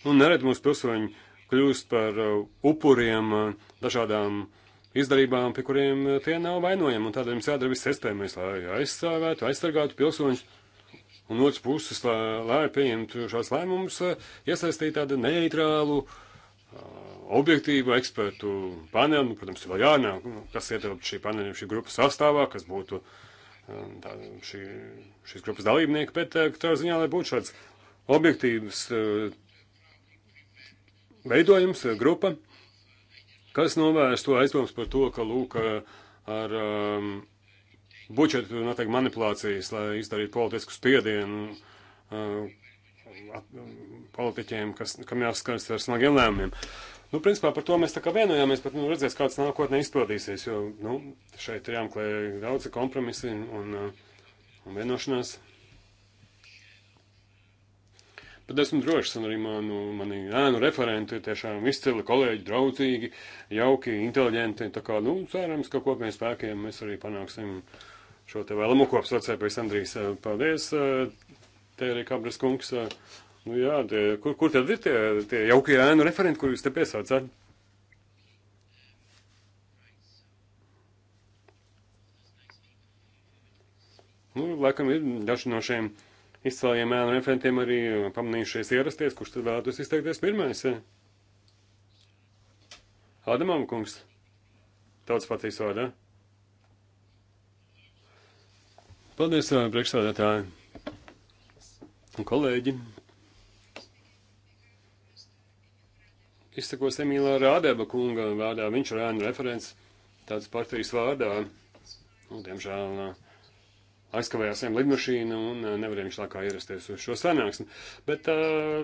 Un neredz mūsu pilsoņi kļūst par eh, upuriem dažādām izdarībām, pie kuriem tie nav vainojami, un tādēļ mums jādara viss iespējamais, lai aizstāvētu, aizsargātu pilsoņus. Un otrs puses, lai, lai pieņemtu šās lēmumus, iesaistīt tādu neitrālu, objektīvu ekspertu paneli. Nu, protams, vēl jārunā, nu, kas ietilpst šī paneļa, šī grupas sastāvā, kas būtu tā, šī, šīs grupas dalībnieki, bet katrā ziņā, lai būtu šāds objektīvs veidojums, grupa, kas novērstu aizdomas par to, ka, lūk, ar um, budžeta notiek manipulācijas, lai izdarītu politisku spiedienu uh, politiķiem, kas, kam jāskars ar smagiem lēmumiem. Nu, principā par to mēs tā kā vienojāmies, bet, nu, redzēs, kāds nākotnē izpildīsies, jo, nu, šeit ir jāmeklē daudzi kompromisi un, un uh, vienošanās. Bet esmu drošs, un arī manu, mani ēnu referenti ir tiešām izcili kolēģi, draudzīgi, jauki, inteliģenti. Tā kā, nu, cerams, ka kopējiem spēkiem mēs arī panāksim uh, šo te vēlamo, ko apsvērcēja pēc Andrijas. Eh, Paldies, eh, te arī Kabras kungs. Eh, nu jā, tie, kur, kur tad ir tie, tie jaukie ēnu referenti, kur jūs te piesaucāt? Nu, laikam ir daži no šiem izcēlījiem ēnu referentiem arī pamanījušies ierasties, kurš tad vēlētos izteikties pirmais. Ādamam kungs, tautas patīs vārdā. Ja? Paldies, uh, priekšsādātāji un kolēģi. Izsakos Emīlā Rādēba kunga vārdā, viņš ir ēnu referents tādas partijas vārdā. Nu, uh, un, diemžēl aizkavējās viņam lidmašīna un nevarēja viņš laikā ierasties uz šo sanāksmi. Bet uh,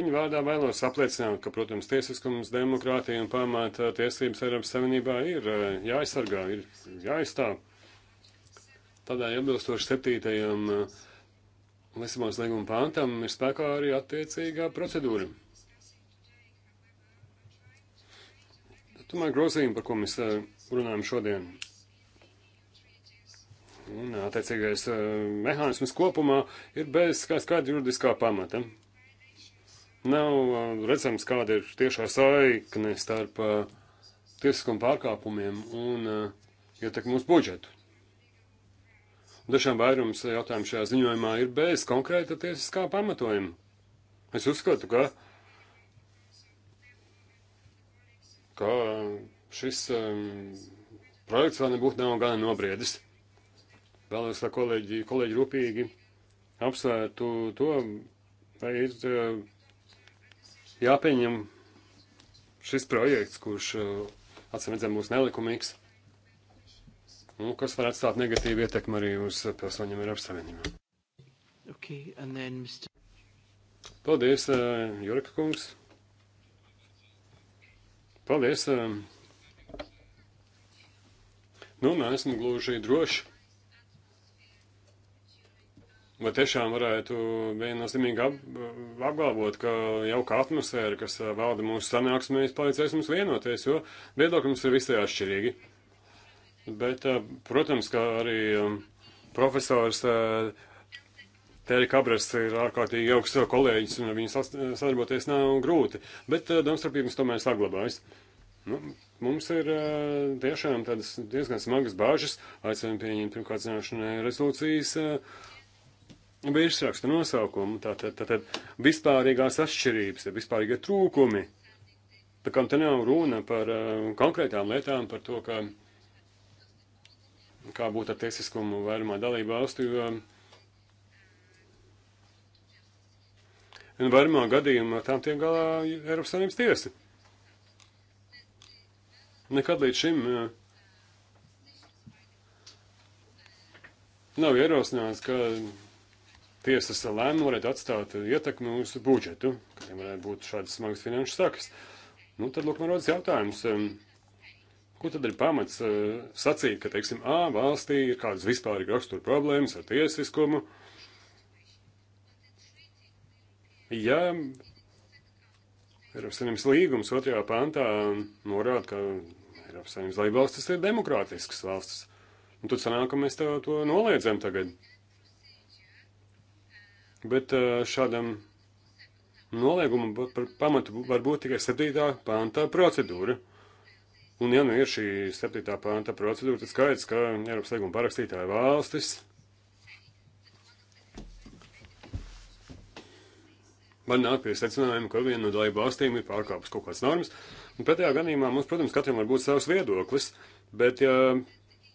viņa vārdā vēlos apliecināt, ka, protams, tiesiskums, demokrātija un pamāta tiesības Eiropas Savienībā ir uh, jāaizsargā, ir jāaizstāv. Tādēļ atbilstoši 7. Eh, Lisabonas līguma pāntam ir spēkā arī attiecīgā procedūra. Tomēr grozījumi, par ko mēs eh, runājam šodien, un eh, attiecīgais mehānisms kopumā ir bez skaidra juridiskā pamata. Nav redzams, kāda ir tiešā saikne starp tiesiskuma pārkāpumiem un ietekmu ja uz budžetu. Dažām vairums jautājumu šajā ziņojumā ir bez konkrēta tiesiskā pamatojuma. Es uzskatu, ka, ka šis um, projekts vēl nebūtu nav gana nobriedis. Vēlos, lai kolēģi, kolēģi rūpīgi apsvērtu to, vai ir uh, jāpieņem šis projekts, kurš, uh, atcīm redzam, būs nelikumīgs un nu, kas var atstāt negatīvu ietekmi arī uz pilsoņiem ar apsavienību. Okay, and then Mr. Paldies, uh, eh, Jurka kungs. Paldies. Uh, nu, neesmu gluži droši. Vai tiešām varētu viennozīmīgi ap, apgalvot, ka jauka atmosfēra, kas eh, valda mūsu sanāksmēs, palīdzēs mums vienoties, jo viedokļi mums ir visai atšķirīgi. Bet, eh, protams, ka arī eh, profesors eh, Tēri Kabres ir ārkārtīgi jauks kolēģis, un ar viņu sadarboties nav grūti. Bet domstarpības tomēr saglabājas. Nu, mums ir tiešām tādas diezgan smagas bāžas. Aicinām pieņemt pirmkārt zināšanai rezolūcijas virsraksta nosaukumu. Tātad, tātad vispārīgās atšķirības, vispārīgie trūkumi. Tā kā te nav runa par konkrētām lietām, par to, ka. Kā kā būtu ar tiesiskumu vairumā dalību valstu, jo vairumā gadījumā tām tiek galā Eiropas Savienības tiesa. Nekad līdz šim eh, nav ierosināts, ka tiesas lēmumu varētu atstāt ietekmi uz budžetu, ka tiem varētu būt šādas smagas finanšu sakas. Nu, tad, lūk, man rodas jautājums. Um, Kur nu, tad ir pamats uh, sacīt, ka, teiksim, ā, valstī ir kādas vispārīgi rakstura problēmas ar tiesiskumu? Ja Eiropas Savienības līgums otrajā pantā norāda, ka Eiropas Savienības laibvalstis ir demokrātiskas valstis, un nu, tad sanāk, ka mēs to, to noliedzam tagad. Bet uh, šādam noliegumam par pamatu var būt tikai 7. pantā procedūra. Uh, Un ja nu ir šī 7. pānta procedūra, tad skaidrs, ka Eiropas līguma parakstītāja valstis var nākt pie secinājuma, ka viena no dalību valstīm ir pārkāpus kaut kādas normas. Un pretējā gadījumā mums, protams, katram var būt savs viedoklis, bet ja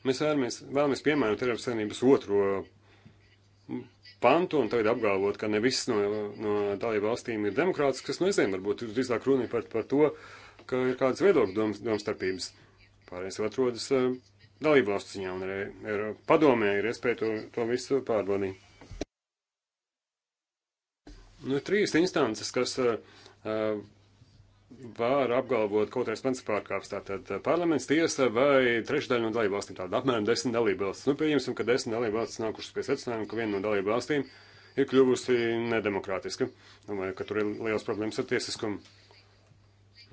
mēs vēlamies, vēlamies piemērot Eiropas Savienības otro pantu un tagad apgalvot, ka ne viss no, no dalību valstīm ir demokrātisks, kas, nu, nezinu, varbūt drīzāk runa par, par to, uh, ka ir kādas viedokļu domstarpības. Pārējais jau atrodas eh, dalību valstu ziņā un arī ir padomē, ir iespēja to, to visu pārbaudīt. Nu, ir trīs instances, kas uh, var apgalvot kaut kādas pants pārkāpst. Tātad parlaments, tiesa vai trešdaļa no dalību valstīm, tāda apmēram desmit dalību valsts. Nu, pieņemsim, ka desmit dalību valsts nākušas pie secinājuma, ka viena no dalību valstīm ir kļuvusi nedemokrātiska, vai ka tur ir liels problēmas ar tiesiskumu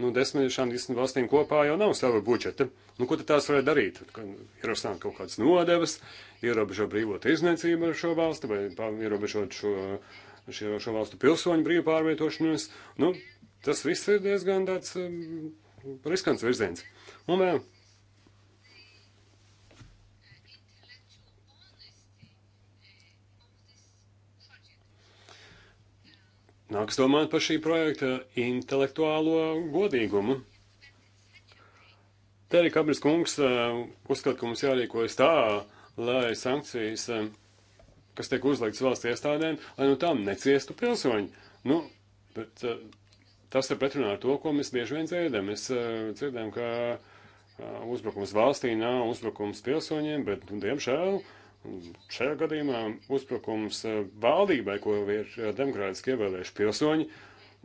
nu, desmit šām desmit valstīm kopā jau nav sava budžeta. Nu, ko tad tās varētu darīt? Ierosināt kaut kādas nodevas, ierobežot brīvot izniecību ar šo valstu vai ierobežot šo, šo, šo valstu pilsoņu brīvu pārvietošanos. Nu, tas viss ir diezgan tāds um, riskants virziens. Un vēl Nāks domāt par šī projekta intelektuālo godīgumu. Terija Kabris kungs eh, uzskata, ka mums jārīkojas tā, lai sankcijas, eh, kas tiek uzliktas valsts iestādēm, lai no nu tām neciestu pilsoņi. Nu, bet eh, tas ir pretrunā ar to, ko mēs bieži vien dzirdam. Mēs dzirdam, ka uzbrukums valstī nav uzbrukums pilsoņiem, bet, nu, diemžēl, Šajā gadījumā uzbrukums eh, valdībai, ko ir eh, demokrātiski ievēlējuši pilsoņi,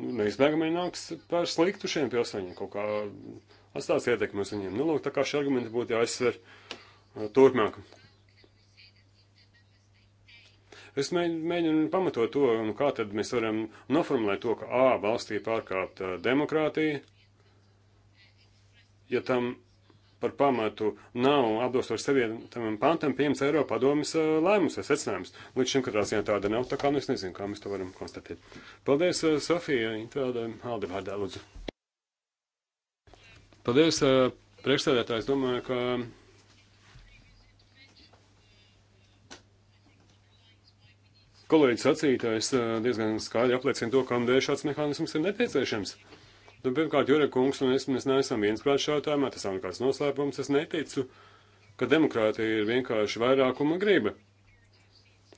nu, neizbēgami nāks par sliktu šiem pilsoņiem. Kaut kā atstās ietekmi uz viņiem. Nu, lūk, tā kā šie argumenti būtu jāizsver eh, turpmāk. Es mēģinu pamatot to, nu, kā tad mēs varam noformulēt to, ka A valstī pārkāpt demokrātija, ja tam par pamatu nav atbilstoši savietam pantam pieņemts Eiropa padomis eh, lēmums vai secinājums. Līdz šim katrā ziņā tāda nav, tā kā nu es nezinu, kā mēs to varam konstatēt. Paldies, eh, Sofija, Intvēlda, Alde vārdā, lūdzu. Paldies, eh, priekšstādētājs. Domāju, ka kolēģis sacītais diezgan skaidri apliecina to, kam dēļ šāds mehānisms ir nepieciešams. Nu, pirmkārt, Jurek kungs un es, mēs neesam viensprāt šautājumā, tas nav nekāds noslēpums, es neticu, ka demokrātija ir vienkārši vairākuma griba.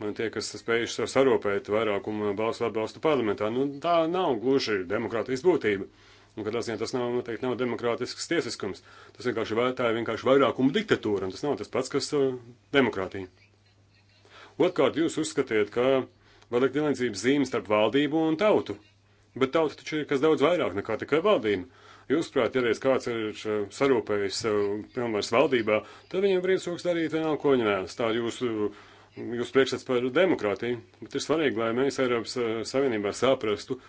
Man tie, kas spējuši saropēt vairākumu balsu atbalstu parlamentā, nu tā nav gluži demokrātijas būtība. Un katrā ziņā tas nav, noteikti nav demokrātisks tiesiskums. Tas vienkārši vai, tā ir vienkārši vairākuma diktatūra, un tas nav tas pats, kas uh, demokrātija. Otkārt, jūs uzskatiet, ka vēl ir vienlīdzības zīme starp valdību un tautu. Bet tauta taču ir kas daudz vairāk nekā tikai valdība. Jūsuprāt, ja reiz kāds ir uh, sarūpējis sev pilnvars valdībā, tad viņam brīvsoks darīt nav uh, ko ņēmis. Tā jūsu, uh, jūsu priekšstats par demokrātiju. Bet ir svarīgi, lai mēs Eiropas Savienībā saprastu,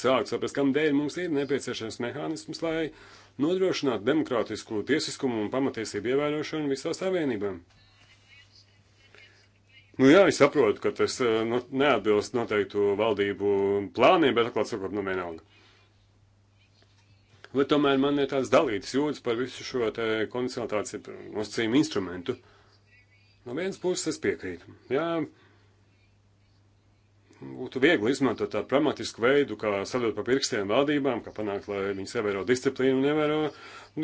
sāktu saprast, kam dēļ mums ir nepieciešams mehānisms, lai nodrošinātu demokrātisku tiesiskumu un pamatiesību ievērošanu visā Savienībā. Nu jā, es saprotu, ka tas eh, nu, neatbilst noteiktu valdību plāniem, bet atklāt sakot, nu vienalga. Bet tomēr man ir tāds dalīts jūtas par visu šo te konsultāciju nosacījumu instrumentu. No vienas puses es piekrītu. Jā, būtu viegli izmantot tādu pragmatisku veidu, kā sadot pa pirkstiem valdībām, kā panākt, lai viņas ievēro disciplīnu un ievēro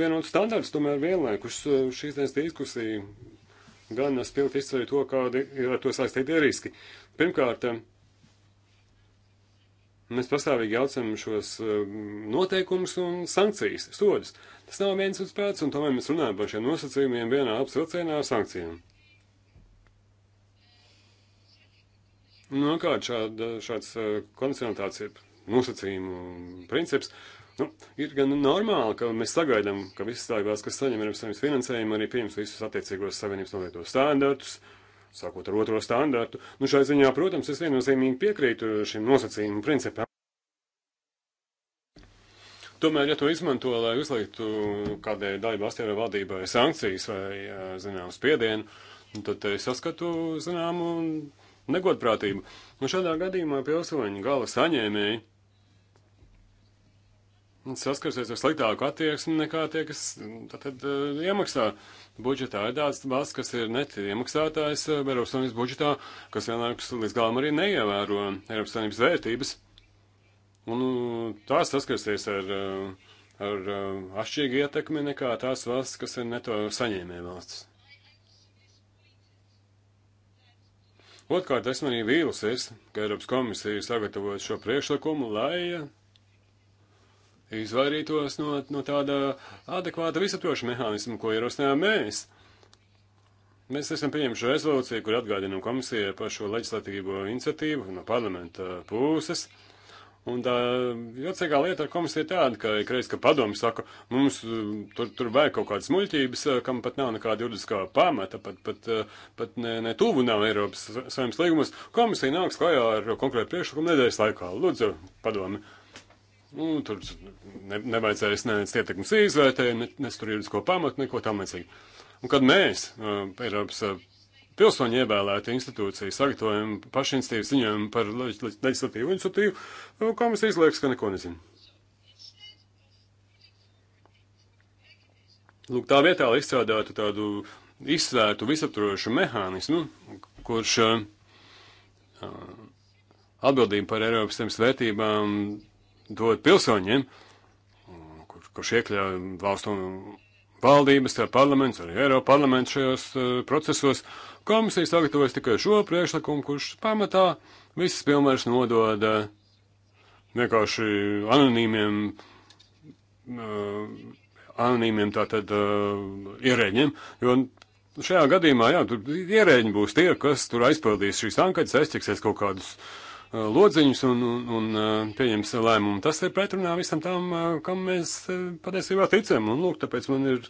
vienotu standartus. Tomēr vienlaikus eh, šīs dienas diskusija gan spilti izsver to, kādi ir ar to saistītie riski. Pirmkārt, mēs pastāvīgi jaucam šos mm, noteikumus un sankcijas, sodus. Tas nav viens uz pēc, un tomēr mēs runājam par šiem nosacījumiem vienā apsilcienā ar sankcijām. Nu, kāda šāda, šāds eh, koncentrācija nosacījumu princips Nu, ir gan normāli, ka mēs sagaidām, ka visas tādās, kas saņem Eiropas Savienības finansējumu, arī pieņems visus attiecīgos Savienības novieto standartus, sākot ar otro standartu. Nu, šai ziņā, protams, es viennozīmīgi piekrītu šim nosacījumu principam. Tomēr, ja to izmanto, lai uzliktu kādai daļbalstī vai valdībai sankcijas vai, eh, zinām, spiedienu, nu, tad es saskatu, zinām, negodprātību. Un nu, šādā gadījumā pilsoņu gala saņēmēji saskarsies ar sliktāku attieksmi nekā tie, kas nu, tātad eh, iemaksā budžetā. Ir tāds valsts, kas ir neti iemaksātājs eh, Eiropas Savienības budžetā, kas vienlaikus līdz galam arī neievēro Eiropas Savienības vērtības. Un nu, tās saskarsies ar, eh, ar atšķirīgu ietekmi nekā tās valsts, kas ir neto saņēmē valsts. Otkārt, esmu arī vīlusies, ka Eiropas komisija ir sagatavojusi šo priekšlikumu, lai izvairītos no, no tāda adekvāta visaptvaroša mehānisma, ko ierosinājām mēs. Mēs esam pieņemši rezolūciju, kur atgādinām komisijai par šo leģislatīvo iniciatīvu no parlamenta puses. Un tā jocīgā lieta ar komisiju ir tāda, ka ikreiz, ka padomu saka, mums uh, tur, tur vajag kaut kādas muļķības, uh, kam pat nav nekāda juridiskā pamata, pat, pat, uh, pat ne, ne tuvu nav Eiropas saimnes līgumus, komisija nāks klajā ar konkrētu priekšlikumu nedēļas laikā. Lūdzu, padomi. Uh, Nu, tur ne, nevajadzēs neviens ietekmes izvērtējumu, nes tur juridisko pamatu, neko tam līdzīgi. Un kad mēs, uh, Eiropas uh, pilsoņi ievēlēta institūcija, sagatavojam pašinstīvu ziņojumu par leģislatīvu iniciatīvu, uh, komisija izliekas, ka neko nezinu. Lūk, tā vietā, lai izstrādātu tādu izsvērtu visaptvarošu mehānismu, kurš uh, atbildību par Eiropas zemes vērtībām dod pilsoņiem, kur, kurš iekļauj valstu valdības, parlaments, arī Eiropa parlaments šajos uh, procesos, komisija sagatavojas tikai šo priekšlikumu, kurš pamatā visas pilnvaras nodod uh, vienkārši anonīmiem, uh, anonīmiem tātad uh, ierēģiem, jo šajā gadījumā, jā, tur ierēģi būs tie, kas tur aizpildīs šīs anketas, aizķeksies kaut kādus uh, lodziņus un, un, un pieņems lēmumu. Tas ir pretrunā visam tam, kam mēs patiesībā ticam. Un, lūk, tāpēc man ir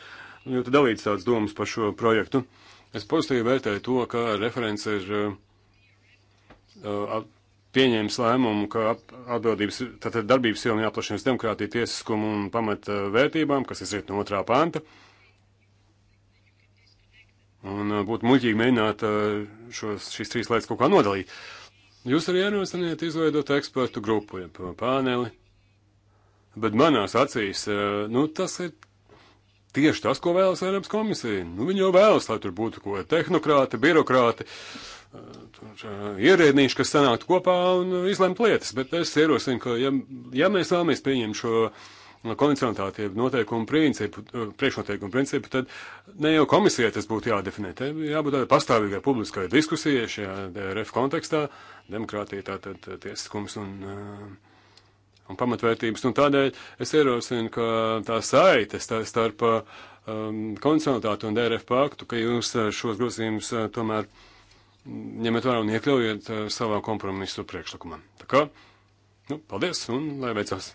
ļoti dalīts tāds domas par šo projektu. Es pozitīvi vērtēju to, ka referents ir uh, pieņēmis lēmumu, ka atbildības, tātad darbības jomā jāplašina uz demokrātiju, tiesiskumu un pamata vērtībām, kas izriet no otrā panta. Un būtu muļķīgi mēģināt šos, šīs trīs lietas kaut kā nodalīt. Uh, Jūs arī ierosiniet izveidot ekspertu grupu, ja pāneli. Bet manās acīs, eh, nu, tas ir tieši tas, ko vēlas Eiropas komisija. Nu, viņi jau vēlas, lai tur būtu ko tehnokrāti, birokrāti, eh, tur, eh, ierēdnīši, kas sanāktu kopā un izlemtu lietas. Bet es ierosinu, ka, ja, ja mēs vēlamies pieņemt šo uh, konvencionalitāti, noteikumu principu, eh, priekšnoteikumu principu, tad ne jau komisijai tas būtu jādefinē. Te jābūt tādai pastāvīgai publiskai diskusijai šajā DRF kontekstā, demokrātija tātad eh, tiesiskums un, eh, un pamatvērtības. Un tādēļ es ierosinu, ka tā saites tā starp um, konvencionalitāti un DRF paktu, ka jūs šos grozījumus tomēr ņemiet vērā un iekļaujiet savā kompromisu priekšlikumā. Tā kā, nu, paldies un lai veicas!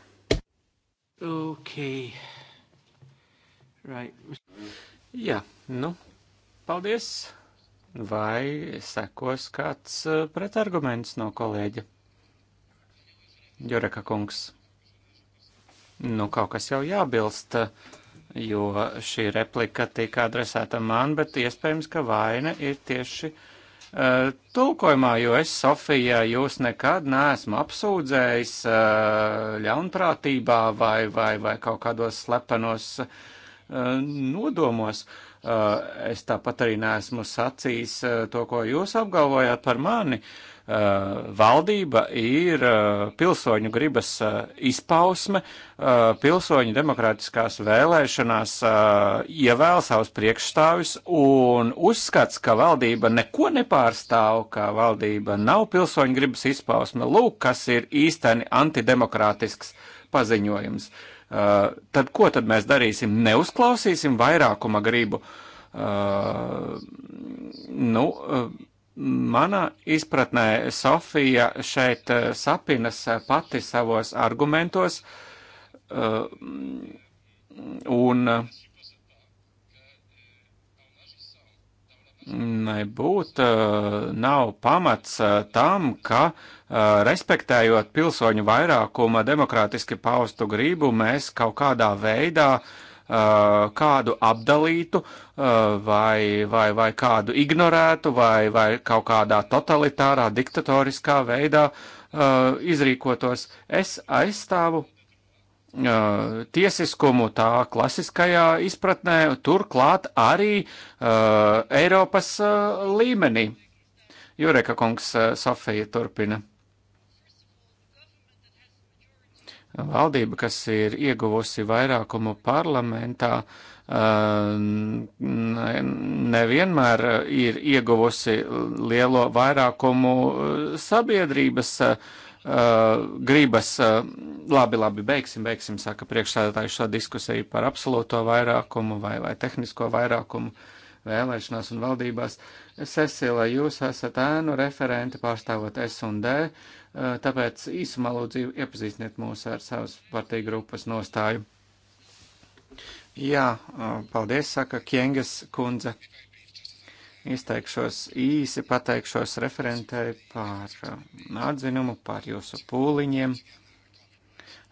Okay. Right. Jā, nu, paldies. Vai sekos kāds eh, pretarguments no kolēģa? Jureka kungs. Nu, kaut kas jau jābilst, eh, jo šī replika tika adresēta man, bet iespējams, ka vaina ir tieši uh, uh, tulkojumā, jo es, Sofija, jūs nekad neesmu apsūdzējis uh, ļaunprātībā vai, vai, vai kaut kādos slepenos uh, nodomos. Uh, es tāpat arī neesmu sacījis uh, to, ko jūs apgalvojāt par mani. Uh, Eh, valdība ir eh, pilsoņu gribas eh, izpausme, pilsoņu demokrātiskās vēlēšanās ievēl savus priekšstāvis un uzskats, ka valdība neko nepārstāv, ka valdība nav pilsoņu gribas izpausme. Lūk, kas ir īsteni antidemokrātisks paziņojums. Uh, tad ko tad mēs darīsim? Neuzklausīsim vairākuma gribu. Uh, nu, uh, Manā izpratnē Sofija šeit eh, sapinas eh, pati savos argumentos eh, un nebūt, nav pamats tam, ka respektējot pilsoņu vairākuma demokrātiski paustu gribu, mēs kaut kādā veidā uh, kādu apdalītu vai, vai, vai kādu ignorētu vai, vai kaut kādā totalitārā, diktatoriskā veidā izrīkotos. Es aizstāvu tiesiskumu tā klasiskajā izpratnē, turklāt arī Eiropas līmenī. Jureka kungs Sofija turpina. valdība, kas ir ieguvusi vairākumu parlamentā, eh, nevienmēr ir ieguvusi lielo vairākumu sabiedrības eh, gribas. Labi, labi, beigsim, beigsim, saka priekšsēdētāju šo diskusiju par absolūto vairākumu vai, vai tehnisko vairākumu vēlēšanās un valdībās. Cecila, jūs esat ēnu referenti pārstāvot S&D Eh, tāpēc īsumā lūdzu iepazīstiniet mūs ar savas partiju grupas nostāju. Jā, eh, paldies, saka Kienges kundze. Izteikšos īsi, pateikšos referentei par eh, atzinumu, par jūsu pūliņiem.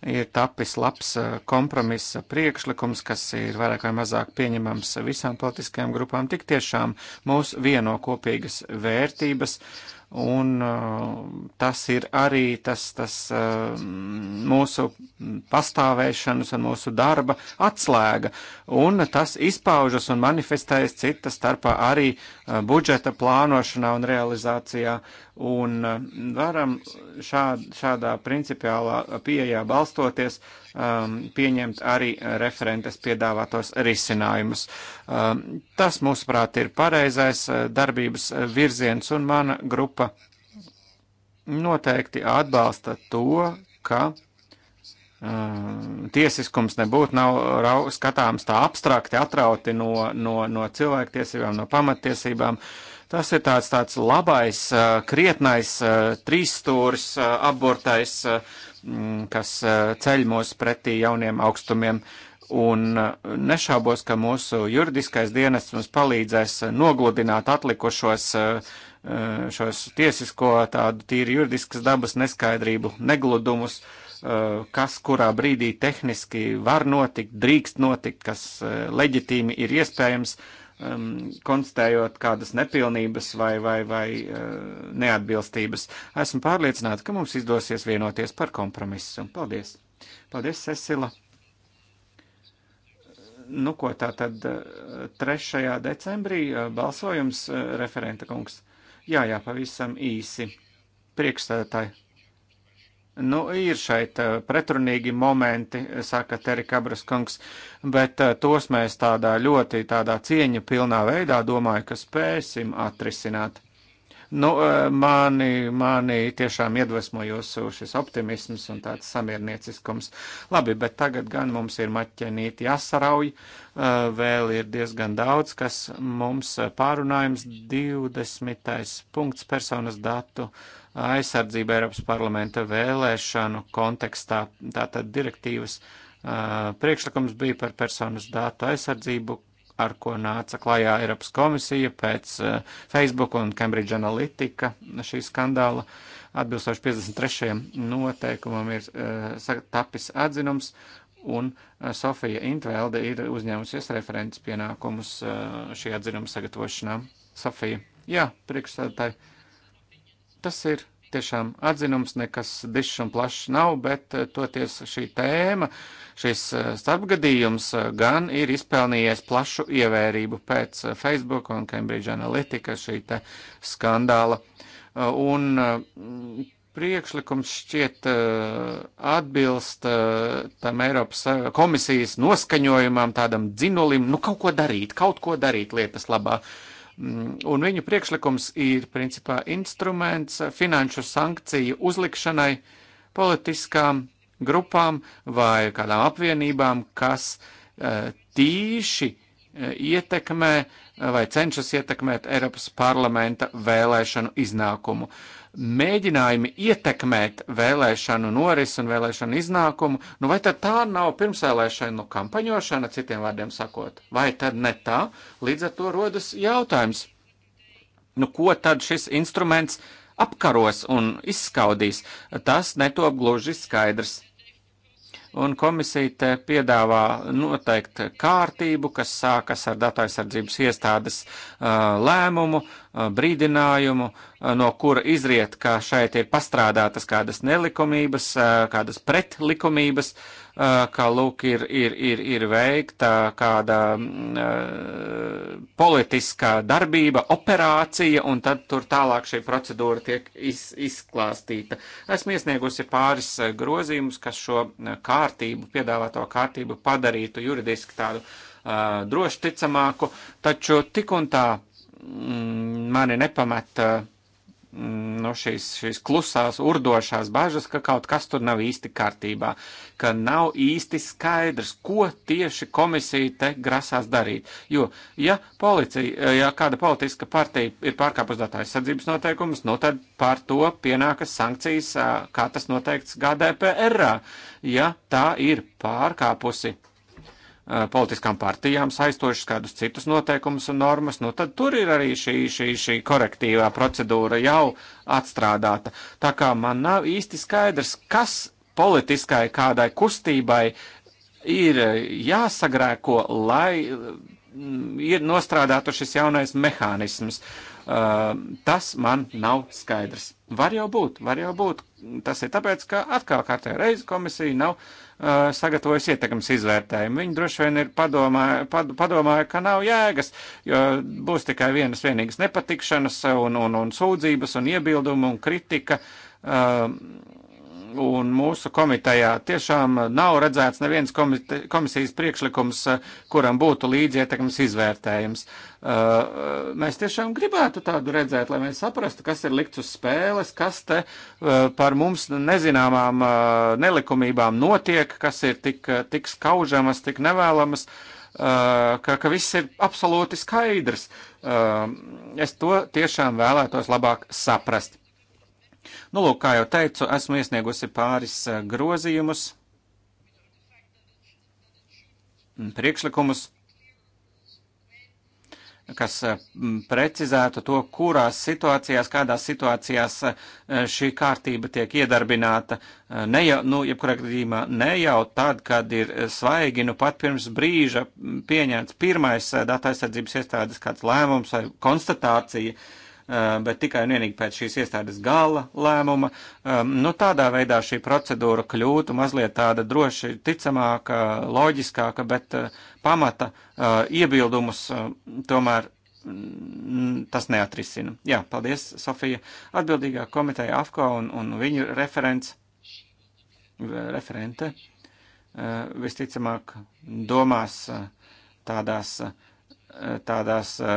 Ir tapis labs kompromisa priekšlikums, kas ir vairāk vai mazāk pieņemams visām politiskajām grupām. Tik tiešām mūs vieno kopīgas vērtības. Uh, un uh, tas ir arī tas, tas uh, mūsu pastāvēšanas un mūsu darba atslēga, un tas izpaužas un manifestējas cita starpā arī uh, budžeta plānošanā un realizācijā un eh, varam šād, šādā principiālā pieejā balstoties um, pieņemt arī referentes piedāvātos risinājumus. Um, tas, mūsuprāt, ir pareizais eh, darbības virziens, un mana grupa noteikti atbalsta to, ka um, tiesiskums nebūtu nav rau, skatāms tā abstrakti, atrauti no, no, no cilvēktiesībām, no pamatiesībām. Uh, Tas ir tāds, tāds labais, uh, krietnais, uh, trīsstūris uh, apburtais, mm, kas ceļ mūs pretī jauniem augstumiem. Un nešaubos, ka mūsu juridiskais dienests mums palīdzēs nogludināt atlikušos šos tiesisko tādu tīri juridiskas dabas neskaidrību, negludumus, kas kurā brīdī tehniski var notikt, drīkst notikt, kas leģitīmi ir iespējams, um, konstatējot kādas nepilnības vai, vai, vai uh, neatbilstības. Esmu pārliecināta, ka mums izdosies vienoties par kompromisu. Paldies! Paldies, Cecila! Nu, ko tā tad 3. Uh, decembrī uh, balsojums uh, referenta kungs? Jā, jā, pavisam īsi. Priekšstādātāji. Nu, ir šeit eh, pretrunīgi momenti, eh, saka Terikabras kungs, bet eh, tos mēs tādā ļoti tādā cieņa pilnā veidā domāju, ka spēsim atrisināt. Nu, mani, mani tiešām iedvesmo jūsu šis optimisms un tāds samiernieciskums. Labi, bet tagad gan mums ir maķenīti jāsarauj, vēl ir diezgan daudz, kas mums pārunājums 20. punkts personas datu aizsardzību Eiropas parlamenta vēlēšanu kontekstā. Tātad direktīvas uh, priekšlikums bija par personas datu aizsardzību, ar ko nāca klajā Eiropas komisija pēc uh, Facebook un Cambridge Analytica šī skandāla. Atbilstoši 53. noteikumam ir uh, tapis atzinums, un Sofija Intvelde ir uzņēmusies referents pienākumus šī atzinuma sagatavošanā. Sofija, jā, priekšsēdētāji Tas ir tiešām atzinums, nekas dišs un plašs nav, bet eh, toties šī tēma, šis eh, starpgadījums eh, gan ir izpelnījies plašu ievērību pēc Facebook un Cambridge Analytica šī te skandāla. Un priekšlikums šķiet atbilst tam Eiropas komisijas noskaņojumam, tādam dzinulim, nu kaut ko darīt, kaut ko darīt lietas labā. Uh, Mm, un viņu priekšlikums ir principā instruments finanšu sankciju uzlikšanai politiskām grupām vai kādām apvienībām, kas eh, tīši eh, ietekmē vai cenšas ietekmēt Eiropas parlamenta vēlēšanu iznākumu mēģinājumi ietekmēt vēlēšanu norisi un vēlēšanu iznākumu, nu vai tad tā nav pirmsvēlēšanu nu, kampaņošana, citiem vārdiem sakot, vai tad ne tā? Līdz ar to rodas jautājums, nu ko tad šis instruments apkaros un izskaudīs? Tas netop gluži skaidrs un komisija te piedāvā noteikt kārtību, kas sākas ar datu aizsardzības iestādes uh, lēmumu, uh, brīdinājumu, uh, no kura izriet, ka šeit ir pastrādātas kādas nelikumības, kādas pretlikumības, Eh, ka lūk ir, ir, ir, ir veikta kāda mm, eh, politiskā darbība, operācija, un tad tur tālāk šī procedūra tiek iz, izklāstīta. Esmu iesniegusi pāris eh, grozījumus, kas šo kārtību, piedāvāto kārtību padarītu juridiski tādu uh, drošticamāku, taču tik un tā mm, mani nepameta. Uh, Mm, nu, šīs, šīs klusās, urdošās bažas, ka kaut kas tur nav īsti kārtībā, ka nav īsti skaidrs, ko tieši komisija te grasās darīt. Jo, ja, policija, ja kāda politiska partija ir pārkāpus datu aizsardzības noteikumus, nu tad par to pienākas sankcijas, kā tas noteikts GDPR. Ja tā ir pārkāpusi Eh, politiskām partijām saistošas kādus citus noteikumus un normas, nu tad tur ir arī šī, šī, šī korektīvā procedūra jau atstrādāta. Tā kā man nav īsti skaidrs, kas politiskai kādai kustībai ir eh, jāsagrēko, lai mm, ir nostrādātu šis jaunais mehānisms. Eh, tas man nav skaidrs. Var jau būt, var jau būt. Tas ir tāpēc, ka atkal kārtējā reize komisija nav uh, sagatavojusi ietekmes izvērtējumu. Viņi droši vien ir padomāju, pad, padomāju, ka nav jēgas, jo būs tikai vienas vienīgas nepatikšanas un, un, un sūdzības un iebildumi un kritika. Uh, Un mūsu komitejā tiešām nav redzēts neviens komite, komisijas priekšlikums, kuram būtu līdz ietekmes izvērtējums. Uh, mēs tiešām gribētu tādu redzēt, lai mēs saprastu, kas ir likts uz spēles, kas te uh, par mums nezināmām uh, nelikumībām notiek, kas ir tik, uh, tik skaužamas, tik nevēlamas, uh, ka, ka viss ir absolūti skaidrs. Uh, es to tiešām vēlētos labāk saprast. Nu, lūk, kā jau teicu, esmu iesniegusi pāris eh, grozījumus, mm, priekšlikumus kas eh, mm, precizētu to, kurās situācijās, kādās situācijās eh, šī kārtība tiek iedarbināta. Ne jau, nu, jebkurā gadījumā ne jau tad, kad ir svaigi, nu pat pirms brīža mm, pieņemts pirmais data aizsardzības iestādes kāds lēmums vai konstatācija, uh, Eh, bet tikai un vienīgi pēc šīs iestādes gala lēmuma. Nu, tādā veidā šī procedūra kļūtu mazliet tāda droši ticamāka, loģiskāka, bet eh, pamata eh, iebildumus tomēr mm, tas neatrisina. Jā, paldies, Sofija. Atbildīgā komiteja AFKO un, un viņu referents, referente visticamāk domās tādās uh, tādās eh,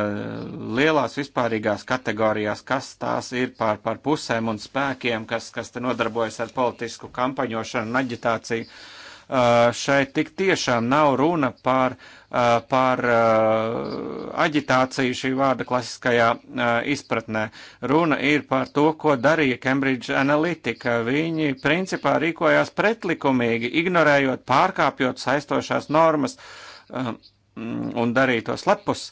lielās vispārīgās kategorijās, kas tās ir par, par pusēm un spēkiem, kas, kas te nodarbojas ar politisku kampaņošanu un aģitāciju. Eh, šeit tik tiešām nav runa par, eh, par aģitāciju šī vārda klasiskajā izpratnē. Runa ir par to, ko darīja Cambridge Analytica. Viņi principā rīkojās pretlikumīgi, ignorējot, pārkāpjot saistošās normas. Uh, Mm, un darītos lepus.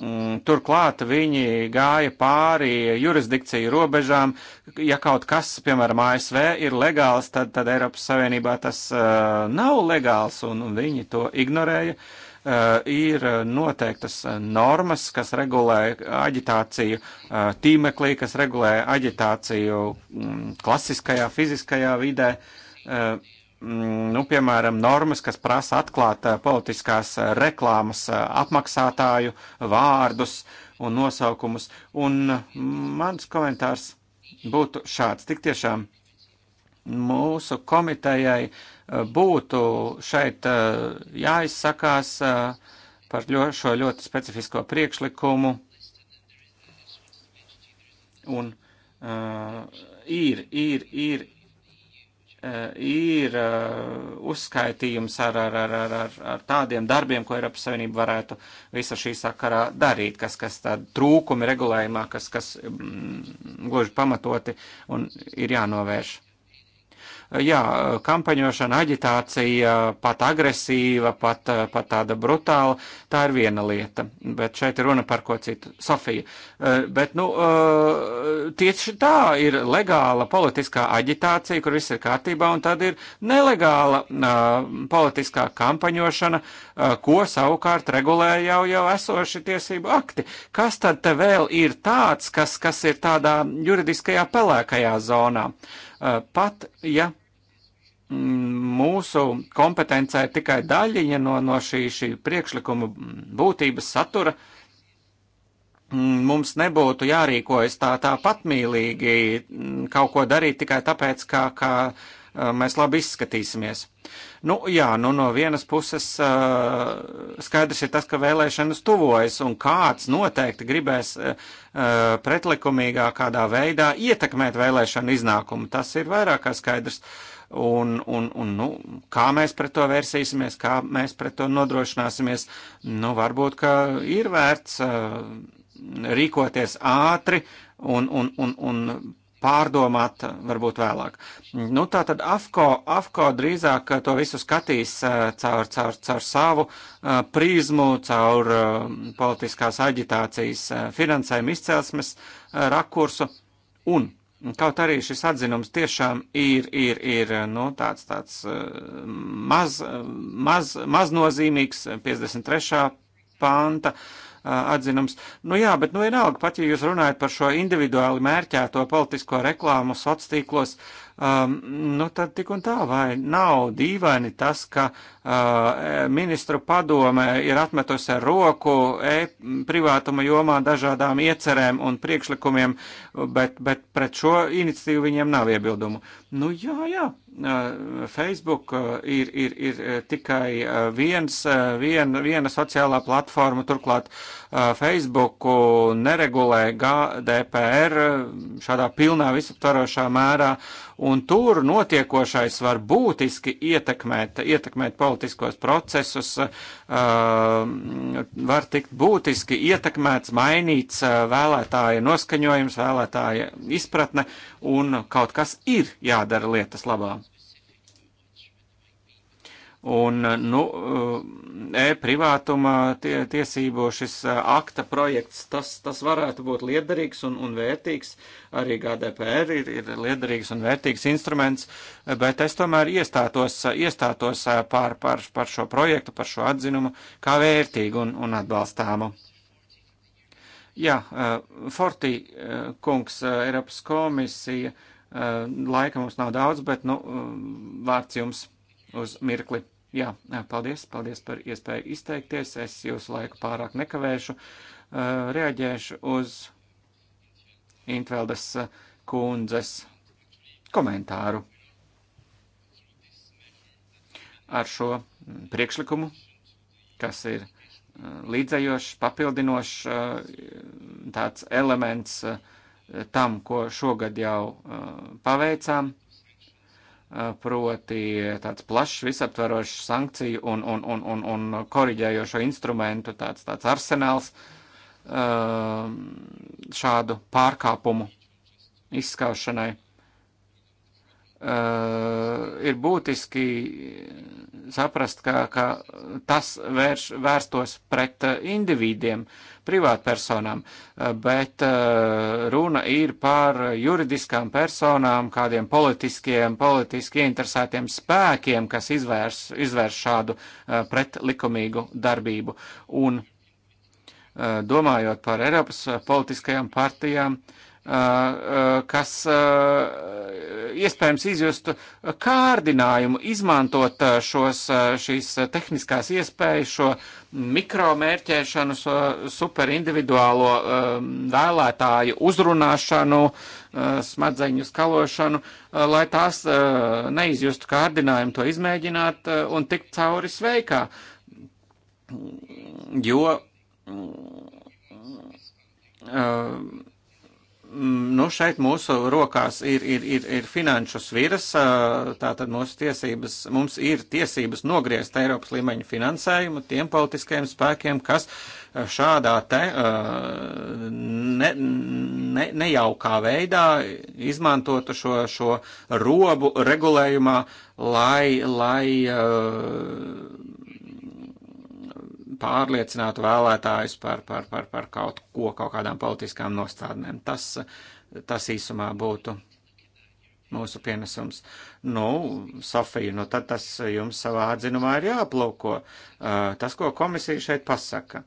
Mm, turklāt viņi gāja pāri jurisdikciju robežām. Ja kaut kas, piemēram, ASV ir legāls, tad, tad Eiropas Savienībā tas uh, nav legāls, un, un viņi to ignorēja. Uh, ir noteiktas normas, kas regulē aģitāciju uh, tīmeklī, kas regulē aģitāciju um, klasiskajā, fiziskajā vidē. Uh, Mm, nu, piemēram, normas, kas prasa atklāt eh, politiskās eh, reklāmas eh, apmaksātāju vārdus un nosaukumus. Un mm, mans komentārs būtu šāds. Tik tiešām mūsu komitejai būtu šeit jāizsakās par šo ļoti specifisko priekšlikumu. Un uh, ir, ir, ir Eh, ir eh, uzskaitījums ar, ar, ar, ar, ar, ar tādiem darbiem, ko Eiropas Savienība varētu visa šī sakarā darīt, kas, kas tādi trūkumi regulējumā, kas, kas mm, gluži pamatoti un ir jānovērš jā, kampaņošana, aģitācija, pat agresīva, pat, pat tāda brutāla, tā ir viena lieta, bet šeit ir runa par ko citu. Sofija, e, bet, nu, e, tieši tā ir legāla politiskā aģitācija, kur viss ir kārtībā, un tad ir nelegāla e, politiskā kampaņošana, ko savukārt regulē jau, jau esoši tiesību akti. Kas tad te vēl ir tāds, kas, kas ir tādā juridiskajā pelēkajā zonā? Pat, ja mūsu kompetencē tikai daļiņa no, no šī, šī priekšlikuma būtības satura, mums nebūtu jārīkojas tā, tā patmīlīgi, kaut ko darīt tikai tāpēc, ka, ka uh, mēs labi izskatīsimies. Nu, jā, nu, no vienas puses uh, skaidrs ir tas, ka vēlēšanas tuvojas, un kāds noteikti gribēs uh, pretlikumīgā kādā veidā ietekmēt vēlēšanu iznākumu. Tas ir vairāk kā skaidrs. Uh, un, un, un nu, kā mēs pret to vērsīsimies, kā mēs pret to nodrošināsimies, nu, varbūt, ka ir vērts uh, rīkoties ātri un, un, un, un pārdomāt uh, varbūt vēlāk. Nu, tā tad AFCO, AFCO drīzāk uh, to visu skatīs uh, caur, caur, caur savu prizmu, caur politiskās aģitācijas finansējumu izcelsmes rakursu un Kaut arī šis atzinums tiešām ir, ir, ir nu, tāds, tāds eh, maz, maz, maznozīmīgs 53. Eh, panta eh, atzinums. Nu jā, bet nu vienalga, pat ja jūs runājat par šo individuāli mērķēto politisko reklāmu sociālos tīklos, uh, um, nu tad tik un tā vai nav dīvaini tas, ka uh, ministru padome ir atmetusi ar roku e privātuma jomā dažādām iecerēm un priekšlikumiem, bet, bet pret šo iniciatīvu viņiem nav iebildumu. Nu jā, jā, Facebook ir, ir, ir tikai viens, vien, viena sociālā platforma, turklāt Facebooku neregulē GDPR šādā pilnā visaptvarošā mērā, un tur notiekošais var būtiski ietekmēt, ietekmēt politiskos procesus, var tikt būtiski ietekmēts, mainīts vēlētāja noskaņojums, vēlētāja izpratne, un kaut kas ir jādara lietas labā. Un, eh, nu, eh, e-privātuma tie, tiesību šis eh, akta projekts, tas, tas varētu būt liederīgs un, un vērtīgs. Arī GDPR ir, ir liederīgs un vērtīgs instruments, bet es tomēr iestātos, iestātos par, par, par šo projektu, par šo atzinumu kā vērtīgu un, un atbalstāmu. Jā, Fortī kungs, Eiropas komisija Eh, laika mums nav daudz, bet, nu, eh, vārds jums uz mirkli. Jā, eh, paldies, paldies par iespēju izteikties. Es jūsu laiku pārāk nekavēšu. Reaģēšu uz Intveldes kundzes komentāru ar šo mm, priekšlikumu, kas ir līdzējošs, papildinošs tāds elements uh, tam, ko šogad jau uh, paveicām, uh, proti tāds plašs, visaptverošs sankciju un, un, un, un, un koriģējošo instrumentu tāds, tāds arsenāls uh, šādu pārkāpumu izskaušanai. Uh, ir būtiski saprast, ka, ka tas vērš, vērstos pret eh, individiem, privātpersonām, eh, bet uh, runa ir par juridiskām personām, kādiem politiskiem, politiski ieinteresētiem spēkiem, kas izvērs, izvērs šādu uh, pretlikumīgu darbību. Un domājot par Eiropas politiskajām partijām, uh, kas iespējams izjustu kārdinājumu izmantot šos, šīs tehniskās iespējas, šo mikromērķēšanu, šo superindividuālo vēlētāju uzrunāšanu, smadzeņu skalošanu, lai tās neizjustu kārdinājumu to izmēģināt un tikt cauri sveikā. Jo Uh, Mm, nu, šeit mūsu rokās ir, ir, ir, ir finanšu sviras, tātad mūsu tiesības, mums ir tiesības nogriezt Eiropas līmeņa finansējumu tiem politiskajiem spēkiem, kas šādā te ne, ne, nejaukā veidā izmantotu šo, šo robu regulējumā, lai, lai pārliecinātu vēlētājus par, par, par, par kaut ko, kaut kādām politiskām nostādnēm. Tas, tas īsumā būtu mūsu pienesums. Nu, Sofija, nu tad tas jums savā atzinumā ir jāaplūko. Tas, ko komisija šeit pasaka,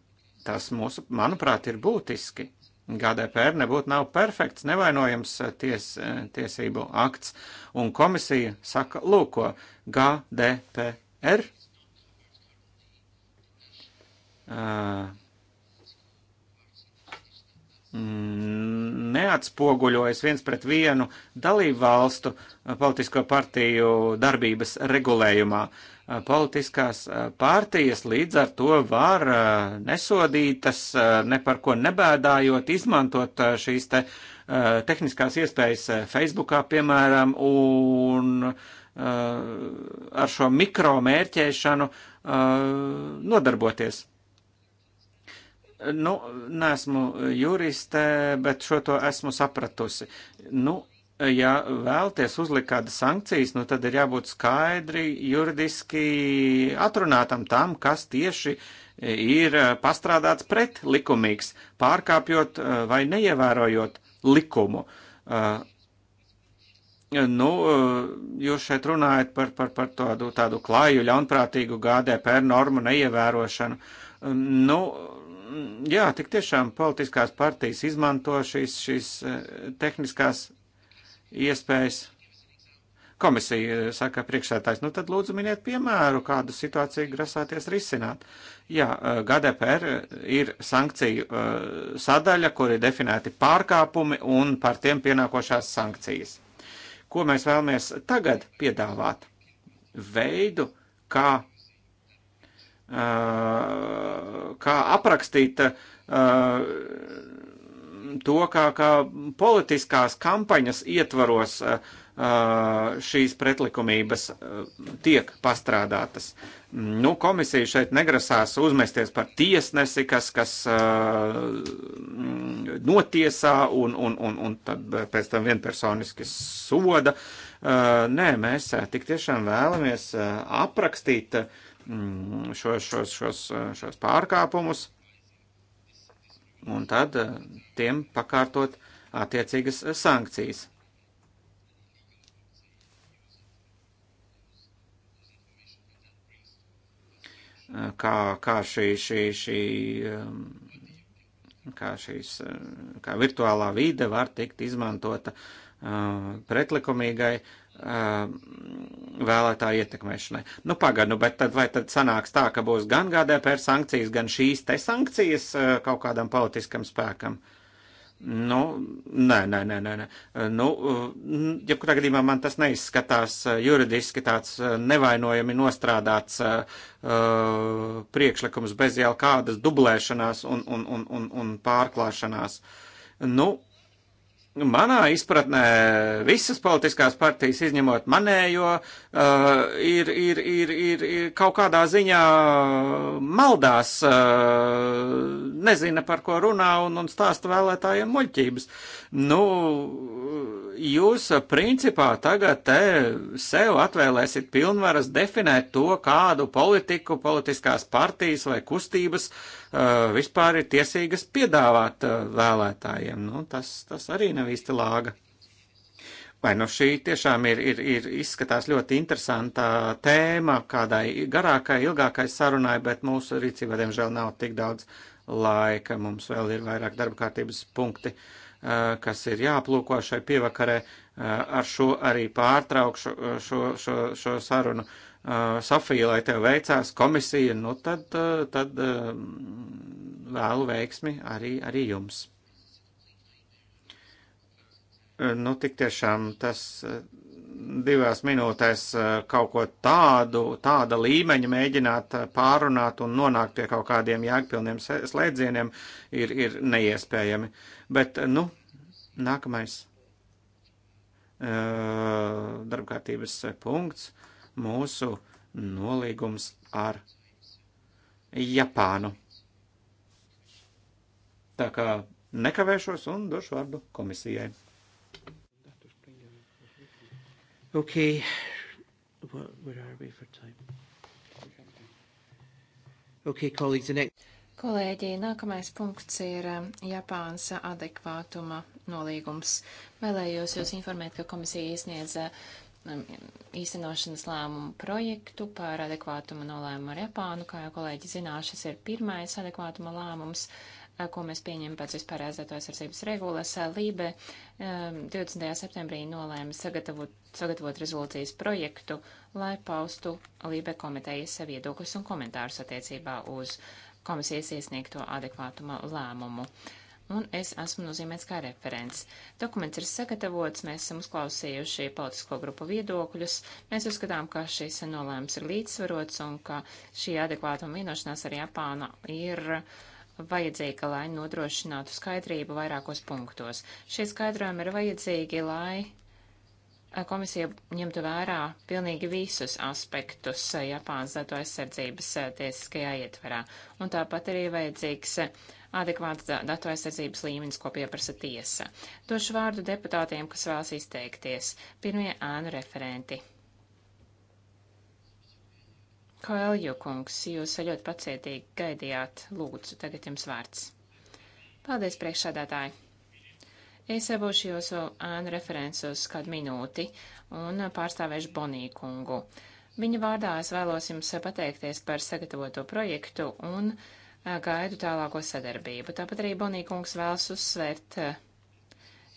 tas mūsu, manuprāt, ir būtiski. GDPR nebūtu nav perfekts, nevainojams ties, tiesību akts, un komisija saka, lūko, GDPR Mm, neatspoguļojas viens pret vienu dalību valstu politisko partiju darbības regulējumā. Politiskās partijas līdz ar to var nesodītas, ne par ko nebēdājot, izmantot šīs te tehniskās iespējas Facebookā, piemēram, un ar šo mikromērķēšanu nodarboties. Nu, nesmu juriste, bet šo to esmu sapratusi. Nu, ja vēlties uzlikt kādas sankcijas, nu tad ir jābūt skaidri juridiski atrunātam tam, kas tieši ir pastrādāts pret likumīgs, pārkāpjot eh, vai neievērojot likumu eh, nu, eh, jūs šeit runājat par, par, par tādu, tādu klaju, ļaunprātīgu GDPR normu neievērošanu. Nu, Mm, jā, tik tiešām politiskās partijas izmanto šīs, šīs eh, tehniskās iespējas. Komisija eh, saka priekšsētājs, nu tad lūdzu miniet piemēru, kādu situāciju grasāties risināt. Jā, eh, GDPR ir sankciju sadaļa, kur ir definēti pārkāpumi un par tiem pienākošās sankcijas. Ko mēs vēlamies tagad piedāvāt? Veidu, kā Uh, kā aprakstīt uh, to, kā, kā politiskās kampaņas ietvaros uh, šīs pretlikumības tiek pastrādātas. Nu, komisija šeit negrasās uzmesties par tiesnesi, kas, kas notiesā un, un, un, un tad pēc tam vienpersoniski soda. Nē, mēs tik tiešām vēlamies aprakstīt uh, Mm, šos, šos, šos, šos pārkāpumus, un tad eh, tiem pakārtot attiecīgas sankcijas. Eh, kā, kā šī, šī, šī eh, kā, šīs, kā virtuālā vīde var tikt izmantota uh, pretlikumīgai Uh, vēlētāju ietekmēšanai. Nu, pagaidu, nu, bet tad vai tad sanāks tā, ka būs gan GDPR sankcijas, gan šīs te sankcijas uh, kaut kādam politiskam spēkam? Nu, nē, nē, nē, nē. nē. Uh, nu, jebkurā ja gadījumā man tas neizskatās juridiski tāds nevainojami nostrādāts uh, priekšlikums bez jau kādas dublēšanās un, un, un, un, un pārklāšanās. Nu, Manā izpratnē visas politiskās partijas, izņemot manējo, uh, ir, ir, ir, ir, ir kaut kādā ziņā maldās, uh, nezina, par ko runā un, un stāsta vēlētājiem muļķības. Nu, jūs uh, principā tagad te sev atvēlēsiet pilnvaras definēt to, kādu politiku, politiskās partijas vai kustības uh, Uh, vispār ir tiesīgas piedāvāt uh, vēlētājiem. Nu, tas, tas arī nav īsti lāga. Vai nu šī tiešām ir, ir, ir izskatās ļoti interesanta tēma kādai garākai, ilgākai sarunai, bet mūsu rīcībā, diemžēl, nav tik daudz laika. Mums vēl ir vairāk darba kārtības punkti, uh, kas ir jāaplūko šai pievakarē. Ar šo arī pārtraukšu šo, šo, šo sarunu. Uh, Safija, lai tev veicās komisija, nu tad, uh, tad um, vēlu veiksmi arī, arī jums. Uh, nu, tik tiešām tas divās minūtēs kaut ko tādu, tāda līmeņa mēģināt pārunāt un nonākt pie kaut kādiem jēgpilniem slēdzieniem ir, ir neiespējami. Bet, nu, nākamais darbkārtības punkts. Uh, mūsu nolīgums ar Japānu. Tā kā nekavēšos un došu vārdu komisijai. Okay, what, where are we for time? Okay, colleagues, the next. Kolēģi, nākamais punkts ir um, Japānas adekvātuma nolīgums. Vēlējos jūs informēt, ka komisija iesniedza uh, īstenošanas lēmumu projektu par adekvātuma nolēmumu ar Japānu. Kā jau kolēģi zinās, šis ir pirmais adekvātuma lēmums, ko mēs pieņemam pēc vispārējās aizsardzības regulas. Lībe 20. septembrī nolēma sagatavot, sagatavot rezolūcijas projektu, lai paustu Lībe komitejas viedokļus un komentārus attiecībā uz komisijas iesniegto adekvātuma lēmumu. Uh, un es esmu nozīmēts kā referents. Dokuments ir sagatavots, mēs esam uzklausījuši politisko grupu viedokļus, mēs uzskatām, ka šis nolēmums ir līdzsvarots un ka šī adekvātuma vienošanās ar Japānu ir vajadzīga, lai nodrošinātu skaidrību vairākos punktos. Šie skaidrojumi ir vajadzīgi, lai komisija ņemtu vērā pilnīgi visus aspektus Japānas datu aizsardzības tiesiskajā ietverā. Un tāpat arī vajadzīgs uh, adekvāts datu aizsardzības līmenis, ko pieprasa tiesa. Došu vārdu deputātiem, kas vēlas izteikties. Pirmie ēnu referenti. Koelju kungs, jūs ļoti pacietīgi gaidījāt. Lūdzu, tagad jums vārds. Paldies, priekšsādātāji! Es būšu jūsu ēnu referents uz kādu minūti un pārstāvēšu Boniju kungu. Viņa vārdā es vēlos jums pateikties par sagatavoto projektu un uh, gaidu tālāko sadarbību. Tāpat arī Bonīkungs vēlas uzsvērt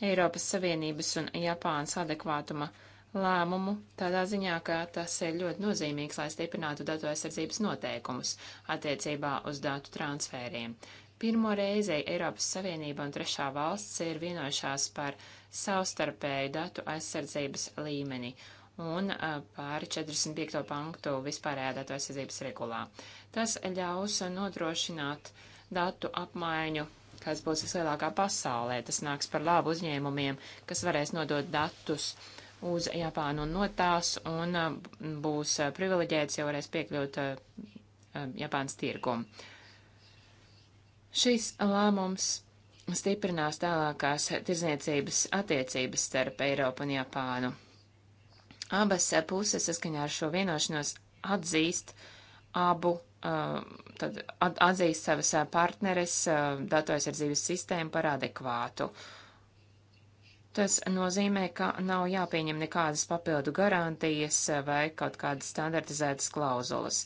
Eiropas Savienības un Japānas adekvātuma lēmumu tādā ziņā, ka tas ir ļoti nozīmīgs, lai stiprinātu datu aizsardzības noteikumus attiecībā uz datu transfēriem. Pirmo reizi Eiropas Savienība un trešā valsts ir vienojušās par savstarpēju datu aizsardzības līmeni, un pāri 45. punktu vispārējā datu aizsardzības regulā. Tas ļaus nodrošināt datu apmaiņu, kas būs vislielākā pasaulē. Tas nāks par labu uzņēmumiem, kas varēs nodot datus uz Japānu un no tās, un būs privileģēts, ja varēs piekļūt Japānas tirgumu. Šis lēmums stiprinās tālākās tirzniecības attiecības starp Eiropu un Japānu. Abas eh, puses saskaņā ar šo vienošanos atzīst abu, eh, tad atzīst savas eh, partneres datorsardzības sistēmu par adekvātu. Tas nozīmē, ka nav jāpieņem nekādas papildu garantijas vai kaut kādas standartizētas klauzulas.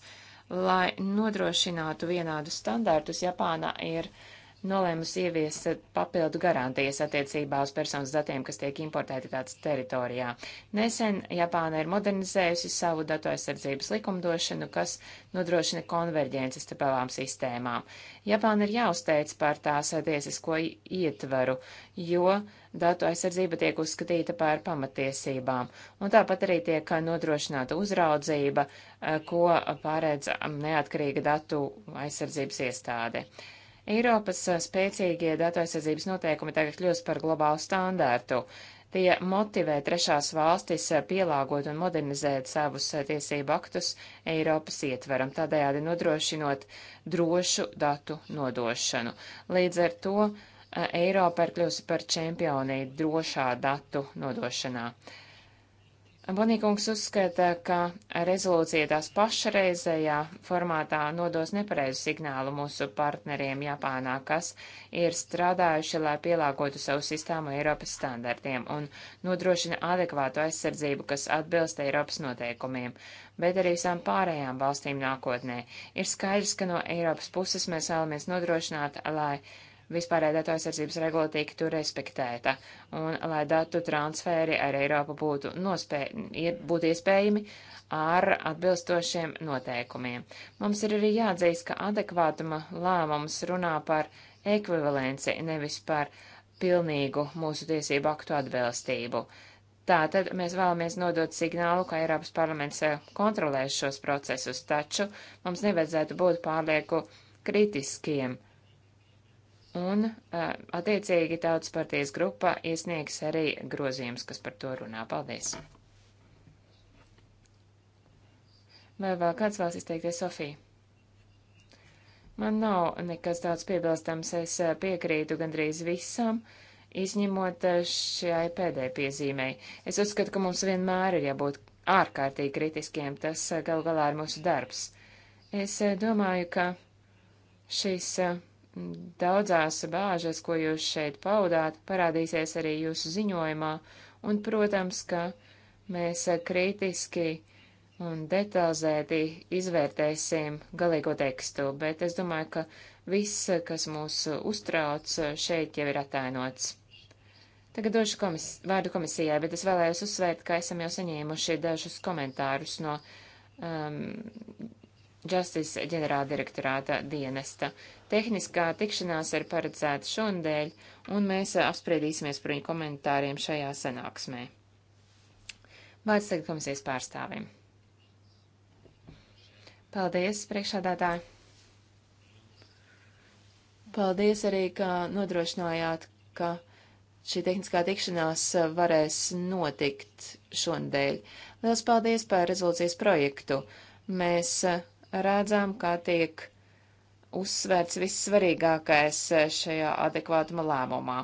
Lai nodrošinātu vienādus standartus, Japāna ir uh, nolēmusi ievies papildu garantijas attiecībā uz personas datiem, kas tiek importēti kāds teritorijā. Nesen Japāna ir modernizējusi savu datu aizsardzības likumdošanu, kas nodrošina konverģences starp abām sistēmām. Japāna ir jāuzteic par tās tiesisko ietvaru, jo datu aizsardzība tiek uzskatīta par pamatiesībām, un tāpat arī tiek nodrošināta uzraudzība, eh, ko pārēdz neatkarīga datu aizsardzības iestāde. Eiropas spēcīgie datu aizsardzības noteikumi tagad kļūst par globālu standārtu. Tie motivē trešās valstis pielāgot un modernizēt savus tiesību aktus Eiropas ietveram, tādējādi nodrošinot drošu datu nodošanu. Līdz ar to Eiropa ir kļūsi par čempioni drošā datu nodošanā. Bonīkungs uzskata, ka rezolūcija tās pašreizējā formātā nodos nepareizu signālu mūsu partneriem Japānā, kas ir strādājuši, lai pielāgotu savu sistēmu Eiropas standartiem un nodrošina adekvātu aizsardzību, kas atbilst Eiropas noteikumiem, bet arī visām pārējām valstīm nākotnē. Ir skaidrs, ka no Eiropas puses mēs vēlamies nodrošināt, lai vispārējā datu aizsardzības regula tiktu respektēta un lai datu transferi ar Eiropu būtu, nospē, būtu iespējami ar atbilstošiem noteikumiem. Mums ir arī jāatzīst, ka adekvātuma lēmums runā par ekvivalenci, nevis par pilnīgu mūsu tiesību aktu atbilstību. Tātad mēs vēlamies nodot signālu, ka Eiropas parlaments eh, kontrolēs šos procesus, taču mums nevajadzētu būt pārlieku kritiskiem un attiecīgi tautas partijas grupa iesniegs arī grozījums, kas par to runā. Paldies! Vai vēl kāds vēlas izteikties, Sofija? Man nav nekas tāds piebilstams, es piekrītu gandrīz visam, izņemot šai pēdējai piezīmei. Es uzskatu, ka mums vienmēr ir jābūt ārkārtīgi kritiskiem, tas gal galā ir mūsu darbs. Es domāju, ka šis Daudzās bāžas, ko jūs šeit paudāt, parādīsies arī jūsu ziņojumā, un, protams, ka mēs kritiski un detalizēti izvērtēsim galīgo tekstu, bet es domāju, ka viss, kas mūs uztrauc, šeit jau ir atainots. Tagad došu komis vārdu komisijai, bet es vēlējos uzsvērt, ka esam jau saņēmuši dažus komentārus no um, Justice ģenerāldirektorāta dienesta. Tehniskā tikšanās ir paredzēta šonadēļ, un mēs apspriedīsimies par viņu komentāriem šajā sanāksmē. Vārds tagad komisijas pārstāvim. Paldies, priekšādātāji! Paldies arī, ka nodrošinājāt, ka šī tehniskā tikšanās varēs notikt šonadēļ. Lielas paldies par rezolūcijas projektu. Mēs redzam, kā tiek uzsvērts viss svarīgākais eh, šajā adekvātuma lēmumā.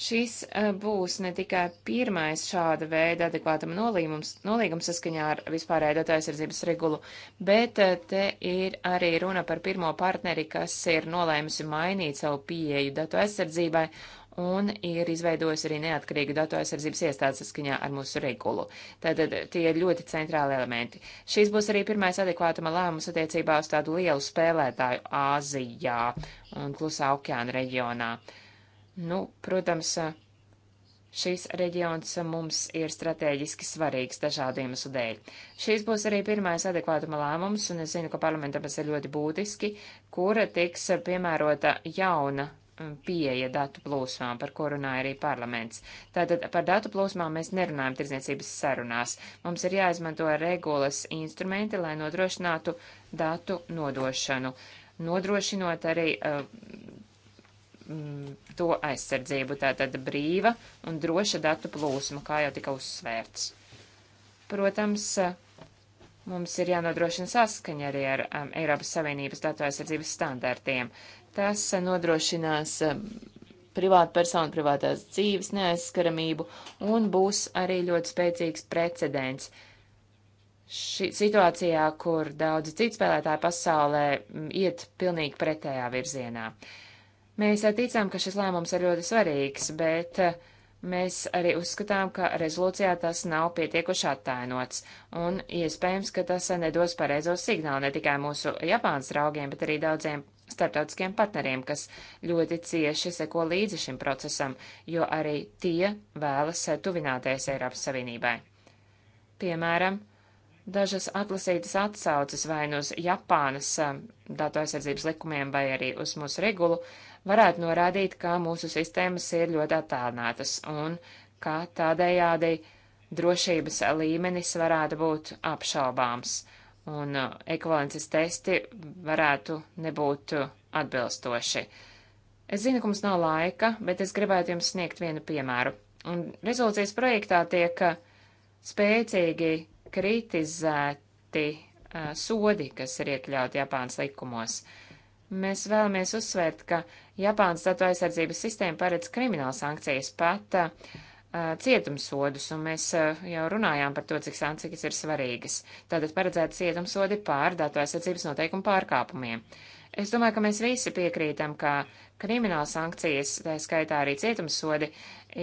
Šis eh, būs ne tikai pirmais šāda veida adekvātuma nolīgums, nolīgums saskaņā ar vispārējo datu aizsardzības regulu, bet eh, te ir arī runa par pirmo partneri, kas ir nolēmusi mainīt savu pieeju datu aizsardzībai un ir izveidojusi arī neatkarīgu datu aizsardzības iestādes saskaņā ar mūsu regulu. Tātad tie ir ļoti centrāli elementi. Šīs būs arī pirmais adekvātuma lēmums attiecībā uz tādu lielu spēlētāju Āzijā un Klusā okeāna reģionā. Nu, protams, Šis reģions mums ir strateģiski svarīgs dažādu iemeslu dēļ. Šīs būs arī pirmais adekvātuma lēmums, un es zinu, ka parlamentam tas ir ļoti būtiski, kura tiks piemērota jauna pieeja datu plūsmām, par ko runāja arī parlaments. Tātad par datu plūsmām mēs nerunājam tirdzniecības sarunās. Mums ir jāizmanto regulas instrumenti, lai nodrošinātu datu nodošanu, nodrošinot arī uh, mm, to aizsardzību, tātad brīva un droša datu plūsma, kā jau tika uzsvērts. Protams, uh, mums ir jānodrošina saskaņa arī ar um, Eiropas Savienības datu aizsardzības standartiem. Uh, Tas nodrošinās eh, privātu personu privātās dzīves neaizskaramību un būs arī ļoti spēcīgs precedents. Šī situācijā, kur daudzi citi spēlētāji pasaulē mm, iet pilnīgi pretējā virzienā. Mēs eh, ticam, ka šis lēmums ir ļoti svarīgs, bet eh, mēs arī uzskatām, ka rezolūcijā tas nav pietiekuši attainots, un iespējams, ka tas nedos pareizo signālu ne tikai mūsu Japānas draugiem, bet arī daudziem starptautiskiem partneriem, kas ļoti cieši seko līdzi šim procesam, jo arī tie vēlas tuvināties Eiropas Savienībai. Piemēram, dažas atlasītas atsauces vai nu uz Japānas um, datu aizsardzības likumiem vai arī uz mūsu regulu varētu norādīt, ka mūsu sistēmas ir ļoti attālinātas un ka tādējādi drošības līmenis varētu būt apšaubāms un uh, ekvivalences testi varētu nebūt uh, atbilstoši. Es zinu, ka mums nav laika, bet es gribētu jums sniegt vienu piemēru. Un rezolūcijas projektā tiek uh, spēcīgi kritizēti uh, sodi, kas ir iekļauti Japānas likumos. Mēs vēlamies uzsvērt, ka Japānas datu aizsardzības sistēma paredz krimināla sankcijas pat uh, cietumsodus, un mēs jau runājām par to, cik sankcijas ir svarīgas. Tātad paredzēt cietumsodi pār datu aizsardzības noteikumu pārkāpumiem. Es domāju, ka mēs visi piekrītam, ka krimināla sankcijas, tā skaitā arī cietumsodi,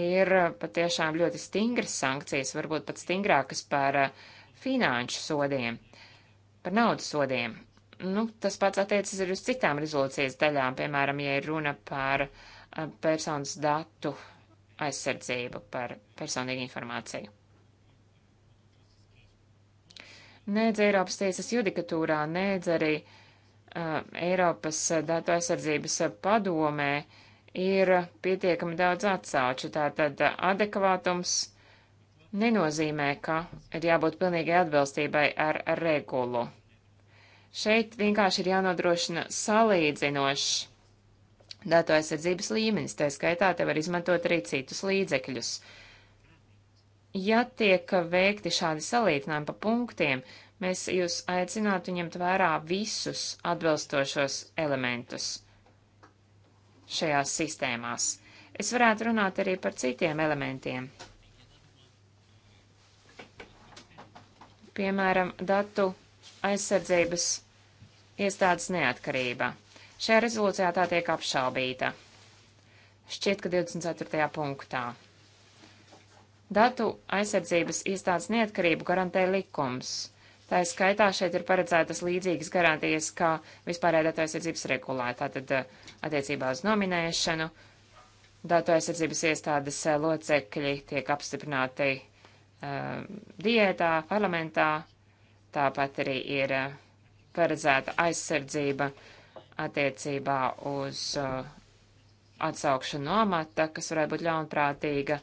ir patiešām ļoti stingras sankcijas, varbūt pat stingrākas par finanšu sodiem, par naudas sodiem. Nu, tas pats attiecas arī uz citām rezolūcijas daļām, piemēram, ja ir runa par personas datu aizsardzību par personīgu informāciju. Nēdz Eiropas tiesas judikatūrā, nēdz arī uh, Eiropas datu aizsardzības padomē ir pietiekami daudz atsauču, tātad adekvātums nenozīmē, ka ir jābūt pilnīgai atbilstībai ar, ar regulu. Šeit vienkārši ir jānodrošina salīdzinošs datu aizsardzības līmenis, tā skaitā te var izmantot arī citus līdzekļus. Ja tiek veikti šādi salīdzinājumi pa punktiem, mēs jūs aicinātu ņemt vērā visus atbilstošos elementus šajās sistēmās. Es varētu runāt arī par citiem elementiem. Piemēram, datu aizsardzības iestādes neatkarība. Šajā rezolūcijā tā tiek apšaubīta. Šķiet, ka 24. punktā. Datu aizsardzības iestādes neatkarību garantē likums. Tā ir skaitā šeit ir paredzētas līdzīgas garantijas, kā vispārējā datu aizsardzības regulā, tātad eh, attiecībā uz nominēšanu. Datu aizsardzības iestādes eh, locekļi tiek apstiprināti uh, diētā, parlamentā, tāpat arī ir uh, paredzēta aizsardzība uh, attiecībā uz uh, atsaukšanu no amata, kas varētu būt ļaunprātīga,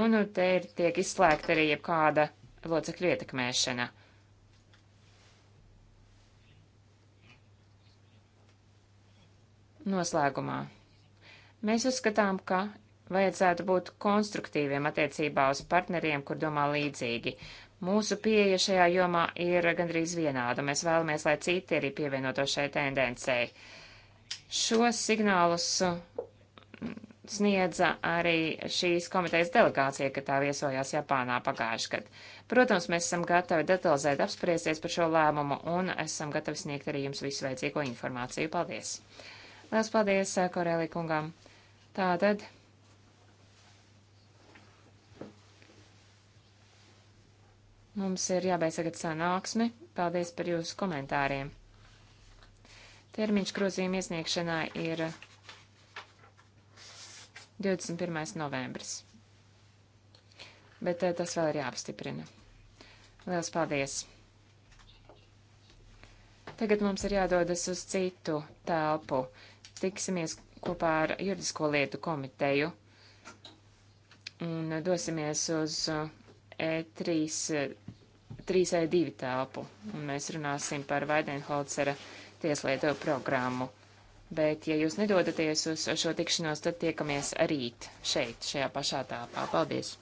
un uh, te ir tiek izslēgta arī jebkāda locekļu ietekmēšana. Noslēgumā. Mēs uzskatām, ka vajadzētu būt konstruktīviem attiecībā uz partneriem, kur domā līdzīgi. Mūsu pieeja šajā jomā ir gandrīz vienāda. Mēs vēlamies, lai citi arī pievienoto šai tendencei. Šos signālus mm, sniedza arī šīs komitejas delegācija, kad tā viesojās Japānā pagājuši gadu. Protams, mēs esam gatavi detalizēt apspriesties par šo lēmumu un esam gatavi sniegt arī jums visu vajadzīgo informāciju. Paldies! Lielas paldies, eh, Korēlī kungam! Tātad. Mums ir jābeidz tagad sanāksme. Paldies par jūsu komentāriem. Termiņš grozījuma iesniegšanai ir 21. novembris. Bet eh, tas vēl ir jāapstiprina. Lielas paldies! Tagad mums ir jādodas uz citu telpu. Tiksimies kopā ar juridisko lietu komiteju un dosimies uz eh, E3, 3E2 telpu, un mēs runāsim par Vaidenholcera tieslietu programmu. Bet, ja jūs nedodaties uz šo tikšanos, tad tiekamies rīt šeit, šajā pašā tāpā. Paldies!